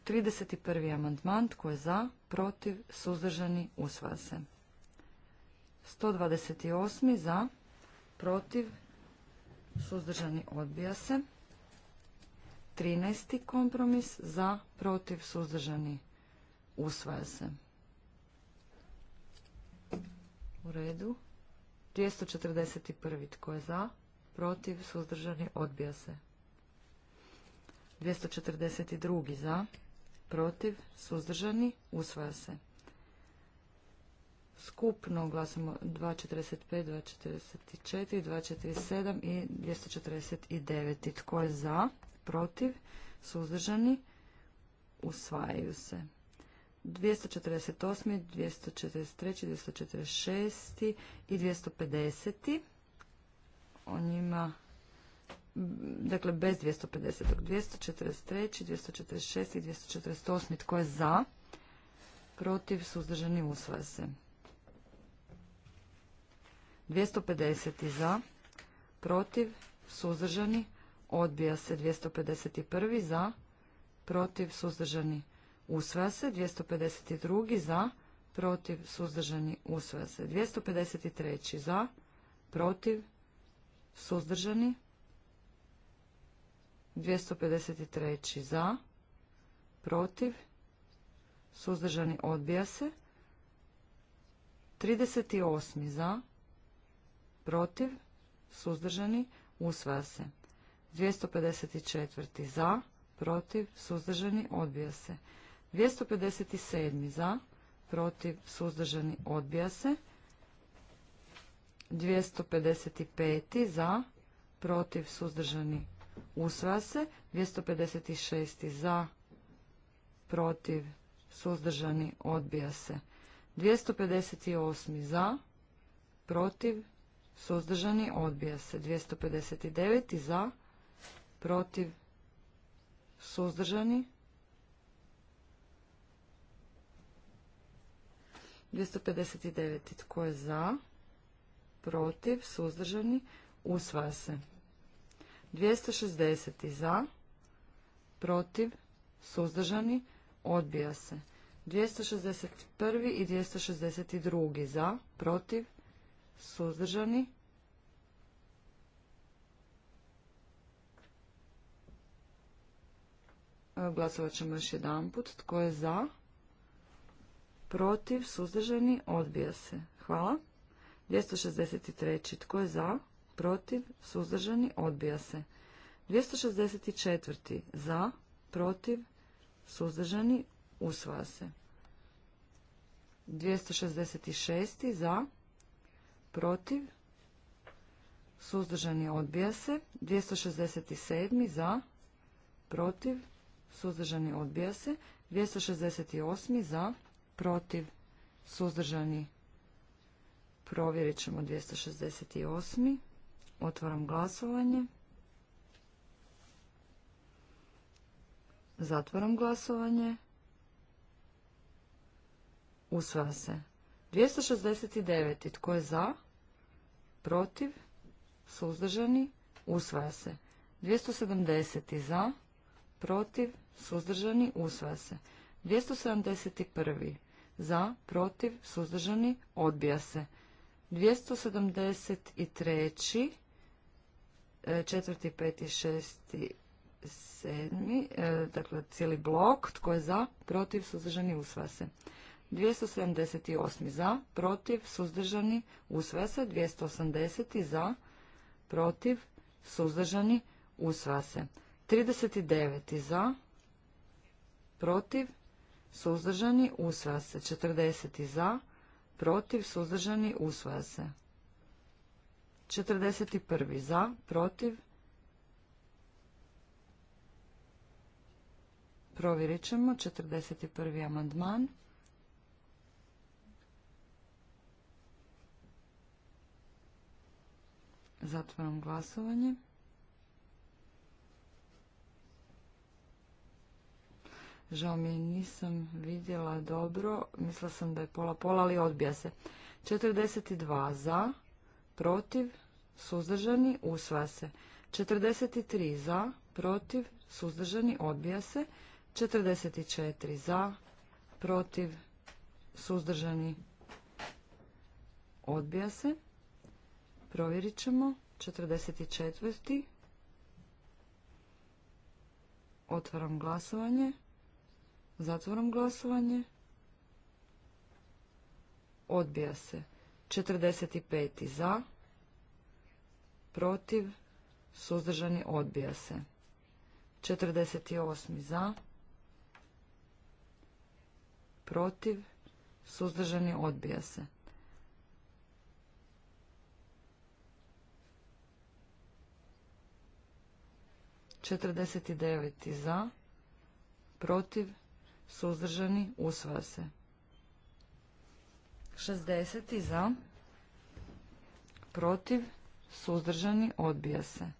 31. amandman. Tko je za, protiv, suzdržani, usvaja se. 128. za, protiv, suzdržani, odbija se. 13. kompromis za, protiv, suzdržani, usvaja se. U redu. 241. Tko je za? Protiv? Suzdržani? Odbija se. 242. Za? Protiv? Suzdržani? Usvaja se. Skupno glasamo 245, 244, 247 i 249. Tko je za? Protiv? Suzdržani? Usvajaju se. 248, 243, 246 i 250. O njima, dakle bez 250. 243, 246 i 248. Tko je za? Protiv suzdržani usvaja se. 250. za. Protiv suzdržani odbija se. 251. za. Protiv suzdržani usvaja usvaja se. 252. za, protiv, suzdržani, usvaja se. 253. za, protiv, suzdržani, 253. za, protiv, suzdržani, odbija se. 38. za, protiv, suzdržani, usvaja se. 254. za, protiv, suzdržani, odbija se. 257. za, protiv, suzdržani, odbija se. 255. za, protiv, suzdržani, usvaja se. 256. za, protiv, suzdržani, odbija se. 258. za, protiv, suzdržani, odbija se. 259. za, protiv, suzdržani, odbija se 259. Tko je za? Protiv? Suzdržani? Usvaja se. 260. Za? Protiv? Suzdržani? Odbija se. 261. i 262. Za? Protiv? Suzdržani? Glasovat ćemo još jedan put. Tko je za? protiv, suzdržani, odbija se. Hvala. 263. Tko je za? Protiv, suzdržani, odbija se. 264. Za, protiv, suzdržani, usvaja se. 266. Za, protiv, suzdržani, odbija se. 267. Za, protiv, suzdržani, odbija se. 268. Za, protiv, suzdržani, provjerit ćemo 268. Otvaram glasovanje. Zatvaram glasovanje. Usvaja se. 269. Tko je za? Protiv? Suzdržani? Usvaja se. 270. Za? Protiv? Suzdržani? Usvaja se. 271 za, protiv, suzdržani, odbija se. 273. E, četvrti, peti, šesti, sedmi, e, dakle cijeli blok, tko je za, protiv, suzdržani, usvaja se. 278. za, protiv, suzdržani, usvaja se. 280. za, protiv, suzdržani, usvaja se. 39. za, protiv, suzdržani, usvaja se. 40 za, protiv, suzdržani, usvaja se. 41 za, protiv, provjerit ćemo, 41. amandman. Zatvaram glasovanje. Žao mi je, nisam vidjela dobro. Mislila sam da je pola pola, ali odbija se. 42 za, protiv, suzdržani, usvaja se. 43 za, protiv, suzdržani, odbija se. 44 za, protiv, suzdržani, odbija se. Provjerit ćemo. 44. Otvaram glasovanje. Zatvoram glasovanje. Odbija se. 45. za. Protiv. Suzdržani odbija se. 48. za. Protiv. Suzdržani odbija se. Četrdeset za protiv suzdržani, usva se. 60. za, protiv, suzdržani, odbija se.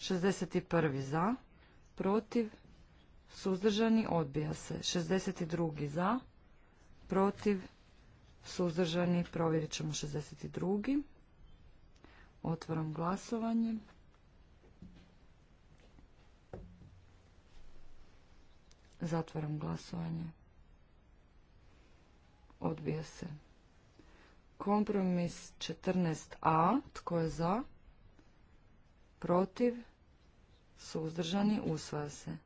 61. za, protiv, suzdržani, odbija se. 62. za, protiv, suzdržani, provjerit ćemo 62. Otvaram glasovanje. Zatvaram glasovanje. Odbija se. Kompromis 14a. Tko je za? Protiv? Suzdržani? Usvaja se.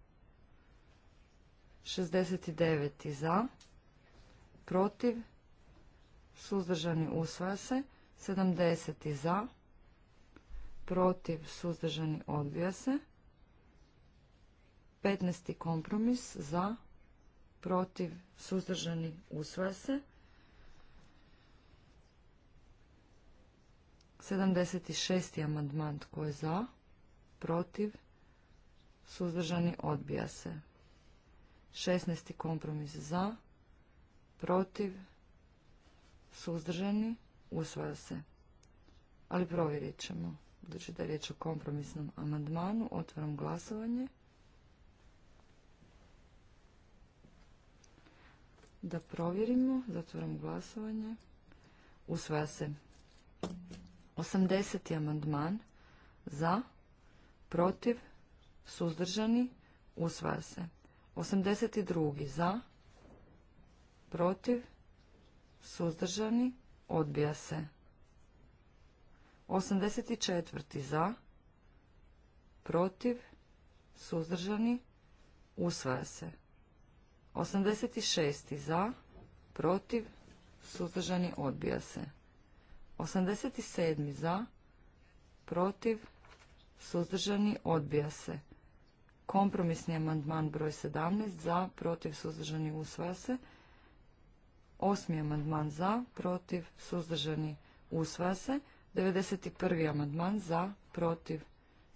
69. za. Protiv? Suzdržani? Usvaja se. 70. za. Protiv? Suzdržani? Odbija se. 15. kompromis za, protiv, suzdržani, usvaja se. 76. amandman tko je za, protiv, suzdržani, odbija se. 16. kompromis za, protiv, suzdržani, usvaja se. Ali provjerit ćemo, budući da je riječ o kompromisnom amandmanu, otvaram glasovanje. da provjerimo. Zatvoramo glasovanje. Usvaja se. 80. amandman za, protiv, suzdržani, usvaja se. 82. za, protiv, suzdržani, odbija se. 84. za, protiv, suzdržani, usvaja se. 86. za, protiv, suzdržani, odbija se. 87. za, protiv, suzdržani, odbija se. Kompromisni amandman broj 17 za, protiv, suzdržani, usvaja se. Osmi amandman za, protiv, suzdržani, usvaja se. 91. amandman za, protiv,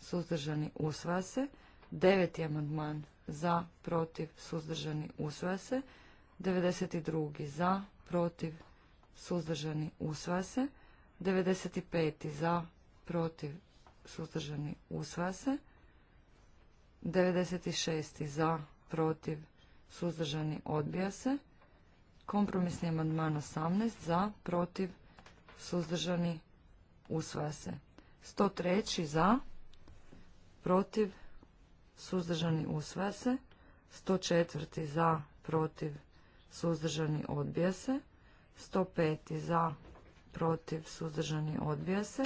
suzdržani, usvaja se. Deveti amandman za, protiv, suzdržani, usvaja se. 92. za, protiv, suzdržani, usvaja se. 95. za, protiv, suzdržani, usvaja se. 96. za, protiv, suzdržani, odbija se. Kompromisni amandman 18. za, protiv, suzdržani, usvaja se. 103. za, protiv, suzdržani usvaja se, 104. za, protiv, suzdržani odbija se, 105. za, protiv, suzdržani odbija se,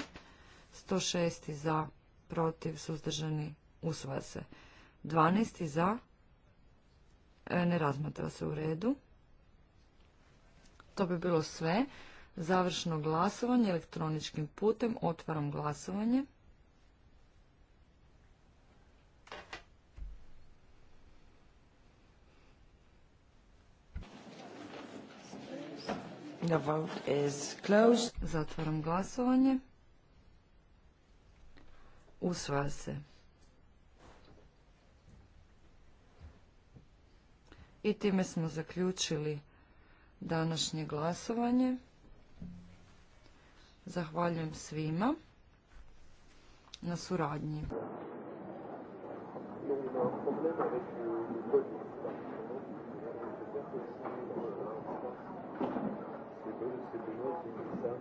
106. za, protiv, suzdržani usvaja se, 12. za, e, ne razmatra se u redu. To bi bilo sve. Završno glasovanje elektroničkim putem. Otvaram glasovanje. The Zatvaram glasovanje. Usvaja se. I time smo zaključili današnje glasovanje. Zahvaljujem svima na suradnji. Hvala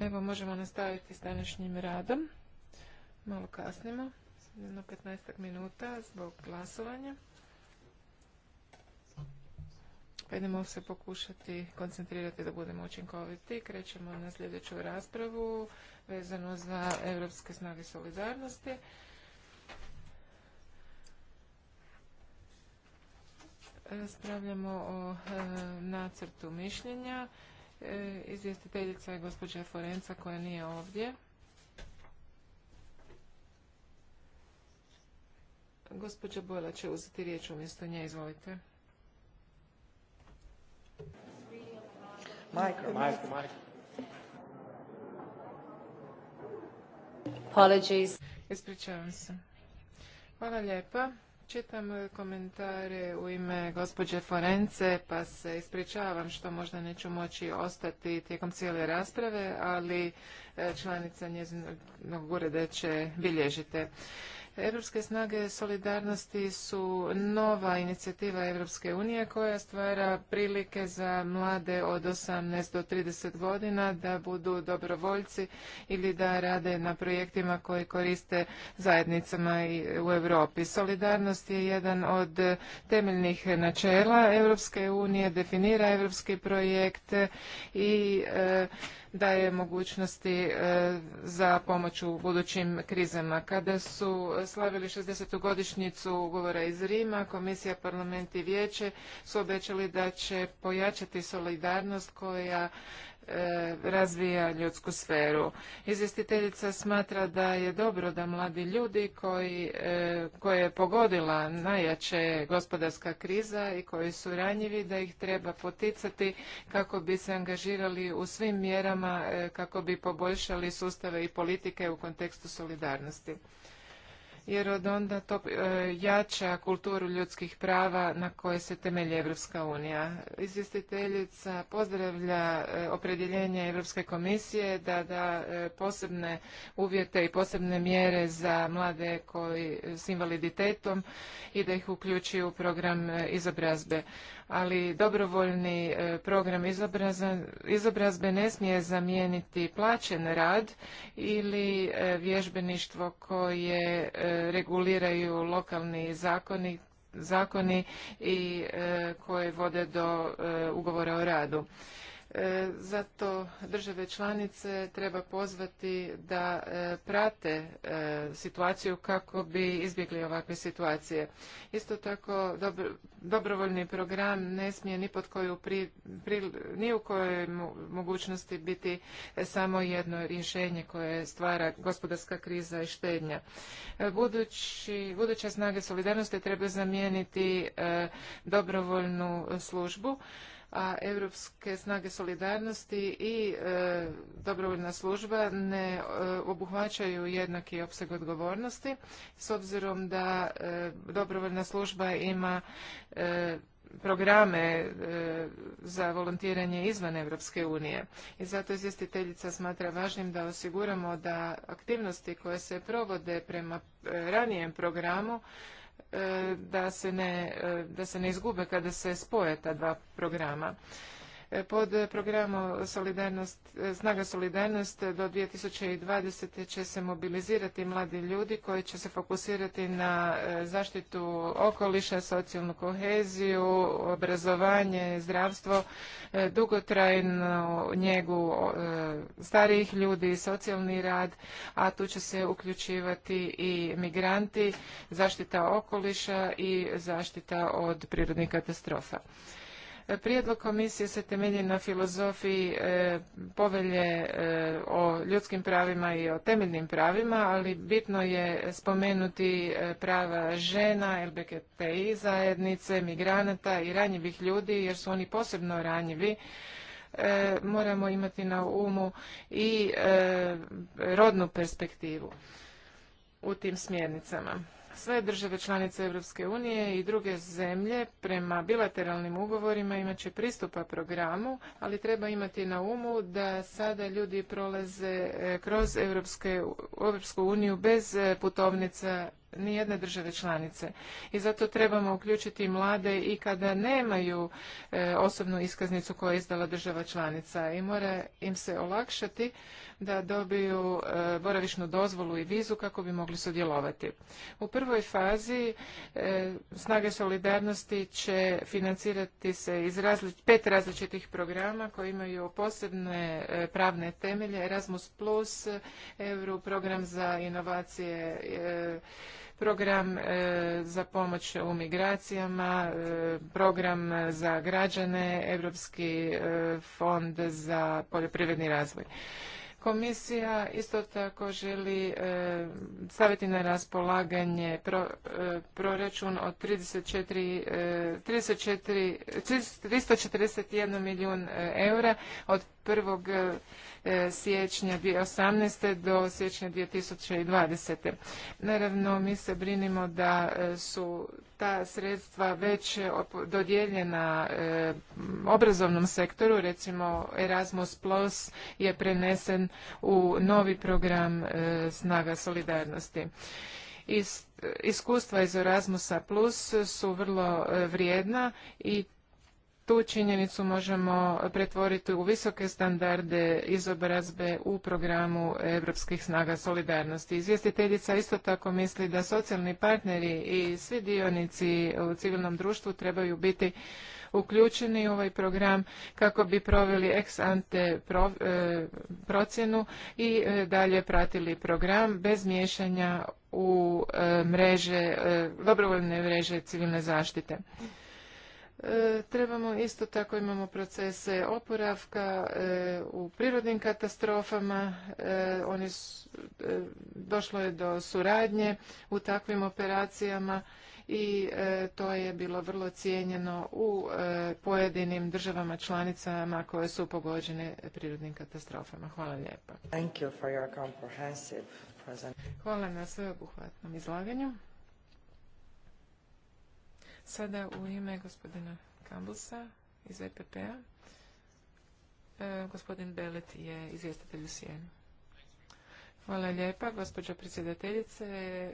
Evo, možemo nastaviti s današnjim radom. Malo kasnimo, jedno 15 minuta zbog glasovanja. Pa idemo se pokušati koncentrirati da budemo učinkoviti. Krećemo na sljedeću raspravu vezano za Europske snage solidarnosti. Raspravljamo o e, nacrtu mišljenja E, izvjestiteljica je gospođa Forenca koja nije ovdje. Gospođa Bojla će uzeti riječ umjesto nje, izvolite. Ispričavam se. Hvala lijepa. Čitam komentare u ime gospođe Forence, pa se ispričavam što možda neću moći ostati tijekom cijele rasprave, ali e, članica njezinog ureda će bilježite. Europske snage solidarnosti su nova inicijativa Europske unije koja stvara prilike za mlade od 18 do 30 godina da budu dobrovoljci ili da rade na projektima koji koriste zajednicama u Europi. Solidarnost je jedan od temeljnih načela Europske unije, definira europski projekt i e, daje mogućnosti e, za pomoć u budućim krizama. Kada su slavili 60. godišnjicu ugovora iz Rima, Komisija, Parlament i Vijeće su obećali da će pojačati solidarnost koja E, razvija ljudsku sferu. Izvjestiteljica smatra da je dobro da mladi ljudi koji, e, koje je pogodila najjače gospodarska kriza i koji su ranjivi, da ih treba poticati kako bi se angažirali u svim mjerama, e, kako bi poboljšali sustave i politike u kontekstu solidarnosti jer od onda to e, jača kulturu ljudskih prava na koje se temelji Evropska unija. Izvjestiteljica pozdravlja e, opredjeljenje Europske komisije da da e, posebne uvjete i posebne mjere za mlade koji s invaliditetom i da ih uključi u program izobrazbe ali dobrovoljni e, program izobrazbe ne smije zamijeniti plaćen rad ili e, vježbeništvo koje e, reguliraju lokalni zakoni, zakoni i koje vode do ugovora o radu. E, zato države članice treba pozvati da e, prate e, situaciju kako bi izbjegli ovakve situacije. Isto tako dobrovoljni program ne smije ni pod koju pri, ni u kojoj mogućnosti biti samo jedno rješenje koje stvara gospodarska kriza i štednja. Budući, buduće snage solidarnosti treba zamijeniti dobrovoljnu službu a Europske snage solidarnosti i e, dobrovoljna služba ne e, obuhvaćaju jednaki opseg odgovornosti s obzirom da e, dobrovoljna služba ima programe za volontiranje izvan Europske unije. I zato izvjestiteljica smatra važnim da osiguramo da aktivnosti koje se provode prema ranijem programu E, da se ne, e, da se ne izgube kada se spoje ta dva programa. Pod programom solidarnost, Snaga solidarnost do 2020. će se mobilizirati mladi ljudi koji će se fokusirati na e, zaštitu okoliša, socijalnu koheziju, obrazovanje, zdravstvo, e, dugotrajnu njegu e, starijih ljudi, socijalni rad, a tu će se uključivati i migranti, zaštita okoliša i zaštita od prirodnih katastrofa. Prijedlog komisije se temelji na filozofiji e, povelje e, o ljudskim pravima i o temeljnim pravima, ali bitno je spomenuti e, prava žena, LBKTI zajednice, migranata i ranjivih ljudi jer su oni posebno ranjivi moramo imati na umu i rodnu perspektivu u tim smjernicama. Sve države članice Europske unije i druge zemlje prema bilateralnim ugovorima imat će pristupa programu, ali treba imati na umu da sada ljudi prolaze e, kroz Europske, Europsku uniju bez e, putovnica jedne države članice. I zato trebamo uključiti mlade i kada nemaju e, osobnu iskaznicu koja je izdala država članica i mora im se olakšati da dobiju e, boravišnu dozvolu i vizu kako bi mogli sudjelovati. U prvoj fazi e, snage solidarnosti će financirati se iz pet različitih programa koji imaju posebne e, pravne temelje Erasmus plus, Euro program za inovacije program za pomoć u migracijama, program za građane, Europski fond za poljoprivredni razvoj. Komisija isto tako želi e, staviti na raspolaganje e, proračun od 34, 34, 341 milijun e, eura od 1. E, siječnja 2018. do siječnja 2020. Naravno, mi se brinimo da e, su ta sredstva već dodijeljena e, obrazovnom sektoru, recimo Erasmus Plus je prenesen u novi program snaga solidarnosti. Iskustva iz Erasmusa Plus su vrlo vrijedna i tu činjenicu možemo pretvoriti u visoke standarde izobrazbe u programu Europskih snaga solidarnosti. Izvjestiteljica isto tako misli da socijalni partneri i svi dionici u civilnom društvu trebaju biti uključeni u ovaj program kako bi proveli ex ante e, procjenu i e, dalje pratili program bez miješanja u e, mreže, dobrovoljne mreže civilne zaštite. E, trebamo isto tako imamo procese oporavka e, u prirodnim katastrofama, e, oni došlo je do suradnje u takvim operacijama i to je bilo vrlo cijenjeno u pojedinim državama članicama koje su pogođene prirodnim katastrofama. Hvala lijepa. Hvala na sveobuhvatnom izlaganju. Sada u ime gospodina Kambusa iz EPP-a. E, gospodin Belet je izvjestitelj u Sijenu. Hvala lijepa, gospođo predsjedateljice.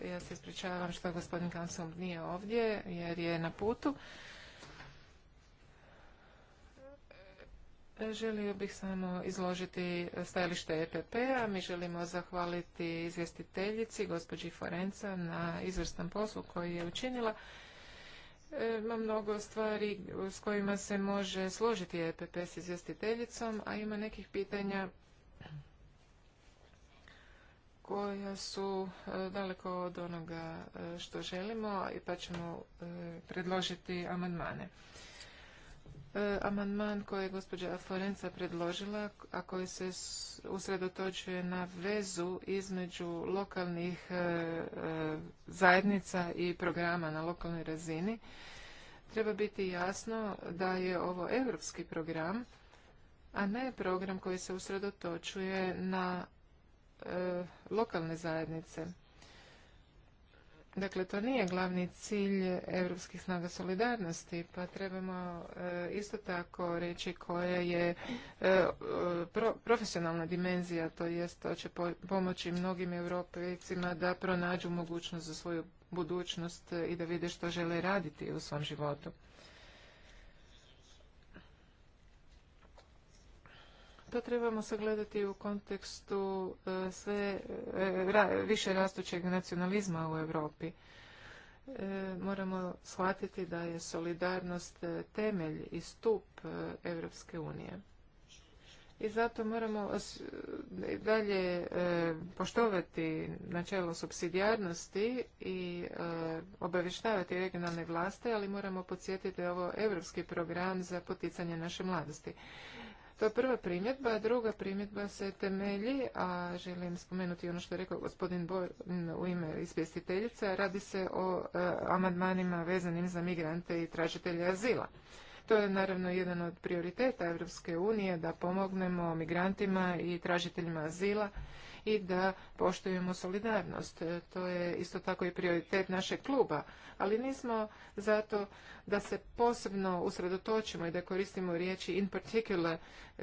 Ja se ispričavam što gospodin Kansom nije ovdje jer je na putu. Želio bih samo izložiti stajalište EPP-a. Mi želimo zahvaliti izvjestiteljici, gospođi Forenca, na izvrstan poslu koji je učinila ima mnogo stvari s kojima se može složiti EPP s izvjestiteljicom, a ima nekih pitanja koja su e, daleko od onoga e, što želimo, pa ćemo e, predložiti amandmane. E, amandman koji je gospođa Florenca predložila, a koji se usredotočuje na vezu između lokalnih e, e, zajednica i programa na lokalnoj razini, treba biti jasno da je ovo europski program, a ne program koji se usredotočuje na lokalne zajednice. Dakle, to nije glavni cilj Europskih snaga solidarnosti, pa trebamo e, isto tako reći koja je e, profesionalna dimenzija, to jest to će po, pomoći mnogim europejcima da pronađu mogućnost za svoju budućnost i da vide što žele raditi u svom životu. To trebamo sagledati u kontekstu e, sve e, više rastućeg nacionalizma u Europi. E, moramo shvatiti da je solidarnost temelj i stup Europske unije. I zato moramo dalje poštovati načelo subsidijarnosti i obavještavati regionalne vlasti, ali moramo podsjetiti ovo europski program za poticanje naše mladosti. To je prva primjedba. Druga primjedba se temelji, a želim spomenuti ono što je rekao gospodin Bor u ime izvjestiteljica. Radi se o e, amandmanima vezanim za migrante i tražitelje azila. To je naravno jedan od prioriteta Europske unije da pomognemo migrantima i tražiteljima azila i da poštujemo solidarnost. E, to je isto tako i prioritet našeg kluba, ali nismo zato da se posebno usredotočimo i da koristimo riječi in particular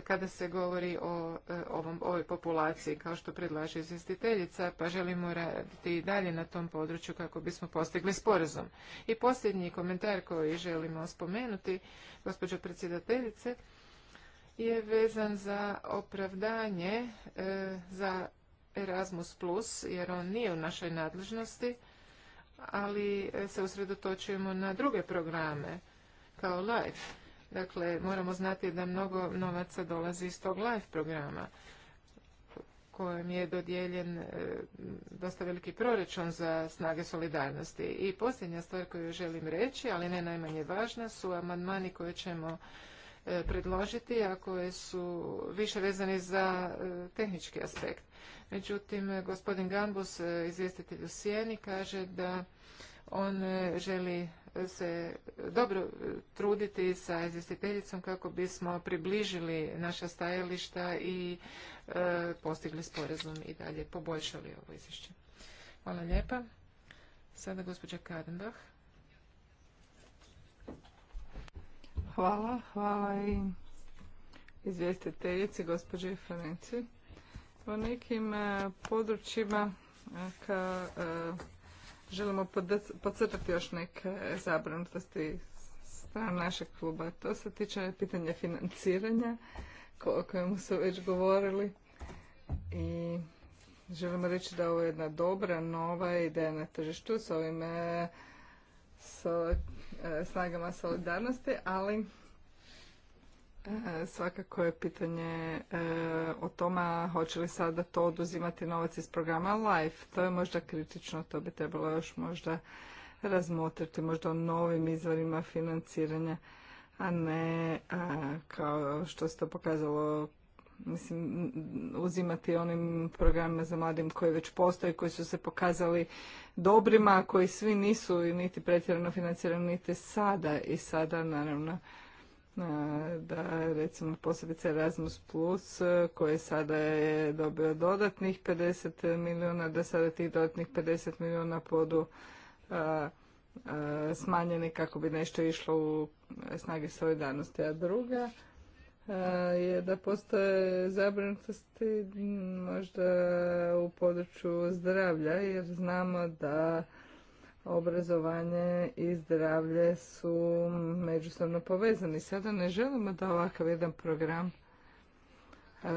kada se govori o e, ovom, ovoj populaciji kao što predlaže izvjestiteljica, pa želimo raditi i dalje na tom području kako bismo postigli sporazum. I posljednji komentar koji želimo spomenuti, gospođo predsjedateljice, je vezan za opravdanje e, za Erasmus Plus, jer on nije u našoj nadležnosti, ali e, se usredotočujemo na druge programe, kao LIFE. Dakle, moramo znati da mnogo novaca dolazi iz tog LIFE programa, kojem je dodijeljen e, dosta veliki proračun za snage solidarnosti. I posljednja stvar koju želim reći, ali ne najmanje važna, su amandmani koje ćemo E, predložiti, a koje su više vezane za e, tehnički aspekt. Međutim, e, gospodin Gambus, izvjestitelj u Sijeni, kaže da on želi se dobro truditi sa izvjestiteljicom kako bismo približili naša stajališta i postigli sporazum i dalje poboljšali ovo izvješće. Hvala lijepa. Sada gospođa Kadenbach. Hvala, hvala i izvjestiteljici gospođi Ferenci. U nekim e, područjima e, ka, e, želimo podcrtati još neke zabranutosti stran našeg kluba. To se tiče pitanja financiranja o kojemu su već govorili i želimo reći da ovo je jedna dobra, nova ideja na tržištu s ovime sa E, snagama solidarnosti, ali e, svakako je pitanje e, o tome hoće li sada to oduzimati novac iz programa LIFE. To je možda kritično, to bi trebalo još možda razmotriti, možda o novim izvorima financiranja a ne kao što se to pokazalo mislim, uzimati onim programima za mladim koji već postoje, koji su se pokazali dobrima, koji svi nisu niti pretjerano financirani, niti sada i sada, naravno, da recimo posebice Erasmus Plus koji sada je dobio dodatnih 50 milijuna, da sada tih dodatnih 50 milijuna podu smanjeni kako bi nešto išlo u snage solidarnosti. A druga je da postoje zabrinutosti možda u području zdravlja jer znamo da obrazovanje i zdravlje su međusobno povezani. Sada ne želimo da ovakav jedan program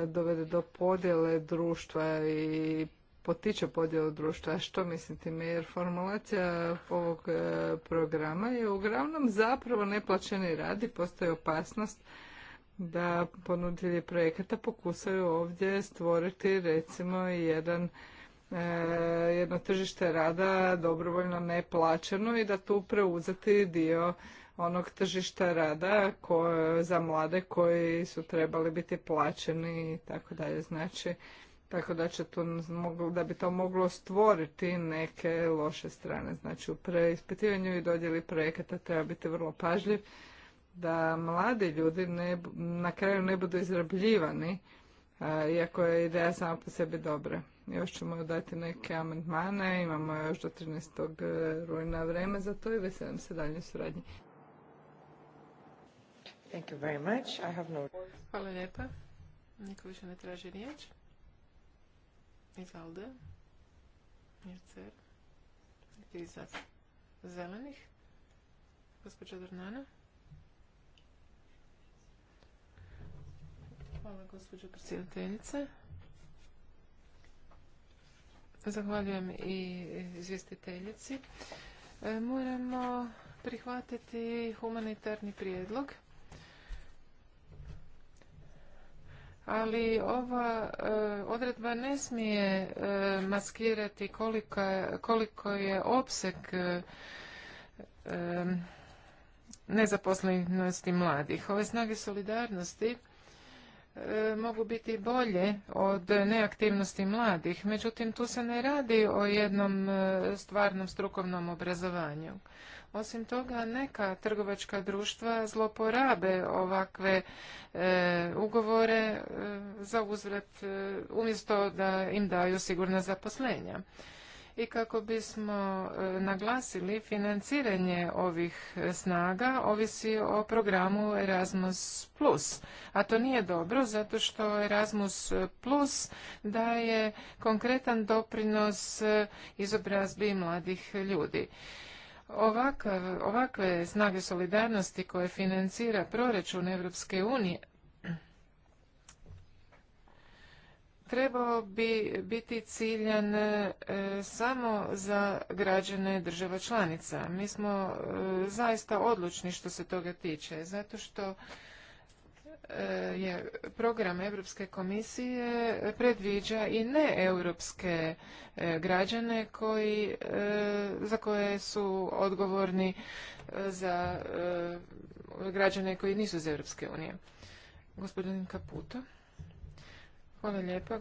dovede do podjele društva i potiče podjelu društva. Što mislite mi? Jer formulacija ovog e, programa je uglavnom zapravo neplaćeni radi, postoji opasnost da ponuditelji projekata pokusaju ovdje stvoriti recimo jedan e, jedno tržište rada dobrovoljno neplaćeno i da tu preuzeti dio onog tržišta rada za mlade koji su trebali biti plaćeni i tako dalje. Znači, tako da, će tu, da bi to moglo stvoriti neke loše strane. Znači u preispitivanju i dodjeli projekata treba biti vrlo pažljiv da mladi ljudi ne, na kraju ne budu izrabljivani, iako je ideja sama po sebi dobra. Još ćemo dati neke amandmane, imamo još do 13. E, rujna vreme za to i veselim se daljnjoj suradnji. Thank you very much. I have no... Hvala lijepa. Niko više ne traži riječ. Iz Alde. Iz zelenih. Gospođa Dornana. Hvala gospođo predsjedateljice. Zahvaljujem i izvjestiteljici. E, moramo prihvatiti humanitarni prijedlog. ali ova e, odredba ne smije e, maskirati koliko je opsek nezaposlenosti mladih. Ove snage solidarnosti E, mogu biti bolje od neaktivnosti mladih. Međutim, tu se ne radi o jednom e, stvarnom strukovnom obrazovanju. Osim toga, neka trgovačka društva zloporabe ovakve e, ugovore za uzvrat umjesto da im daju sigurna zaposlenja i kako bismo e, naglasili financiranje ovih snaga ovisi o programu Erasmus+. Plus. A to nije dobro zato što Erasmus Plus daje konkretan doprinos e, izobrazbi mladih ljudi. Ovakve, ovakve snage solidarnosti koje financira proračun Europske unije trebao bi biti ciljan e, samo za građane država članica. Mi smo e, zaista odlučni što se toga tiče, zato što e, je program Europske komisije predviđa i neeuropske građane koji, za koje su odgovorni za građane koji nisu iz Europske unije. Gospodin Kaputo. Hvala lijepa,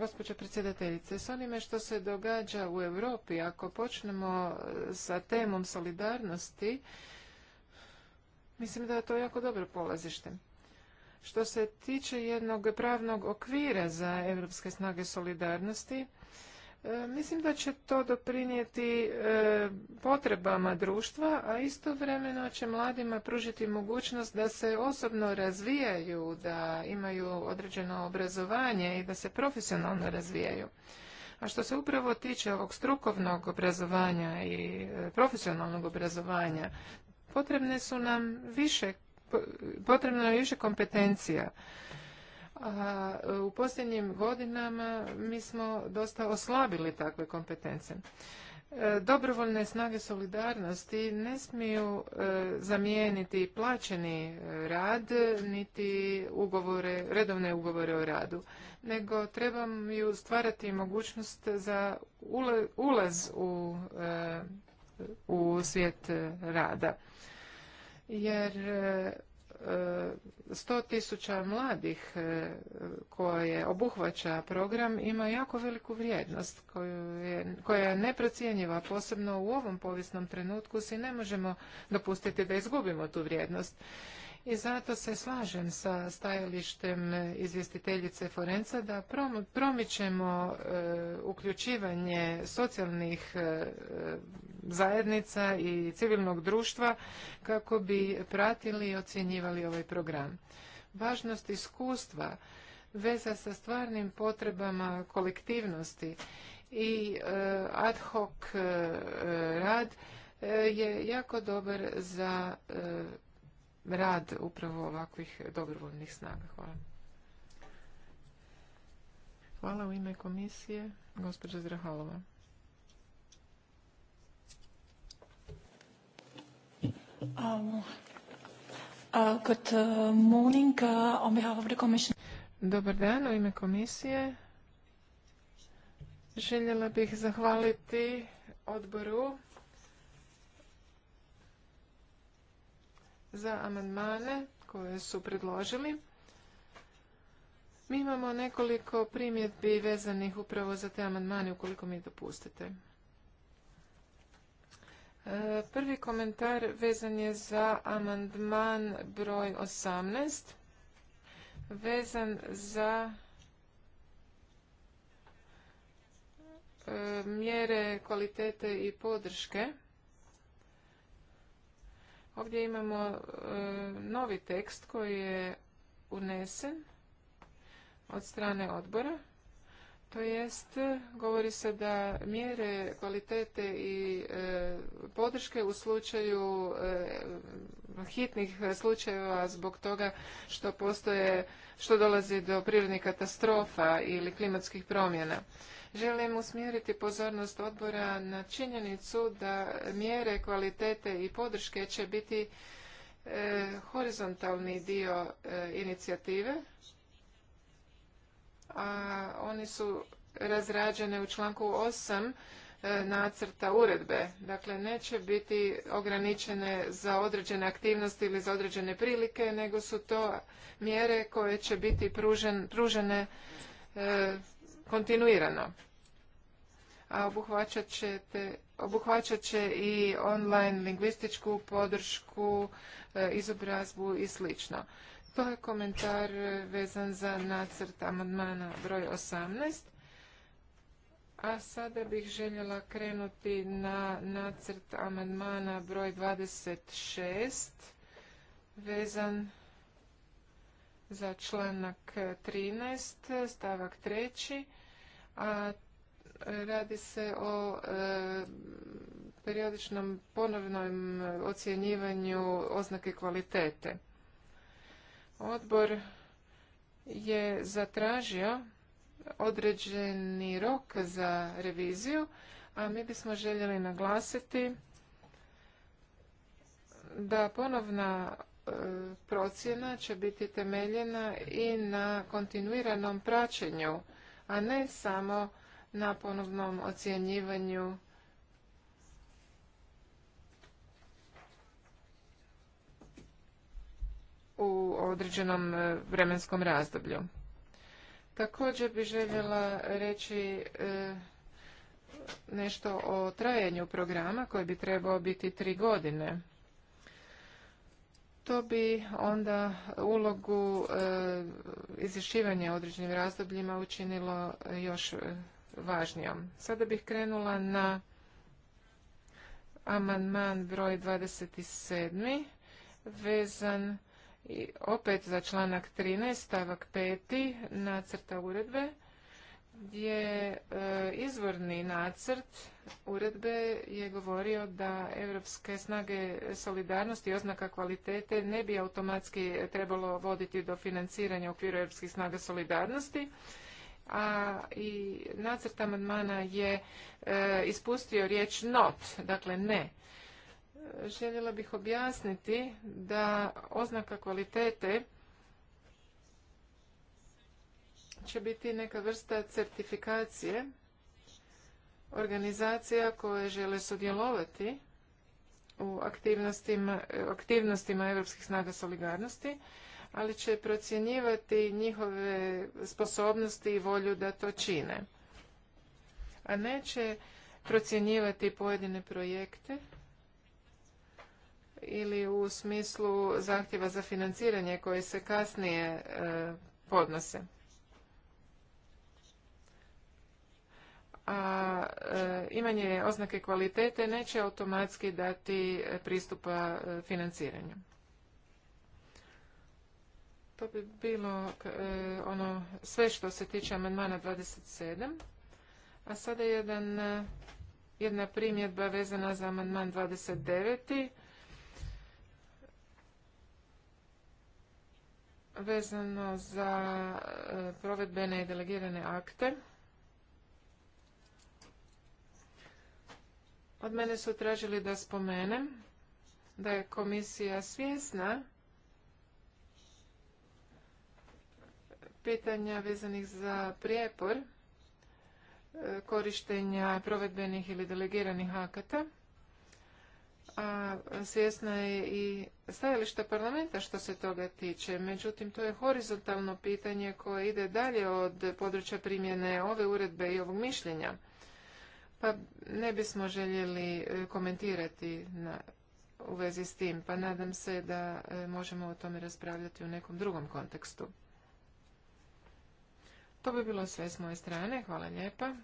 gospođo predsjedateljice. S onime što se događa u Europi, ako počnemo e, sa temom solidarnosti, mislim da je to jako dobro polazište. Što se tiče jednog pravnog okvira za europske snage solidarnosti, E, mislim da će to doprinijeti e, potrebama društva, a istovremeno će mladima pružiti mogućnost da se osobno razvijaju, da imaju određeno obrazovanje i da se profesionalno razvijaju. A što se upravo tiče ovog strukovnog obrazovanja i e, profesionalnog obrazovanja, potrebne su nam više, potrebno je više kompetencija E, u posljednjim godinama mi smo dosta oslabili takve kompetencije. E, dobrovoljne snage solidarnosti ne smiju e, zamijeniti plaćeni rad, niti ugovore, redovne ugovore o radu, nego trebaju stvarati mogućnost za ulaz u, u svijet rada. Jer 100 tisuća mladih e, koje obuhvaća program ima jako veliku vrijednost koja je neprocjenjiva, posebno u ovom povijesnom trenutku si ne možemo dopustiti da izgubimo tu vrijednost i zato se slažem sa stajalištem izvjestiteljice Forenca da promičemo e, uključivanje socijalnih e, zajednica i civilnog društva kako bi pratili i ocjenjivali ovaj program. Važnost iskustva veza sa stvarnim potrebama kolektivnosti i e, ad hoc rad je jako dobar za rad upravo ovakvih dobrovoljnih snaga. Hvala. Hvala u ime komisije, gospođa Zrahalova. Um, uh, uh, uh, Dobar dan u ime komisije. Željela bih zahvaliti odboru za amandmane koje su predložili. Mi imamo nekoliko primjedbi vezanih upravo za te amandmane, ukoliko mi dopustite. E, prvi komentar vezan je za amandman broj 18, vezan za e, mjere kvalitete i podrške. Ovdje imamo e, novi tekst koji je unesen od strane odbora. To jest, govori se da mjere kvalitete i e, podrške u slučaju e, hitnih slučajeva zbog toga što postoje, što dolazi do prirodnih katastrofa ili klimatskih promjena. Želim usmjeriti pozornost odbora na činjenicu da mjere kvalitete i podrške će biti e, horizontalni dio e, inicijative, a oni su razrađene u članku 8 e, nacrta uredbe. Dakle, neće biti ograničene za određene aktivnosti ili za određene prilike, nego su to mjere koje će biti pružen, pružene kontinuirano. A obuhvaćat, obuhvaćat će i online lingvističku podršku, e, izobrazbu i slično. To je komentar e, vezan za nacrt amandmana broj 18. A sada bih željela krenuti na nacrt amandmana broj 26 vezan za članak 13 stavak 3 a e, radi se o e, periodičnom ponovnom ocjenjivanju oznake kvalitete. Odbor je zatražio određeni rok za reviziju, a mi bismo željeli naglasiti da ponovna e, procjena će biti temeljena i na kontinuiranom praćenju a ne samo na ponovnom ocjenjivanju u određenom e, vremenskom razdoblju. Također bi željela reći e, nešto o trajanju programa koji bi trebao biti tri godine to bi onda ulogu e, izvješćivanja određenim razdobljima učinilo još e, važnijom. Sada bih krenula na amandman broj 27. vezan opet za članak 13. stavak 5. nacrta uredbe je e, izvorni nacrt uredbe je govorio da europske snage solidarnosti i oznaka kvalitete ne bi automatski trebalo voditi do financiranja u okviru europskih snaga solidarnosti a i nacrt amandmana je e, ispustio riječ not, dakle ne. Željela bih objasniti da oznaka kvalitete će biti neka vrsta certifikacije organizacija koje žele sudjelovati u aktivnostima, aktivnostima Europskih snaga solidarnosti, ali će procjenjivati njihove sposobnosti i volju da to čine. A neće procjenjivati pojedine projekte ili u smislu zahtjeva za financiranje koje se kasnije e, podnose. a e, imanje oznake kvalitete neće automatski dati e, pristupa e, financiranju. To bi bilo ono sve što se tiče amandmana 27. A sada jedan, jedna primjedba vezana za amandman 29. Vezano za provedbene i delegirane akte. Od mene su tražili da spomenem da je komisija svjesna pitanja vezanih za prijepor e, korištenja provedbenih ili delegiranih akata. A svjesna je i stajališta parlamenta što se toga tiče. Međutim, to je horizontalno pitanje koje ide dalje od područja primjene ove uredbe i ovog mišljenja. Pa ne bismo željeli e, komentirati na, u vezi s tim, pa nadam se da e, možemo o tome raspravljati u nekom drugom kontekstu. To bi bilo sve s moje strane. Hvala lijepa.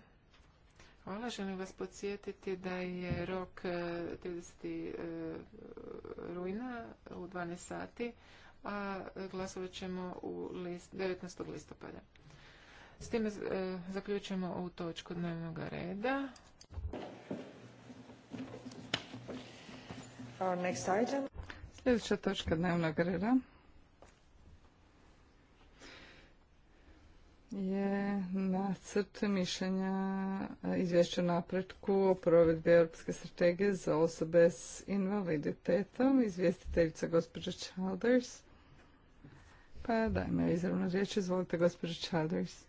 Hvala. Želim vas podsjetiti da je rok 30. E, rujna u 12 sati, a glasovat ćemo u list, 19. listopada. S time e, zaključujemo ovu točku dnevnog reda. Sljedeća točka dnevnog reda je nacrt mišljenja e, izvješća napretku o provedbi Europske strategije za osobe s invaliditetom, izvjestiteljica gospođa Childers. Pa dajme izravno riječ, izvolite gospođa Childers.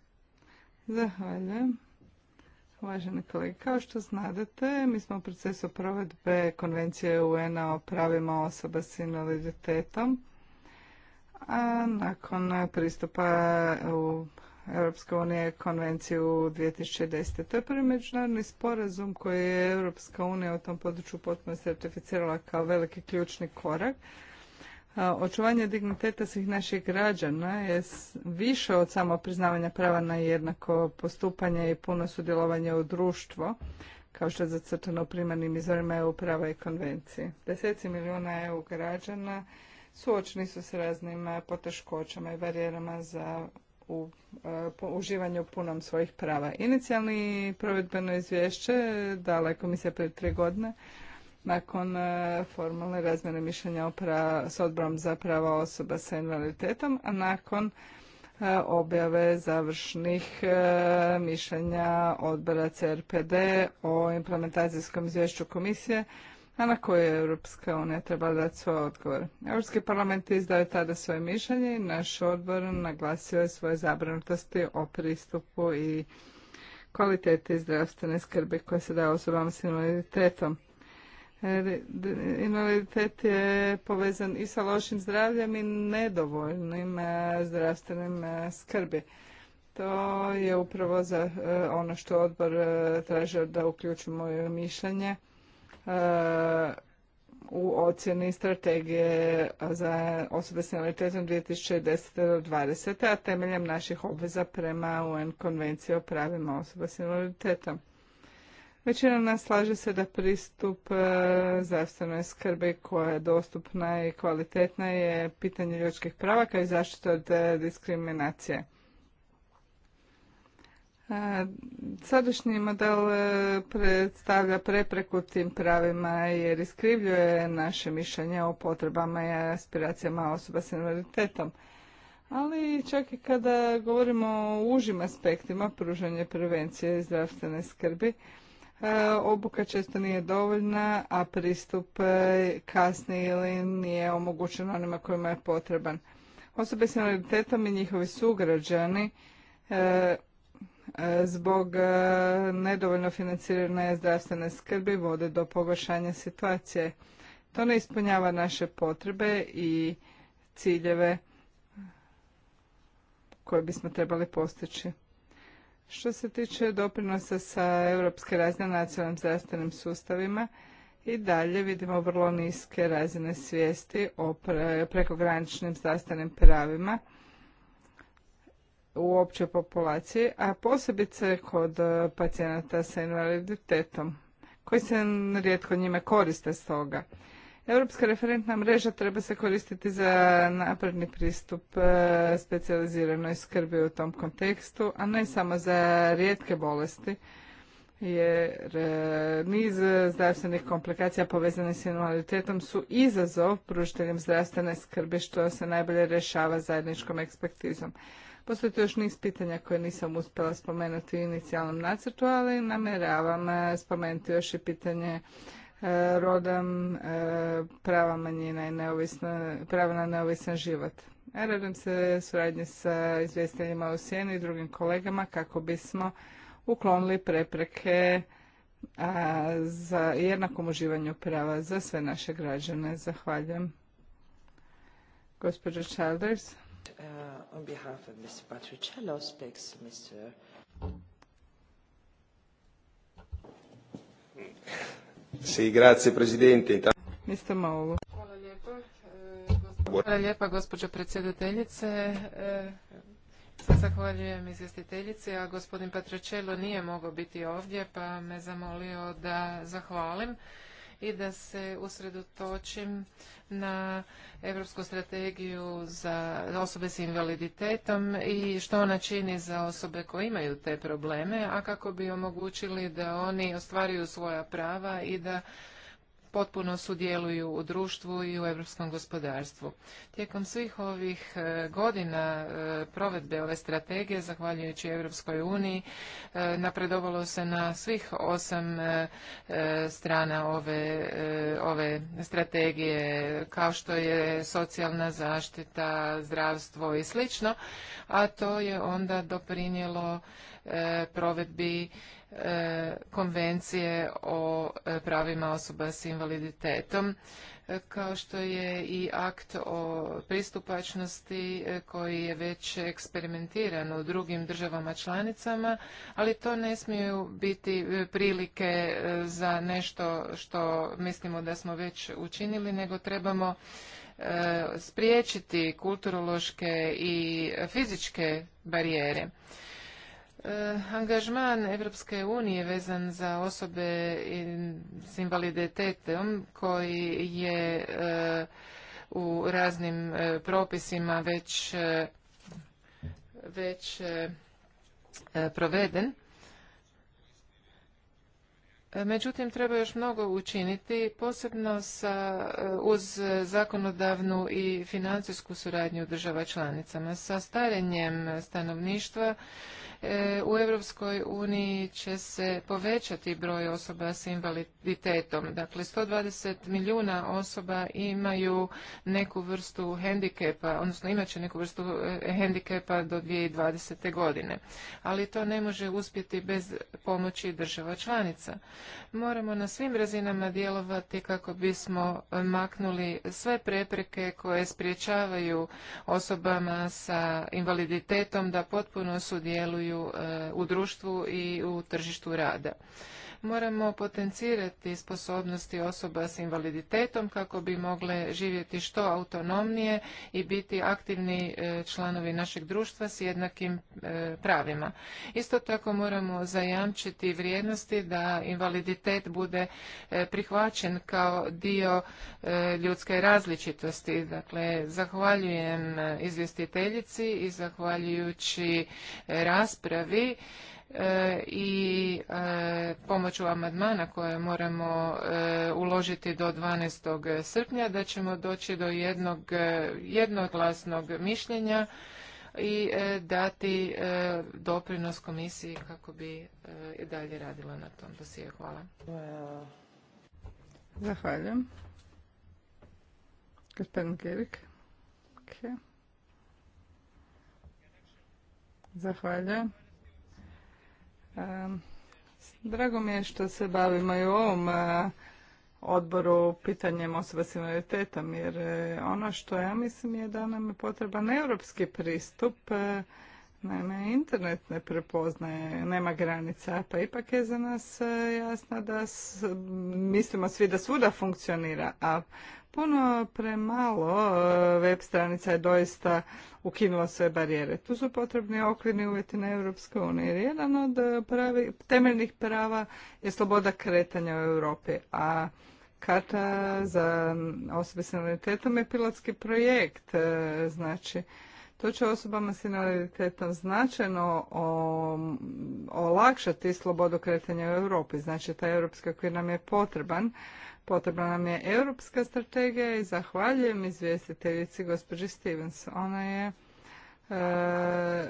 Zahvaljujem. Uvaženi kolege, kao što znadete, mi smo u procesu provedbe Konvencije UN-a o pravima osoba s invaliditetom. A nakon pristupa u Europske unije konvenciju 2010. To je prvi međunarodni sporazum koji je Europska unija u tom području potpuno certificirala kao veliki ključni korak očuvanje digniteta svih naših građana je više od samo priznavanja prava na jednako postupanje i puno sudjelovanje u društvo, kao što je zacrtano u primarnim izvorima EU prava i konvencije. Deseci milijuna EU građana suočni su s raznim poteškoćama i barijerama za u uživanju punom svojih prava. Inicijalni provedbeno izvješće dala je komisija pred tri godine nakon e, formalne razmjene mišljenja s odborom za prava osoba sa invaliditetom, a nakon e, objave završnih e, mišljenja odbora CRPD o implementacijskom izvješću komisije, a na koje je Europska unija treba dati svoj odgovor. Europski parlament izdao je tada svoje mišljenje i naš odbor naglasio je svoje zabrinutosti o pristupu i kvaliteti zdravstvene skrbi koja se daje osobama s invaliditetom. Invaliditet je povezan i sa lošim zdravljem i nedovoljnim e, zdravstvenim e, skrbi. To je upravo za e, ono što odbor tražio da uključimo mišljenje u ocjeni strategije za osobe s invaliditetom 2010. do 2020. a temeljem naših obveza prema UN konvenciji o pravima osoba s invaliditetom. Većina nas slaže se da pristup e, zdravstvenoj skrbi koja je dostupna i kvalitetna je pitanje ljudskih prava kao i zaštita od e, diskriminacije. E, sadašnji model predstavlja prepreku tim pravima jer iskrivljuje naše mišljenje o potrebama i aspiracijama osoba s invaliditetom. Ali čak i kada govorimo o užim aspektima pružanja prevencije i zdravstvene skrbi, E, obuka često nije dovoljna, a pristup e, kasni ili nije omogućen onima kojima je potreban. Osobe s invaliditetom i njihovi sugrađani e, zbog nedovoljno financirane zdravstvene skrbi vode do pogoršanja situacije. To ne ispunjava naše potrebe i ciljeve koje bismo trebali postići. Što se tiče doprinosa sa europske razine nacionalnim zdravstvenim sustavima, i dalje vidimo vrlo niske razine svijesti o prekograničnim zdravstvenim pravima u općoj populaciji, a posebice kod e, pacijenata sa invaliditetom, koji se rijetko njime koriste stoga. Europska referentna mreža treba se koristiti za napredni pristup e, specijaliziranoj skrbi u tom kontekstu, a ne samo za rijetke bolesti, jer e, niz zdravstvenih komplikacija povezane s invaliditetom su izazov pružiteljem zdravstvene skrbi što se najbolje rješava zajedničkom ekspertizom. Postoji tu još niz pitanja koje nisam uspjela spomenuti u inicijalnom nacrtu, ali namjeravam e, spomenuti još i pitanje E, rodom, e, prava manjina i prava na neovisan život. E, radim se suradnje sa izvjestiteljima u Sijeni i drugim kolegama kako bismo uklonili prepreke za jednakom uživanju prava za sve naše građane. Zahvaljujem. Gospođo Childers. Uh, grazie, presidente. Mr. E, Hvala lijepa. gospođo predsjedateljice. E, zahvaljujem izvjestiteljici, a gospodin Patračelo nije mogao biti ovdje, pa me zamolio da zahvalim i da se usredotočim na Europsku strategiju za osobe s invaliditetom i što ona čini za osobe koje imaju te probleme, a kako bi omogućili da oni ostvaruju svoja prava i da potpuno sudjeluju u društvu i u europskom gospodarstvu. Tijekom svih ovih e, godina e, provedbe ove strategije, zahvaljujući Europskoj uniji, e, napredovalo se na svih osam strana ove, ove strategije, kao što je socijalna zaštita, zdravstvo i slično, a to je onda doprinijelo provedbi E, konvencije o e, pravima osoba s invaliditetom e, kao što je i akt o pristupačnosti koji je već eksperimentiran u drugim državama članicama, ali to ne smiju biti prilike za nešto što mislimo da smo već učinili, nego trebamo spriječiti kulturološke i fizičke barijere. E, angažman Evropske unije vezan za osobe s invaliditetom koji je e, u raznim e, propisima već, proveden. Međutim, treba još mnogo učiniti, posebno uz zakonodavnu i financijsku suradnju država članicama. Sa starenjem stanovništva E, u Europskoj uniji će se povećati broj osoba s invaliditetom. Dakle, 120 milijuna osoba imaju neku vrstu hendikepa, odnosno će neku vrstu e, hendikepa do 2020. godine. Ali to ne može uspjeti bez pomoći država članica. Moramo na svim razinama djelovati kako bismo maknuli sve prepreke koje spriječavaju osobama sa invaliditetom da potpuno sudjeluju sudjeluju e, u društvu i u tržištu rada. Moramo potencirati sposobnosti osoba s invaliditetom kako bi mogle živjeti što autonomnije i biti aktivni e, članovi našeg društva s jednakim e, pravima. Isto tako moramo zajamčiti vrijednosti da invaliditet bude e, prihvaćen kao dio ljudske različitosti. Dakle, zahvaljujem izvjestiteljici i zahvaljujući raspravi E, i e, pomoću amandmana koje moramo e, uložiti do 12. srpnja da ćemo doći do jednog jednoglasnog mišljenja i dati doprinos komisiji kako bi i dalje radila na tom dosije. Hvala. Zahvaljujem. Gospodin Gerik. Zahvaljujem. Drago mi je što se bavimo i u ovom e, odboru pitanjem osoba s invaliditetom, jer e, ono što ja mislim je da nam je potreban europski pristup e, Naime, internet ne prepoznaje, nema granica, pa ipak je za nas e, jasno da mislimo svi da svuda funkcionira, a puno premalo e, web stranica je doista ukinula sve barijere. Tu su potrebni okvirni uvjeti na Europskoj uniji. jedan od pravi, temeljnih prava je sloboda kretanja u Europi, a karta za osobe s invaliditetom je pilotski projekt, e, znači to će osobama s invaliditetom značajno olakšati slobodu kretanja u Europi. Znači, taj europski okvir nam je potreban. Potrebna nam je europska strategija i zahvaljujem izvjestiteljici gospođi Stevens. Ona je e, e,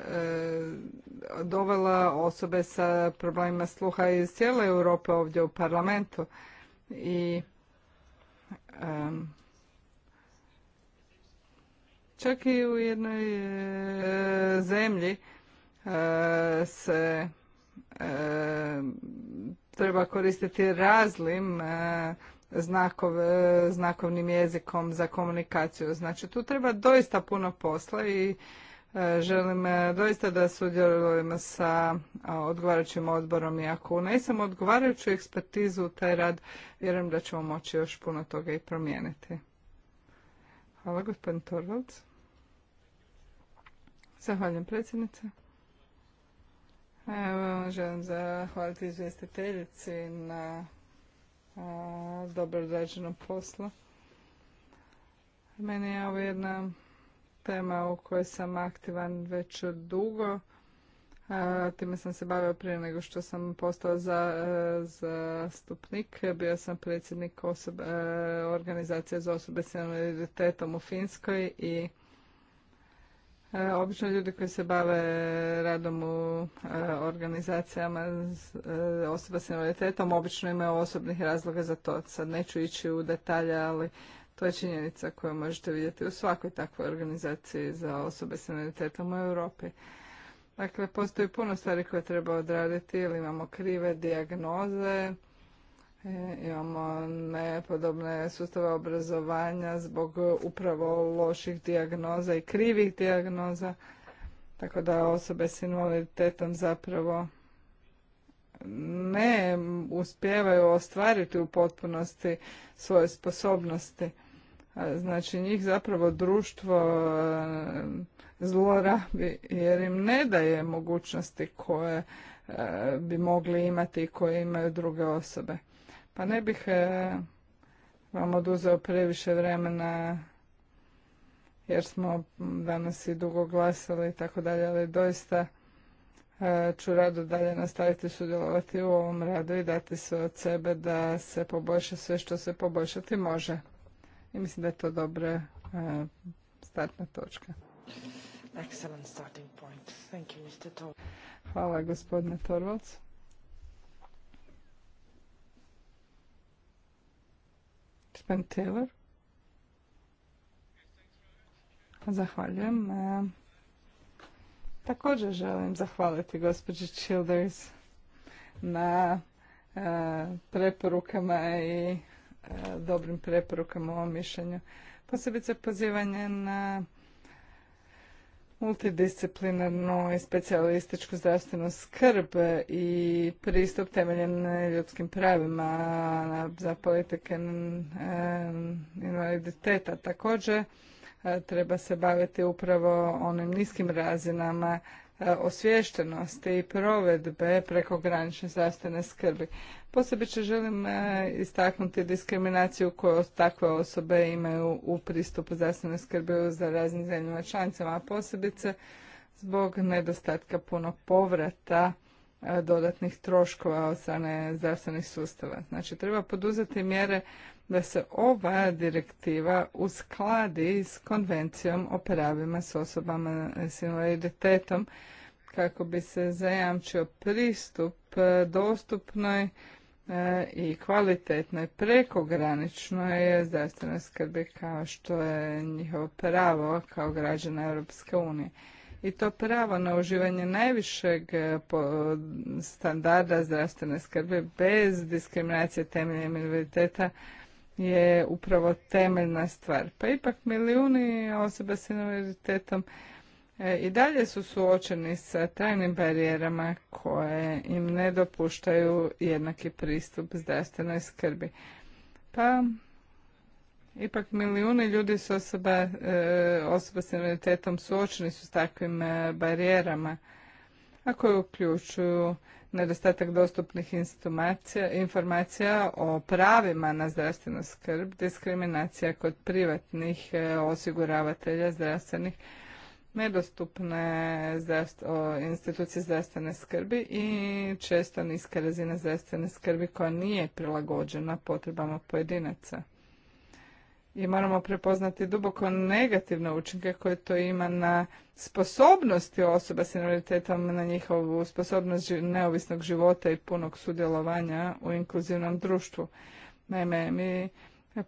dovela osobe sa problemima sluha iz cijele Europe ovdje u parlamentu i Čak i u jednoj e, zemlji e, se e, treba koristiti razlim znakovnim jezikom za komunikaciju. Znači tu treba doista puno posla i želim doista da sudjelujemo sa odgovarajućim odborom i ako unesemo odgovarajuću ekspertizu u taj rad, vjerujem da ćemo moći još puno toga i promijeniti. Hvala, gospodin Torvalds. Zahvaljujem predsjednice. Evo, želim zahvaliti izvjestiteljici na dobro odrađenom poslu. Meni je ovo jedna tema u kojoj sam aktivan već dugo. time sam se bavio prije nego što sam postao za, e, stupnik. Bio sam predsjednik e, organizacije za osobe s invaliditetom u Finskoj i E, obično ljudi koji se bave radom u e, organizacijama e, osoba s invaliditetom obično imaju osobnih razloga za to. Sad neću ići u detalje, ali to je činjenica koju možete vidjeti u svakoj takvoj organizaciji za osobe s invaliditetom u Europi. Dakle, postoji puno stvari koje treba odraditi ili imamo krive dijagnoze, E, imamo nepodobne sustave obrazovanja zbog upravo loših dijagnoza i krivih dijagnoza. Tako da osobe s invaliditetom zapravo ne uspijevaju ostvariti u potpunosti svoje sposobnosti. Znači njih zapravo društvo e, zlorabi jer im ne daje mogućnosti koje e, bi mogli imati i koje imaju druge osobe. Pa ne bih e, vam oduzeo previše vremena jer smo danas i dugo glasali i tako dalje, ali doista e, ću rado dalje nastaviti sudjelovati u ovom radu i dati se od sebe da se poboljša sve što se poboljšati može. I mislim da je to dobra e, startna točka. Hvala gospodine Torvalds. Gospodin Taylor. Zahvaljujem. E, također želim zahvaliti gospođi Childers na e, preporukama i e, dobrim preporukama o ovom mišljenju. Posebice pozivanje na multidisciplinarnu i specijalističku zdravstvenu skrb i pristup temeljen ljudskim pravima za politike invaliditeta. Također e, treba se baviti upravo onim niskim razinama e, osviještenosti i provedbe prekogranične zdravstvene skrbi. Posebice želim e, istaknuti diskriminaciju koju takve osobe imaju u pristupu zdravstvenoj skrbi za raznim zemljama članicama, a posebice zbog nedostatka punog povrata e, dodatnih troškova od strane zdravstvenih sustava. Znači, treba poduzeti mjere da se ova direktiva uskladi s konvencijom o pravima s osobama s invaliditetom kako bi se zajamčio pristup e, dostupnoj E, i prekogranično je zdravstvene skrbi kao što je njihovo pravo kao građana Europske unije. I to pravo na uživanje najvišeg e, standarda zdravstvene skrbi bez diskriminacije temeljem invaliditeta je upravo temeljna stvar. Pa ipak milijuni osoba s invaliditetom E, i dalje su suočeni sa tajnim barijerama koje im ne dopuštaju jednaki pristup zdravstvenoj skrbi. Pa ipak milijuni ljudi s osoba, e, osoba s invaliditetom suočeni su s takvim e, barijerama, a koje uključuju nedostatak dostupnih informacija o pravima na zdravstvenu skrb, diskriminacija kod privatnih osiguravatelja zdravstvenih nedostupne institucije zdravstvene skrbi i često niska razina zdravstvene skrbi koja nije prilagođena potrebama pojedinaca. I moramo prepoznati duboko negativne učinke koje to ima na sposobnosti osoba s invaliditetom, na njihovu sposobnost neovisnog života i punog sudjelovanja u inkluzivnom društvu. Naime, mi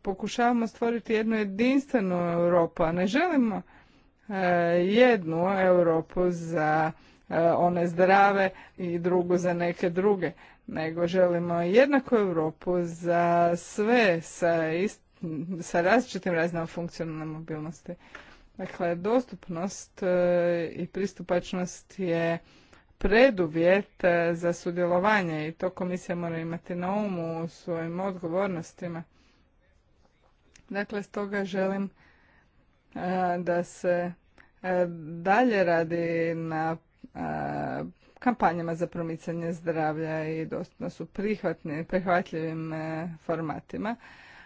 pokušavamo stvoriti jednu jedinstvenu Europu, a ne želimo E, jednu Europu za e, one zdrave i drugu za neke druge, nego želimo jednaku Europu za sve sa, sa različitim raznim funkcionalne mobilnosti. Dakle, dostupnost e, i pristupačnost je preduvjet za sudjelovanje i to komisija mora imati na umu u svojim odgovornostima. Dakle, stoga želim da se dalje radi na kampanjama za promicanje zdravlja i dostupno su prihvatljivim e, formatima,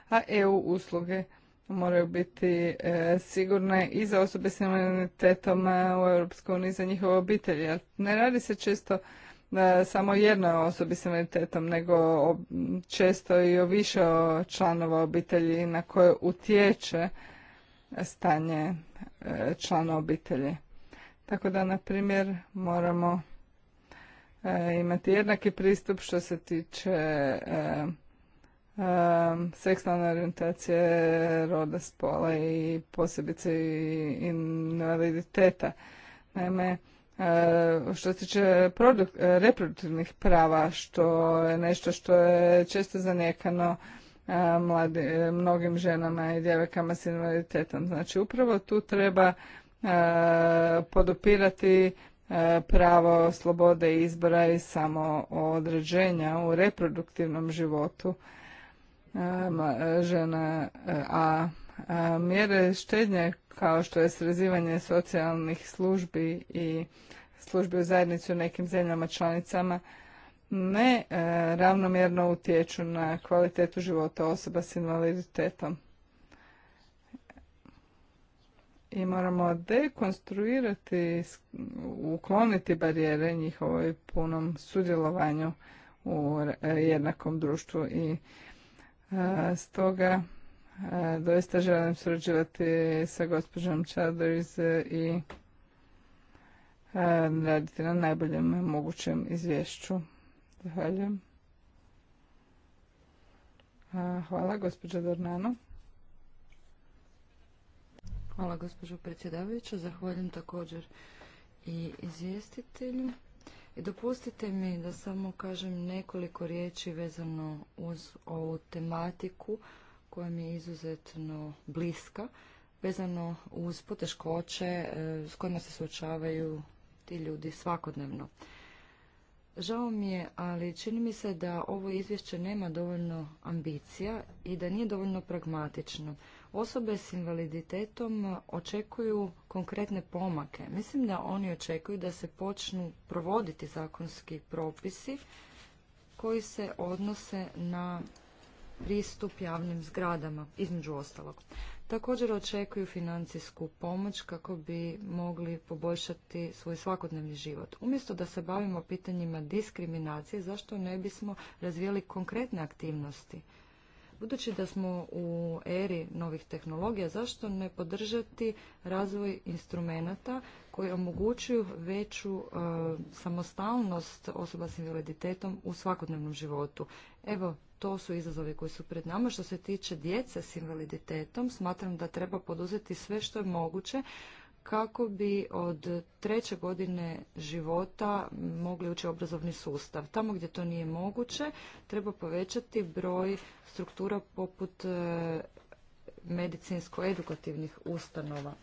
a EU usluge moraju biti e, sigurne i za osobe s invaliditetom e, u EU i za njihove obitelji. ne radi se često samo jednoj osobi s invaliditetom, nego često i o više članova obitelji na koje utječe stanje e, člana obitelji. Tako da, na primjer, moramo e, imati jednaki pristup što se tiče e, seksualne orijentacije, roda, spola i posebice invaliditeta. Naime, što se tiče reproduktivnih prava, što je nešto što je često zanijekano E, mladi, e, mnogim ženama i djevojkama s invaliditetom. Znači upravo tu treba e, podupirati pravo slobode izbora i samo određenja u reproduktivnom životu žena, a mjere štednje kao što je srezivanje socijalnih službi i službi u zajednici u nekim zemljama članicama ne e, ravnomjerno utječu na kvalitetu života osoba s invaliditetom. I moramo dekonstruirati, ukloniti barijere njihovoj punom sudjelovanju u e, jednakom društvu i e, stoga doista želim surađivati sa gospođom Childers i raditi na najboljem mogućem izvješću. Zahvaljujem. Hvala, gospođo Dornano. Hvala, gospođo predsjedavajuća. Zahvaljujem također i izvjestitelju. I dopustite mi da samo kažem nekoliko riječi vezano uz ovu tematiku koja mi je izuzetno bliska, vezano uz poteškoće e, s kojima se suočavaju ti ljudi svakodnevno. Žao mi je, ali čini mi se da ovo izvješće nema dovoljno ambicija i da nije dovoljno pragmatično. Osobe s invaliditetom očekuju konkretne pomake. Mislim da oni očekuju da se počnu provoditi zakonski propisi koji se odnose na pristup javnim zgradama, između ostalog također očekuju financijsku pomoć kako bi mogli poboljšati svoj svakodnevni život. Umjesto da se bavimo pitanjima diskriminacije, zašto ne bismo razvijali konkretne aktivnosti? Budući da smo u eri novih tehnologija, zašto ne podržati razvoj instrumenata koji omogućuju veću e, samostalnost osoba s invaliditetom u svakodnevnom životu? Evo, to su izazovi koji su pred nama. Što se tiče djece s invaliditetom, smatram da treba poduzeti sve što je moguće kako bi od treće godine života mogli ući obrazovni sustav. Tamo gdje to nije moguće, treba povećati broj struktura poput e, medicinsko-edukativnih ustanova.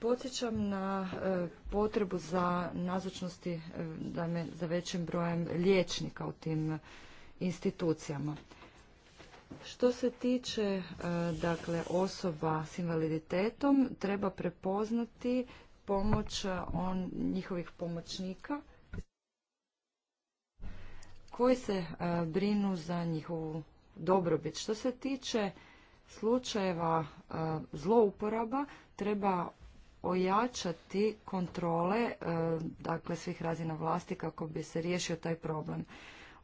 Podsjećam na e, potrebu za nazočnosti e, za većim brojem liječnika u tim institucijama. Što se tiče e, dakle, osoba s invaliditetom, treba prepoznati pomoć e, on, njihovih pomoćnika koji se e, brinu za njihovu dobrobit. Što se tiče slučajeva zlouporaba, treba ojačati kontrole dakle svih razina vlasti kako bi se riješio taj problem.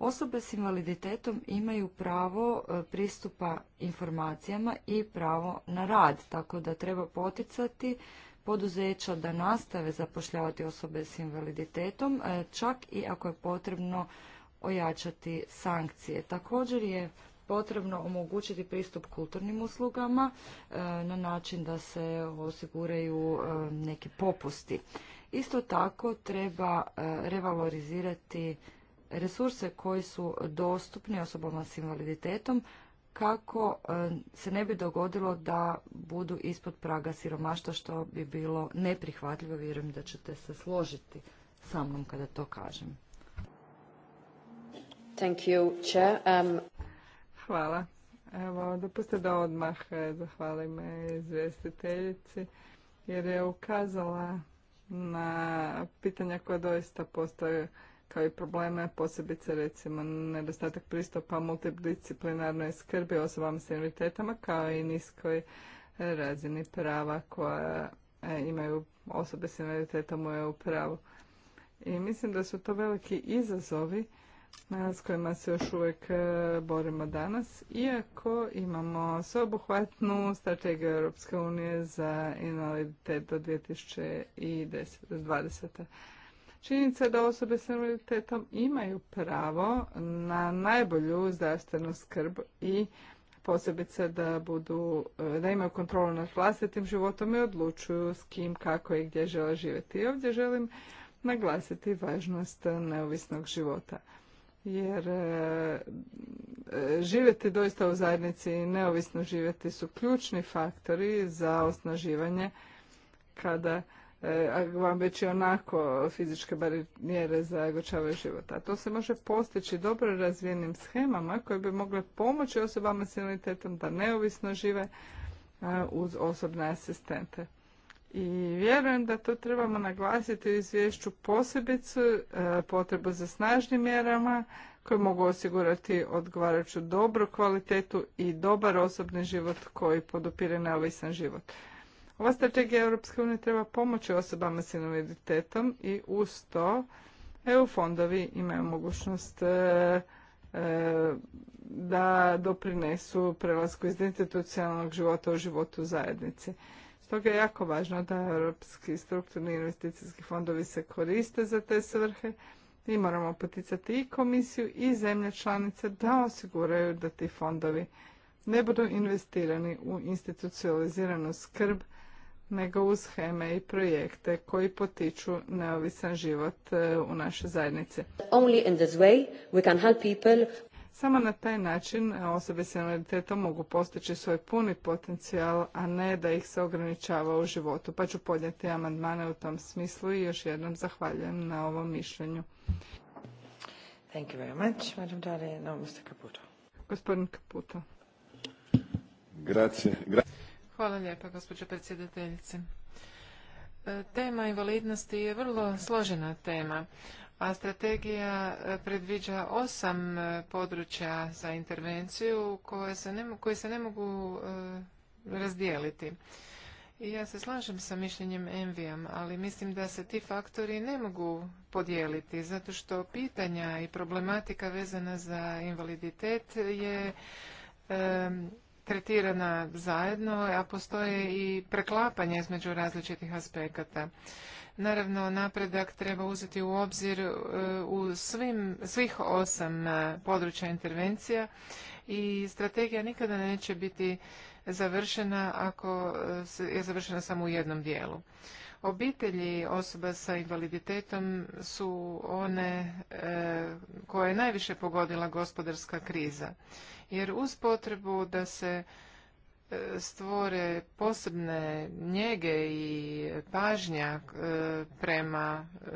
Osobe s invaliditetom imaju pravo e, pristupa informacijama i pravo na rad, tako da treba poticati poduzeća da nastave zapošljavati osobe s invaliditetom, e, čak i ako je potrebno ojačati sankcije. Također je potrebno omogućiti pristup kulturnim uslugama e, na način da se osiguraju neki popusti. Isto tako treba revalorizirati resurse koji su dostupni osobama s invaliditetom kako e, se ne bi dogodilo da budu ispod praga siromaštva što bi bilo neprihvatljivo. Vjerujem da ćete se složiti sa mnom kada to kažem. Thank you, Chair. Um, Hvala. Evo, dopustite da odmah e, zahvalim izvjestiteljici jer je ukazala na pitanja koja doista postoje kao i probleme, posebice recimo nedostatak pristupa multidisciplinarnoj skrbi osobama s invaliditetama kao i niskoj razini prava koja e, imaju osobe s invaliditetom u EU pravu. I mislim da su to veliki izazovi s kojima se još uvijek e, borimo danas, iako imamo sveobuhvatnu strategiju Europske unije za invaliditet do 2020. Činjenica da osobe s invaliditetom imaju pravo na najbolju zdravstvenu skrb i posebice da budu, da imaju kontrolu nad vlastitim životom i odlučuju s kim, kako i gdje žele živjeti. I ovdje želim naglasiti važnost neovisnog života. Jer e, živjeti doista u zajednici i neovisno živjeti su ključni faktori za osnaživanje kada vam već i onako fizičke barijere zagočavaju života. A to se može postići dobro razvijenim schemama koje bi mogle pomoći osobama s invaliditetom da neovisno žive uz osobne asistente. I vjerujem da to trebamo naglasiti u izvješću posebicu potrebu za snažnim mjerama koje mogu osigurati odgovarajuću dobru kvalitetu i dobar osobni život koji podupire neovisan život. Ova strategija Europske unije treba pomoći osobama s invaliditetom i uz to EU fondovi imaju mogućnost e, e, da doprinesu prelasku iz institucionalnog života u životu u zajednici. Stoga je jako važno da europski strukturni investicijski fondovi se koriste za te svrhe i moramo poticati i komisiju i zemlje članice da osiguraju da ti fondovi ne budu investirani u institucionaliziranu skrb nego uz scheme i projekte koji potiču neovisan život e, u našoj zajednici. samo na taj način e, osobe s invaliditetom mogu postići svoj puni potencijal, a ne da ih se ograničava u životu. Pa ću podnijeti amandmane u tom smislu i još jednom zahvaljujem na ovom mišljenju. Thank Gospodin Caputo. Grazie. Grazie. Hvala lijepa, gospođo predsjedateljice. E, tema invalidnosti je vrlo složena tema, a strategija e, predviđa osam e, područja za intervenciju koje se ne, se ne mogu razdijeliti. I ja se slažem sa mišljenjem Envijam, ali mislim da se ti faktori ne mogu podijeliti, zato što pitanja i problematika vezana za invaliditet je tretirana zajedno, a postoje i preklapanje između različitih aspekata. Naravno, napredak treba uzeti u obzir e, u svim, svih osam e, područja intervencija i strategija nikada neće biti završena ako je završena samo u jednom dijelu. Obitelji osoba sa invaliditetom su one e, koje je najviše pogodila gospodarska kriza. Jer uz potrebu da se stvore posebne njege i pažnja e, prema e,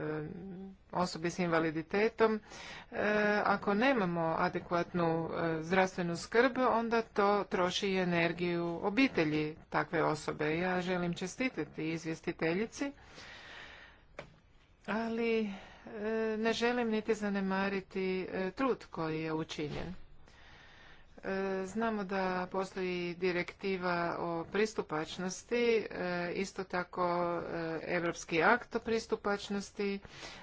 osobi s invaliditetom, e, ako nemamo adekvatnu zdravstvenu skrb, onda to troši i energiju obitelji takve osobe. Ja želim čestitati izvjestiteljici, ali ne želim niti zanemariti trud koji je učinjen. E, znamo da postoji direktiva o pristupačnosti, e, isto tako Europski akt o pristupačnosti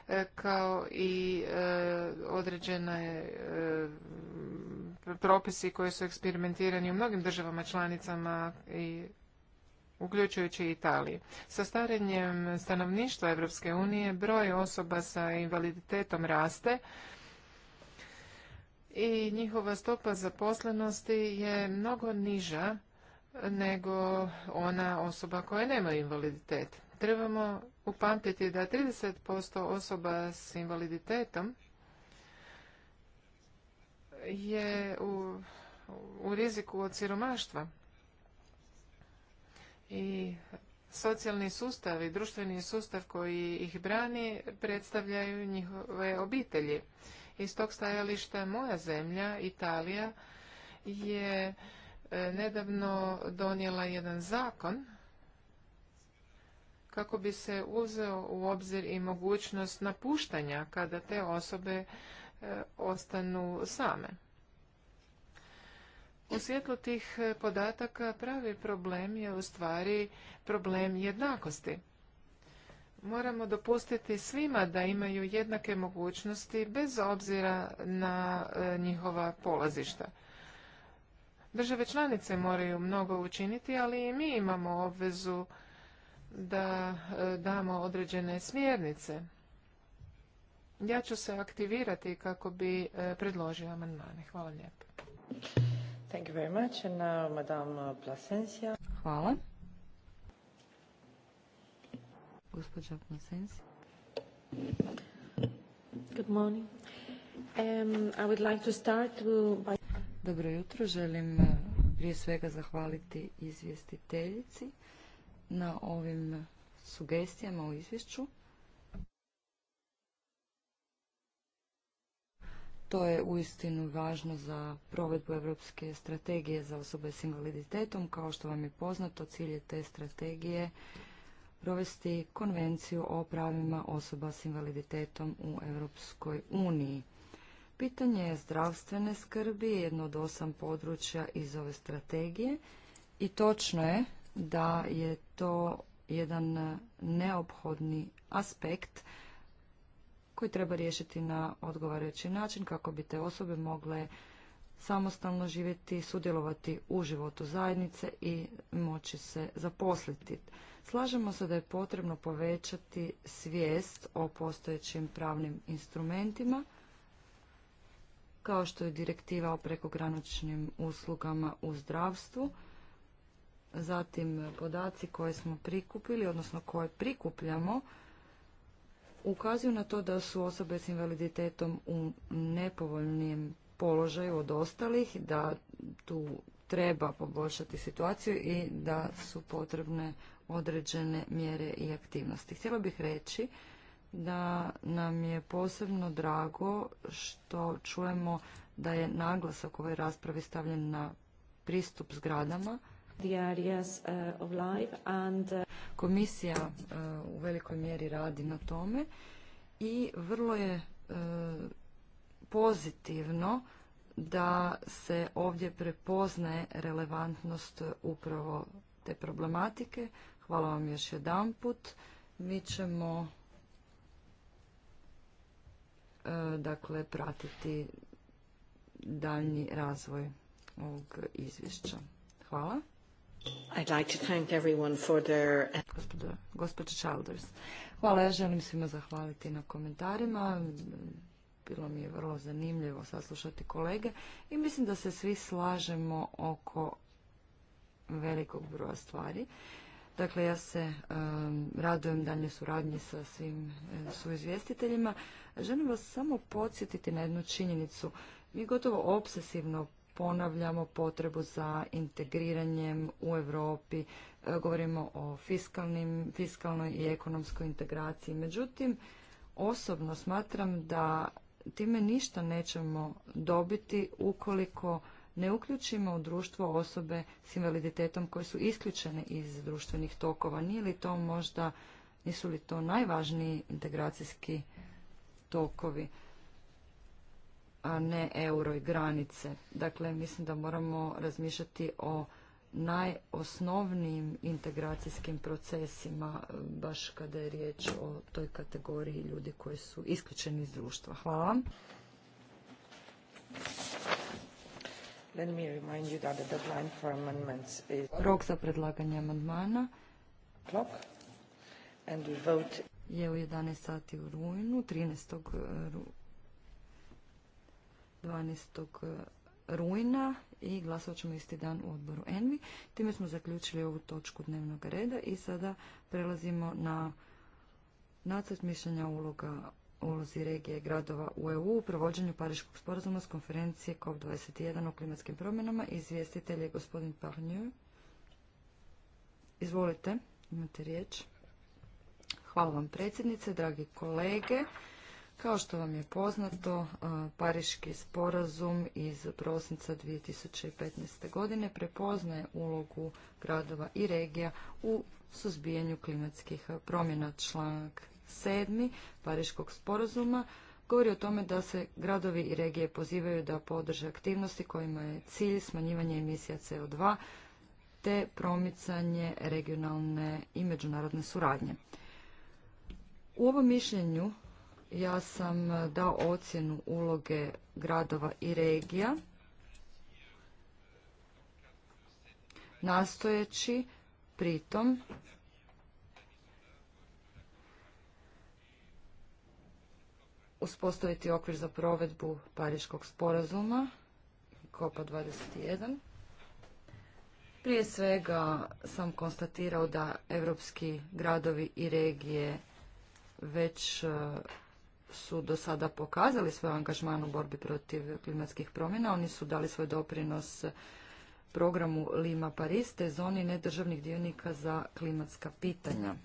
e, kao i određene propisi koji su eksperimentirani u mnogim državama članicama i uključujući Italiju. Sa starenjem stanovništva Evropske unije broj osoba sa invaliditetom raste i njihova stopa zaposlenosti je mnogo niža nego ona osoba koja nema invaliditet. Trebamo upamtiti da 30% osoba s invaliditetom je u, u riziku od siromaštva. I socijalni sustav i društveni sustav koji ih brani predstavljaju njihove obitelji. Iz tog stajališta moja zemlja, Italija, je e, nedavno donijela jedan zakon kako bi se uzeo u obzir i mogućnost napuštanja kada te osobe e, ostanu same. U svjetlu tih e, podataka pravi problem je u stvari problem jednakosti moramo dopustiti svima da imaju jednake mogućnosti bez obzira na e, njihova polazišta. Države članice moraju mnogo učiniti, ali i mi imamo obvezu da e, damo određene smjernice. Ja ću se aktivirati kako bi e, predložio amandmane. Hvala lijepo. Hvala. Gospođa Konsens. Good morning. Um, I would like to start by... Dobro jutro, želim eh, prije svega zahvaliti izvjestiteljici na ovim sugestijama u izvješću. To je uistinu važno za provedbu Europske strategije za osobe s invaliditetom. Kao što vam je poznato, cilj je te strategije provesti konvenciju o pravima osoba s invaliditetom u Europskoj uniji. Pitanje je zdravstvene skrbi, jedno od osam područja iz ove strategije i točno je da je to jedan neophodni aspekt koji treba riješiti na odgovarajući način kako bi te osobe mogle samostalno živjeti, sudjelovati u životu zajednice i moći se zaposliti. Slažemo se da je potrebno povećati svijest o postojećim pravnim instrumentima, kao što je direktiva o prekograničnim uslugama u zdravstvu, zatim podaci koje smo prikupili, odnosno koje prikupljamo, ukazuju na to da su osobe s invaliditetom u nepovoljnijem položaju od ostalih, da tu treba poboljšati situaciju i da su potrebne određene mjere i aktivnosti. Htjela bih reći da nam je posebno drago što čujemo da je naglasak ovoj raspravi stavljen na pristup zgradama. Uh, uh, Komisija uh, u velikoj mjeri radi na tome i vrlo je pozitivno da se ovdje prepoznaje relevantnost upravo te problematike Hvala vam još put. Mi ćemo e, dakle pratiti daljnji razvoj ovog izvješća. Hvala. I'd like to thank everyone for their... Childers. Hvala, ja želim svima zahvaliti na komentarima. Bilo mi je vrlo zanimljivo saslušati kolege i mislim da se svi slažemo oko velikog broja stvari. Dakle, ja se um, radujem dalje suradnji sa svim e, suizvjestiteljima. Želim vas samo podsjetiti na jednu činjenicu. Mi gotovo obsesivno ponavljamo potrebu za integriranjem u Europi, e, govorimo o fiskalnim, fiskalnoj i ekonomskoj integraciji. Međutim, osobno smatram da time ništa nećemo dobiti ukoliko ne uključimo u društvo osobe s invaliditetom koje su isključene iz društvenih tokova? Nije li to možda, nisu li to najvažniji integracijski tokovi, a ne euro i granice? Dakle, mislim da moramo razmišljati o najosnovnijim integracijskim procesima baš kada je riječ o toj kategoriji ljudi koji su isključeni iz društva. Hvala Rok za predlaganje amandmana je u 11 sati u rujnu, 13. 12. Eh, eh, rujna i glasovat ćemo isti dan u odboru ENVI. Time smo zaključili ovu točku dnevnog reda i sada prelazimo na nacrt mišljenja uloga ulozi regije gradova u EU u provođenju Pariškog sporazuma s konferencije COP21 o klimatskim promjenama. Izvjestitelj je gospodin Parnjeu. Izvolite, imate riječ. Hvala vam predsjednice, dragi kolege. Kao što vam je poznato, Pariški sporazum iz prosinca 2015. godine prepoznaje ulogu gradova i regija u suzbijanju klimatskih promjena članak 7. Pariškog sporazuma govori o tome da se gradovi i regije pozivaju da podrže aktivnosti kojima je cilj smanjivanje emisija CO2 te promicanje regionalne i međunarodne suradnje. U ovom mišljenju ja sam dao ocjenu uloge gradova i regija nastojeći pritom uspostaviti okvir za provedbu Pariškog sporazuma, kopa 21. Prije svega sam konstatirao da evropski gradovi i regije već e, su do sada pokazali svoj angažman u borbi protiv klimatskih promjena. Oni su dali svoj doprinos programu Lima Pariste, zoni nedržavnih dionika za klimatska pitanja.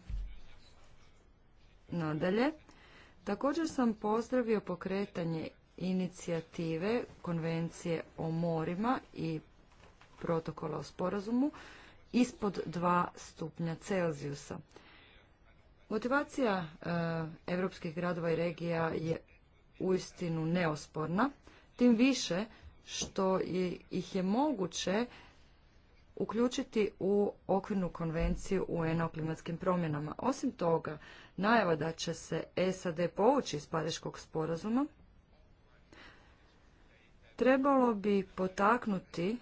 Nadalje, Također sam pozdravio pokretanje inicijative Konvencije o morima i protokola o sporazumu ispod 2 stupnja Celzijusa. Motivacija europskih gradova i regija je uistinu neosporna, tim više što ih je moguće uključiti u okvirnu konvenciju UN o klimatskim promjenama. Osim toga, najava da će se SAD povući iz Pariškog sporazuma trebalo bi potaknuti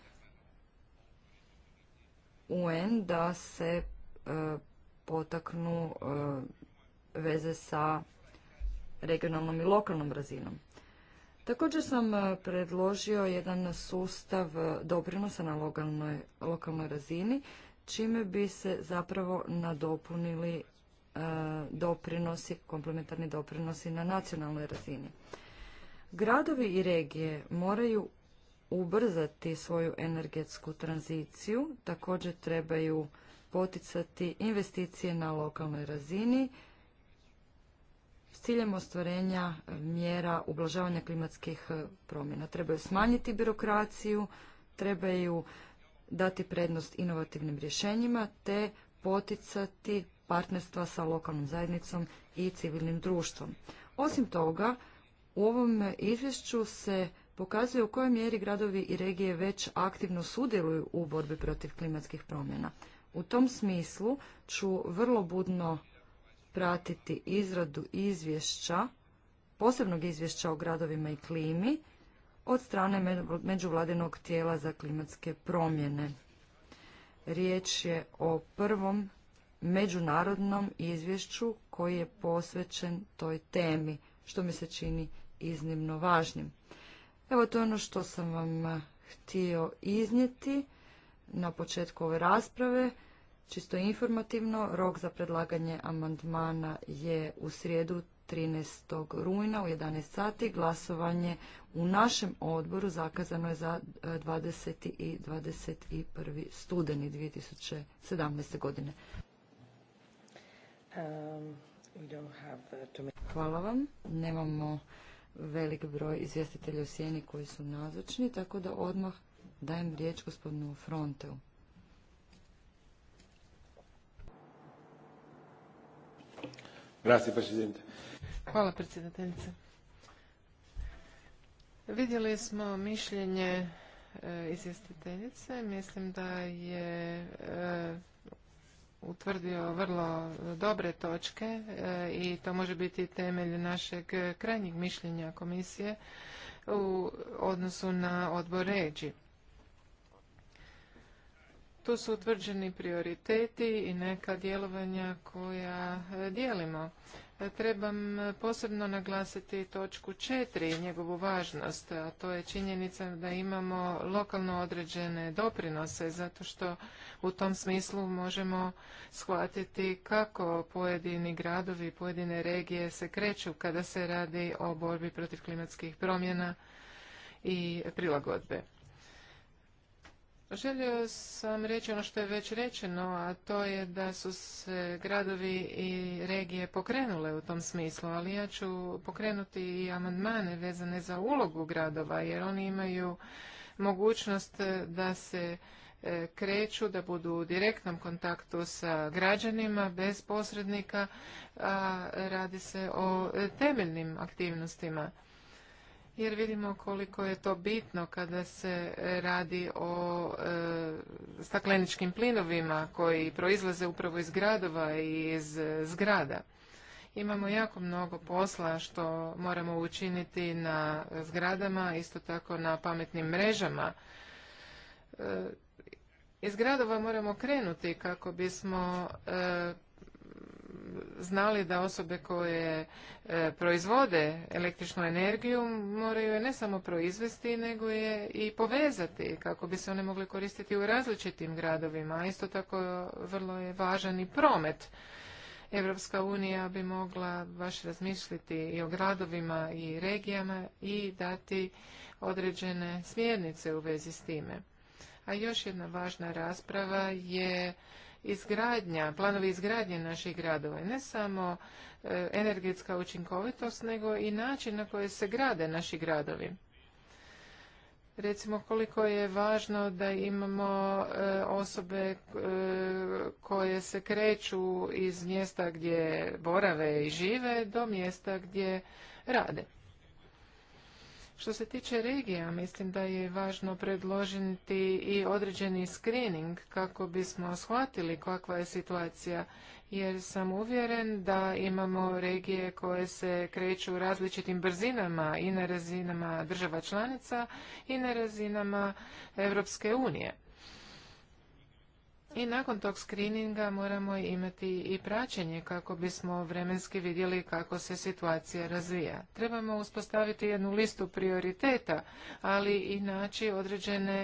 UN da se e, potaknu e, veze sa regionalnom i lokalnom razinom. Također sam e, predložio jedan sustav e, doprinosa na lokalnoj, razini, čime bi se zapravo nadopunili e, doprinosi, komplementarni doprinosi na nacionalnoj razini. Gradovi i regije moraju ubrzati svoju energetsku tranziciju, također trebaju poticati investicije na lokalnoj razini, ciljem ostvarenja eh, mjera ublažavanja klimatskih eh, promjena. Trebaju smanjiti birokraciju, trebaju dati prednost inovativnim rješenjima te poticati partnerstva sa lokalnom zajednicom i civilnim društvom. Osim toga, u ovom izvješću se pokazuje u kojoj mjeri gradovi i regije već aktivno sudjeluju u borbi protiv klimatskih promjena. U tom smislu ću vrlo budno pratiti izradu izvješća, posebnog izvješća o gradovima i klimi od strane međuvladinog tijela za klimatske promjene. Riječ je o prvom međunarodnom izvješću koji je posvećen toj temi, što mi se čini iznimno važnim. Evo to je ono što sam vam eh, htio iznijeti na početku ove rasprave. Čisto informativno, rok za predlaganje amandmana je u srijedu 13. rujna u 11 sati. Glasovanje u našem odboru zakazano je za 20. E, i 21. studeni 2017. godine. Um, uh, Hvala vam. Nemamo velik broj izvjestitelja u sjeni koji su nazočni, tako da odmah dajem riječ gospodinu Fronteu. Hvala, predsjedateljice. Vidjeli smo mišljenje e, izvjestiteljice. Mislim da je e, utvrdio vrlo dobre točke e, i to može biti temelj našeg krajnjeg mišljenja komisije u odnosu na odbor ređi. Tu su utvrđeni prioriteti i neka djelovanja koja e, dijelimo. E, trebam posebno naglasiti točku četiri, njegovu važnost, a to je činjenica da imamo lokalno određene doprinose, zato što u tom smislu možemo shvatiti kako pojedini gradovi, pojedine regije se kreću kada se radi o borbi protiv klimatskih promjena i prilagodbe. Želio sam reći ono što je već rečeno, a to je da su se gradovi i regije pokrenule u tom smislu, ali ja ću pokrenuti i amandmane vezane za ulogu gradova, jer oni imaju mogućnost da se e, kreću, da budu u direktnom kontaktu sa građanima, bez posrednika, a radi se o e, temeljnim aktivnostima jer vidimo koliko je to bitno kada se radi o e, stakleničkim plinovima koji proizlaze upravo iz gradova i iz e, zgrada. Imamo jako mnogo posla što moramo učiniti na zgradama, isto tako na pametnim mrežama. E, iz gradova moramo krenuti kako bismo znali da osobe koje e, proizvode električnu energiju moraju je ne samo proizvesti, nego je i povezati kako bi se one mogle koristiti u različitim gradovima. A isto tako vrlo je važan i promet. Evropska unija bi mogla baš razmisliti i o gradovima i regijama i dati određene smjernice u vezi s time. A još jedna važna rasprava je izgradnja, planovi izgradnje naših gradova, ne samo e, energetska učinkovitost, nego i način na koji se grade naši gradovi. Recimo koliko je važno da imamo e, osobe e, koje se kreću iz mjesta gdje borave i žive do mjesta gdje rade. Što se tiče regija, mislim da je važno predložiti i određeni screening kako bismo shvatili kakva je situacija, jer sam uvjeren da imamo regije koje se kreću različitim brzinama i na razinama država članica i na razinama Europske unije. I nakon tog screeninga moramo imati i praćenje kako bismo vremenski vidjeli kako se situacija razvija. Trebamo uspostaviti jednu listu prioriteta, ali i naći određene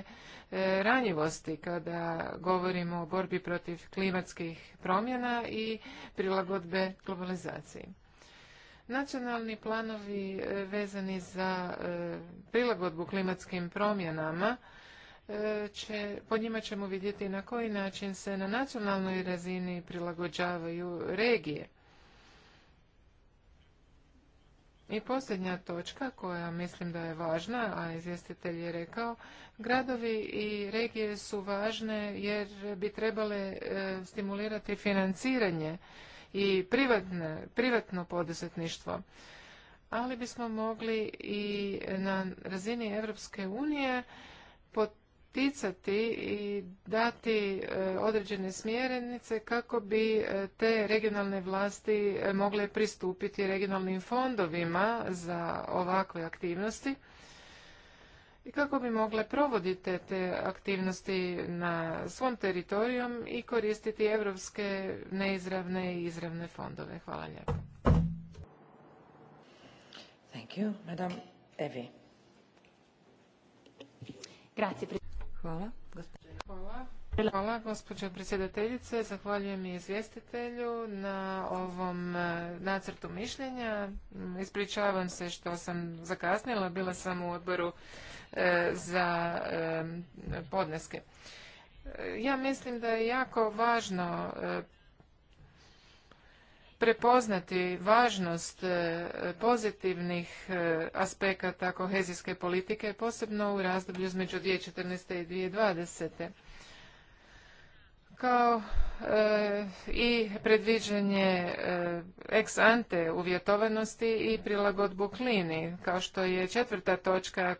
e, ranjivosti kada govorimo o borbi protiv klimatskih promjena i prilagodbe globalizaciji. Nacionalni planovi e, vezani za e, prilagodbu klimatskim promjenama E, će, po njima ćemo vidjeti na koji način se na nacionalnoj razini prilagođavaju regije. I posljednja točka koja mislim da je važna, a izvjestitelj je rekao, gradovi i regije su važne jer bi trebale e, stimulirati financiranje i privatne, privatno poduzetništvo. Ali bismo mogli i na razini Europske unije ticati i dati e, određene smjernice kako bi e, te regionalne vlasti e, mogle pristupiti regionalnim fondovima za ovakve aktivnosti i kako bi mogle provoditi te aktivnosti na svom teritorijom i koristiti evropske neizravne i izravne fondove. Hvala lijepo. Thank you, Madam Evi. Grazie. Hvala. Hvala. gospođo predsjedateljice. Zahvaljujem i izvjestitelju na ovom e, nacrtu mišljenja. Ispričavam se što sam zakasnila, bila sam u odboru e, za e, podneske. Ja mislim da je jako važno prepoznati važnost e, pozitivnih e, aspekata kohezijske politike, posebno u razdoblju između 2014. i 2020 kao e, i predviđanje e, ex ante uvjetovanosti i prilagodbu klini, kao što je četvrta točka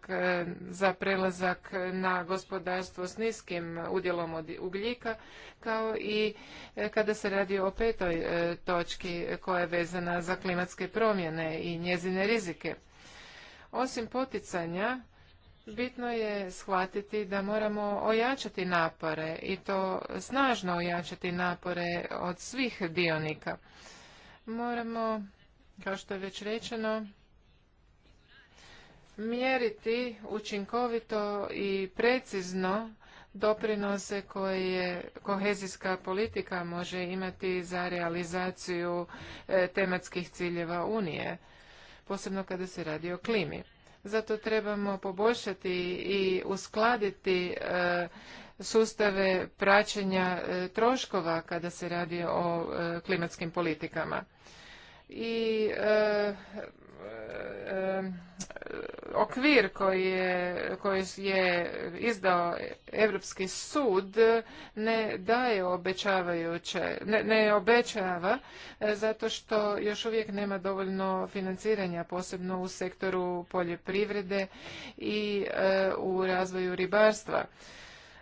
za prelazak na gospodarstvo s niskim udjelom od ugljika, kao i e, kada se radi o petoj točki koja je vezana za klimatske promjene i njezine rizike. Osim poticanja, bitno je shvatiti da moramo ojačati napore i to snažno ojačati napore od svih dionika. Moramo, kao što je već rečeno, mjeriti učinkovito i precizno doprinose koje kohezijska politika može imati za realizaciju e, tematskih ciljeva Unije, posebno kada se radi o klimi. Zato trebamo poboljšati i uskladiti e, sustave praćenja e, troškova kada se radi o e, klimatskim politikama i okvir koji je, koji je izdao Europski sud ne daje obećavajuće, ne, ne obećava e, zato što još uvijek nema dovoljno financiranja posebno u sektoru poljoprivrede i e, u razvoju ribarstva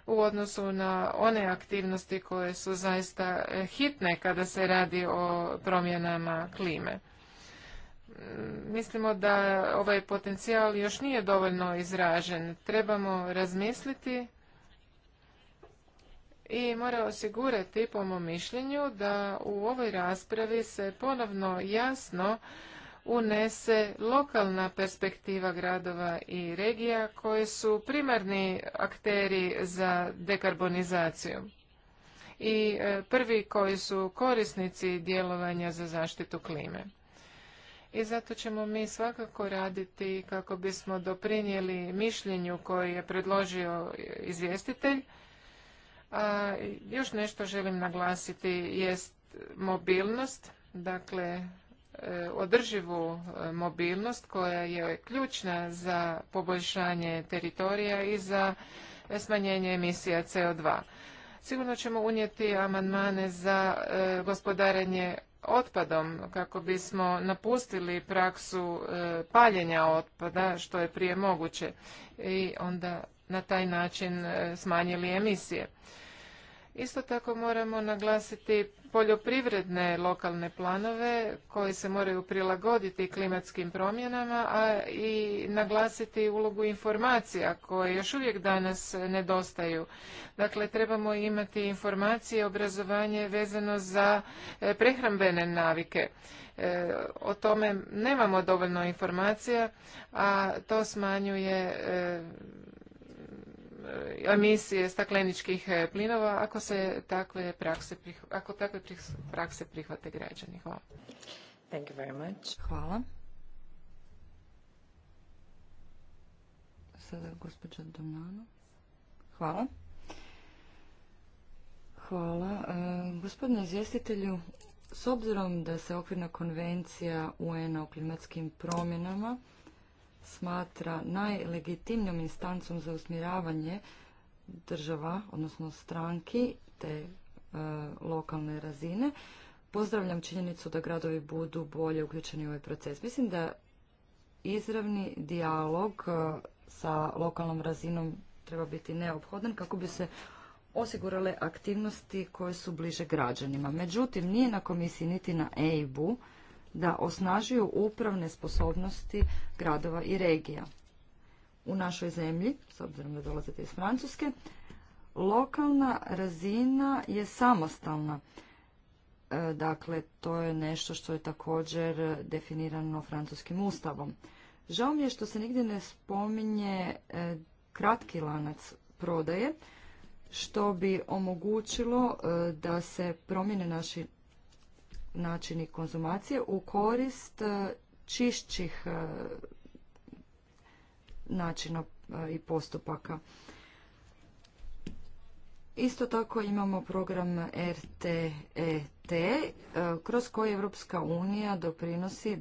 u odnosu na one aktivnosti koje su zaista hitne kada se radi o promjenama klime mislimo da ovaj potencijal još nije dovoljno izražen. Trebamo razmisliti i mora osigurati, po mom mišljenju, da u ovoj raspravi se ponovno jasno unese lokalna perspektiva gradova i regija koje su primarni akteri za dekarbonizaciju i e, prvi koji su korisnici djelovanja za zaštitu klime i zato ćemo mi svakako raditi kako bismo doprinijeli mišljenju koje je predložio izvjestitelj. A još nešto želim naglasiti jest mobilnost, dakle e, održivu e, mobilnost koja je ključna za poboljšanje teritorija i za smanjenje emisija CO2. Sigurno ćemo unijeti amandmane za e, gospodarenje otpadom kako bismo napustili praksu e, paljenja otpada što je prije moguće i onda na taj način e, smanjili emisije. Isto tako moramo naglasiti poljoprivredne lokalne planove koji se moraju prilagoditi klimatskim promjenama, a i naglasiti ulogu informacija koje još uvijek danas nedostaju. Dakle, trebamo imati informacije i obrazovanje vezano za e, prehrambene navike. E, o tome nemamo dovoljno informacija, a to smanjuje e, Eh, emisije stakleničkih eh, plinova ako se takve prakse, ako takve prakse prihvate građani. Hvala. Thank you very much. Hvala. Sada gospođa Hvala. Hvala. Eh, gospodine izvjestitelju, s obzirom da se okvirna konvencija UN-a o klimatskim promjenama smatra najlegitimnijom instancom za usmjeravanje država, odnosno stranki te e, lokalne razine. Pozdravljam činjenicu da gradovi budu bolje uključeni u ovaj proces. Mislim da izravni dijalog e, sa lokalnom razinom treba biti neophodan kako bi se osigurale aktivnosti koje su bliže građanima. Međutim, nije na komisiji niti na EIB-u da osnažuju upravne sposobnosti gradova i regija. U našoj zemlji, s obzirom da dolazite iz Francuske, lokalna razina je samostalna. E, dakle, to je nešto što je također definirano francuskim ustavom. Žao mi je što se nigdje ne spominje e, kratki lanac prodaje, što bi omogućilo e, da se promijene naši načini konzumacije u korist e, čišćih e, načina e, i postupaka. Isto tako imamo program RTET kroz koji Evropska unija doprinosi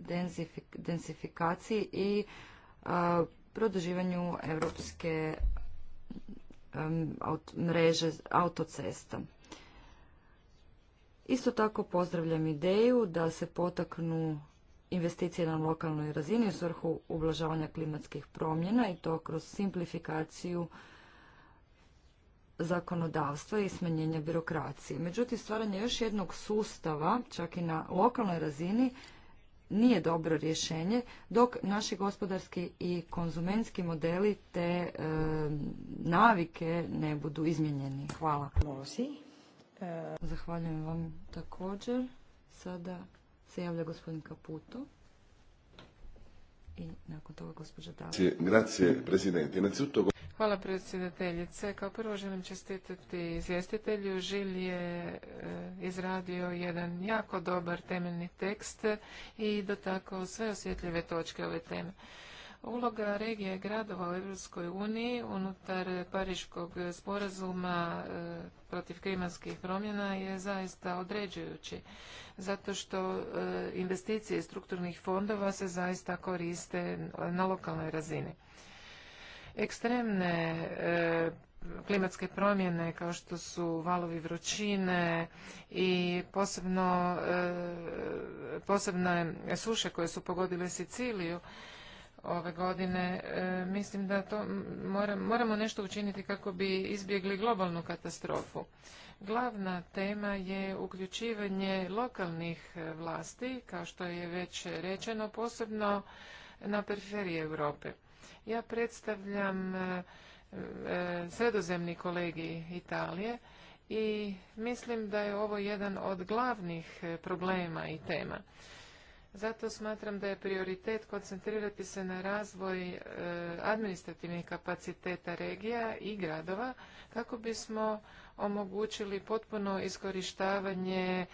densifikaciji i produživanju evropske mreže autocesta. Isto tako pozdravljam ideju da se potaknu investicije na lokalnoj razini u svrhu ublažavanja klimatskih promjena i to kroz simplifikaciju zakonodavstva i smanjenja birokracije. Međutim, stvaranje još jednog sustava, čak i na lokalnoj razini, nije dobro rješenje, dok naši gospodarski i konzumenski modeli te eh, navike ne budu izmjenjeni. Hvala. Zahvaljujem vam također. Sada se javlja gospodin Kaputo. I nakon toga gospođa Hvala predsjedateljice. Kao prvo želim čestitati izvjestitelju. Žil je e, izradio jedan jako dobar temeljni tekst i dotakao sve osjetljive točke ove teme. Uloga regije gradova u Europskoj uniji unutar Pariškog sporazuma e, protiv klimatskih promjena je zaista određujući, zato što e, investicije strukturnih fondova se zaista koriste na lokalnoj razini. Ekstremne e, klimatske promjene kao što su valovi vrućine i posebno, posebne suše koje su pogodile Siciliju ove godine. E, mislim da to moramo nešto učiniti kako bi izbjegli globalnu katastrofu. Glavna tema je uključivanje lokalnih e, vlasti, kao što je već rečeno, posebno na periferiji Europe. Ja predstavljam e, sredozemni kolegi Italije i mislim da je ovo jedan od glavnih problema i tema. Zato smatram da je prioritet koncentrirati se na razvoj e, administrativnih kapaciteta regija i gradova kako bismo omogućili potpuno iskorištavanje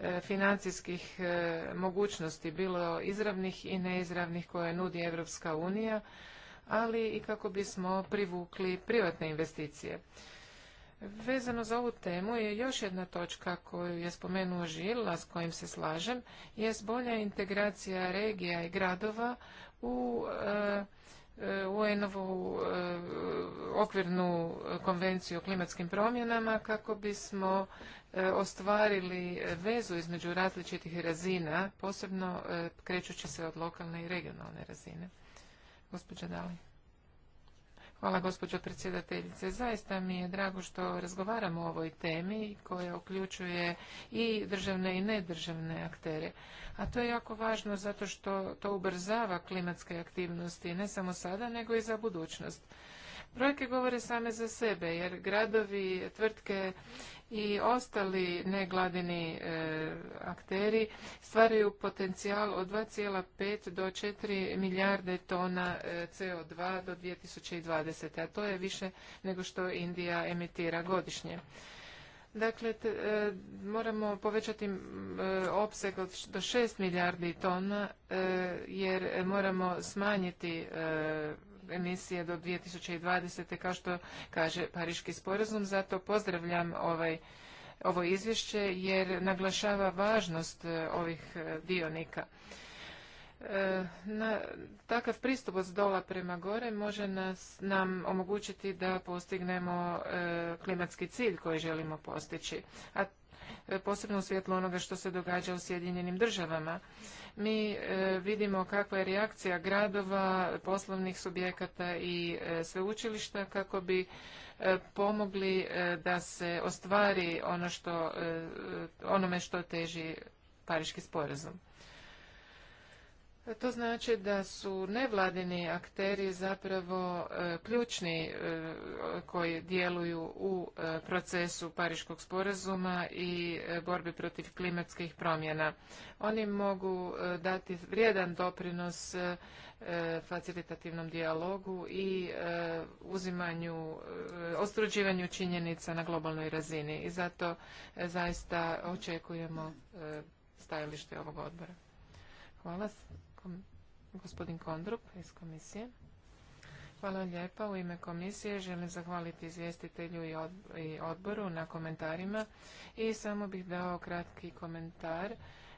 e, financijskih e, mogućnosti, bilo izravnih i neizravnih koje nudi Europska unija, ali i kako bismo privukli privatne investicije. Vezano za ovu temu je još jedna točka koju je spomenuo Žil, a s kojim se slažem, je bolja integracija regija i gradova u e, e, UN-ovu e, okvirnu konvenciju o klimatskim promjenama kako bismo ostvarili vezu između različitih razina, posebno krećući se od lokalne i regionalne razine. Gospođa Dali. Hvala gospođo predsjedateljice. Zaista mi je drago što razgovaramo o ovoj temi koja uključuje i državne i nedržavne aktere. A to je jako važno zato što to ubrzava klimatske aktivnosti ne samo sada nego i za budućnost. Brojke govore same za sebe jer gradovi, tvrtke i ostali negladini e, akteri stvaraju potencijal od 2,5 do 4 milijarde tona e, CO2 do 2020. A to je više nego što Indija emitira godišnje. Dakle, e, moramo povećati opseg od do 6 milijardi tona jer moramo smanjiti emisije do 2020. kao što kaže Pariški sporazum. Zato pozdravljam ovaj ovo izvješće jer naglašava važnost e, ovih e, dionika. E, na, takav pristup od dola prema gore može nas, nam omogućiti da postignemo klimatski cilj koji želimo postići, a posebno u svjetlu onoga što se događa u Sjedinjenim državama mi e, vidimo kakva je reakcija gradova, poslovnih subjekata i e, sveučilišta kako bi e, pomogli da se ostvari ono što, onome što teži Pariški sporazum. To znači da su nevladini akteri zapravo e, ključni e, koji djeluju u e, procesu Pariškog sporazuma i borbi protiv klimatskih promjena. Oni mogu dati vrijedan doprinos facilitativnom dijalogu i uzimanju, ostruđivanju činjenica na globalnoj razini i zato zaista očekujemo stajalište ovog odbora. Hvala gospodin Kondrup iz komisije. Hvala lijepa. U ime komisije želim zahvaliti izvjestitelju i odboru na komentarima i samo bih dao kratki komentar.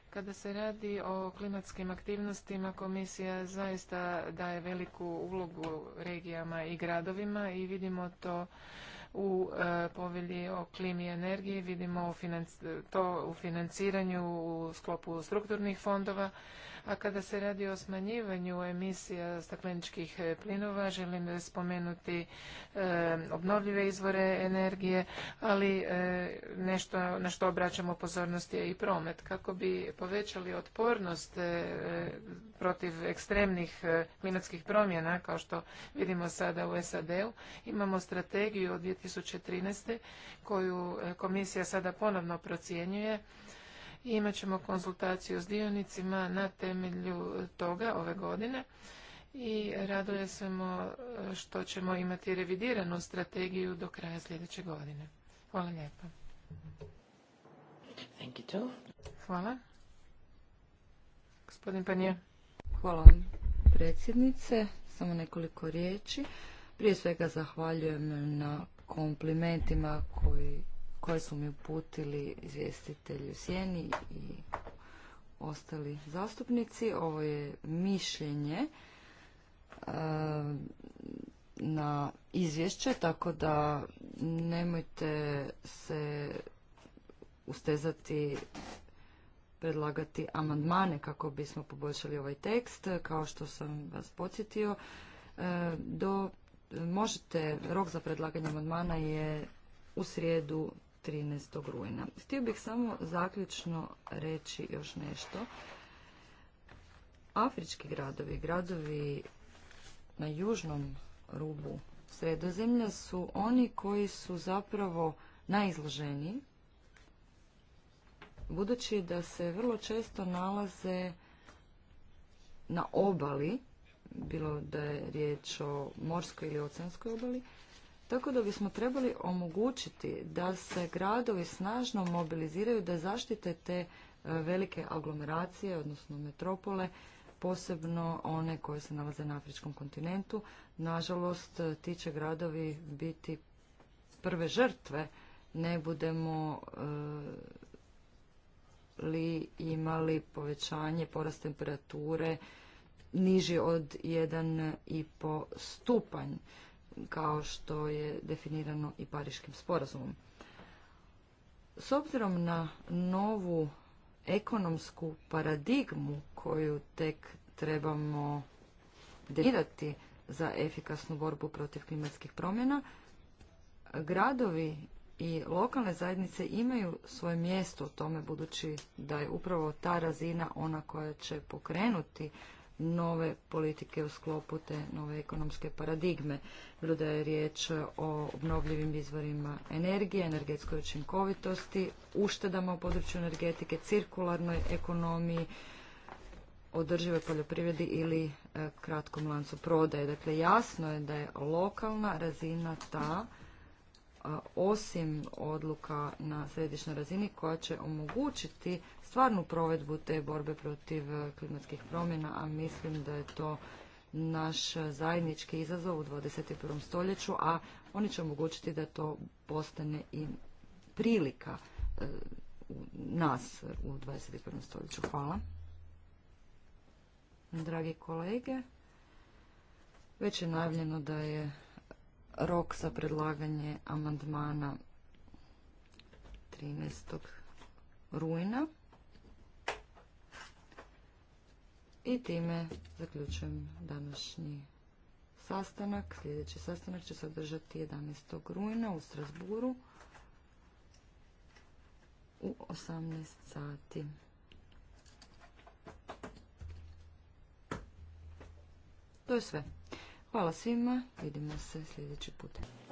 Kada se radi o klimatskim aktivnostima, komisija zaista daje veliku ulogu regijama i gradovima i vidimo to u e, povelji o klimi i energiji, vidimo to u financiranju u sklopu strukturnih fondova, a kada se radi o smanjivanju emisija stakleničkih plinova, želim spomenuti e, obnovljive izvore energije, ali e, nešto na što obraćamo pozornost je i promet. Kako bi povećali otpornost e, protiv ekstremnih klimatskih promjena, kao što vidimo sada u SAD-u, imamo strategiju od 2013. koju komisija sada ponovno procjenjuje Imat ćemo konzultaciju s dionicima na temelju toga ove godine i raduje smo što ćemo imati revidiranu strategiju do kraja sljedeće godine. Hvala lijepa. Hvala. Gospodin Panija. Hvala vam predsjednice. Samo nekoliko riječi. Prije svega zahvaljujem na komplimentima koji koje su mi uputili izvjestitelj u Sjeni i ostali zastupnici. Ovo je mišljenje eh, na izvješće, tako da nemojte se ustezati predlagati amandmane kako bismo poboljšali ovaj tekst. Kao što sam vas podsjetio, eh, do, možete, rok za predlaganje amandmana je u srijedu 13. rujna. Htio bih samo zaključno reći još nešto. Afrički gradovi, gradovi na južnom rubu sredozemlja su oni koji su zapravo najizloženiji, budući da se vrlo često nalaze na obali, bilo da je riječ o morskoj ili oceanskoj obali, tako da bismo trebali omogućiti da se gradovi snažno mobiliziraju da zaštite te e, velike aglomeracije, odnosno metropole, posebno one koje se nalaze na afričkom kontinentu. Nažalost, ti će gradovi biti prve žrtve, ne budemo e, li imali povećanje porast temperature niži od 1,5 stupanj kao što je definirano i Pariškim sporazumom. S obzirom na novu ekonomsku paradigmu koju tek trebamo definirati za efikasnu borbu protiv klimatskih promjena, gradovi i lokalne zajednice imaju svoje mjesto u tome budući da je upravo ta razina ona koja će pokrenuti nove politike u sklopu te nove ekonomske paradigme. Bilo da je riječ o obnovljivim izvorima energije, energetskoj učinkovitosti, uštedama u području energetike, cirkularnoj ekonomiji, održivoj poljoprivredi ili e, kratkom lancu prodaje. Dakle, jasno je da je lokalna razina ta osim odluka na središnjoj razini koja će omogućiti stvarnu provedbu te borbe protiv e, klimatskih promjena, a mislim da je to naš zajednički izazov u 21. stoljeću, a oni će omogućiti da to postane i prilika e, nas u 21. stoljeću. Hvala. Dragi kolege, već je najavljeno da je rok za predlaganje amandmana 13. rujna. I time zaključujem današnji sastanak. Sljedeći sastanak će se održati 11. rujna u Strasburu u 18 sati. To je sve. Hvala svima, vidimo se sljedeći put.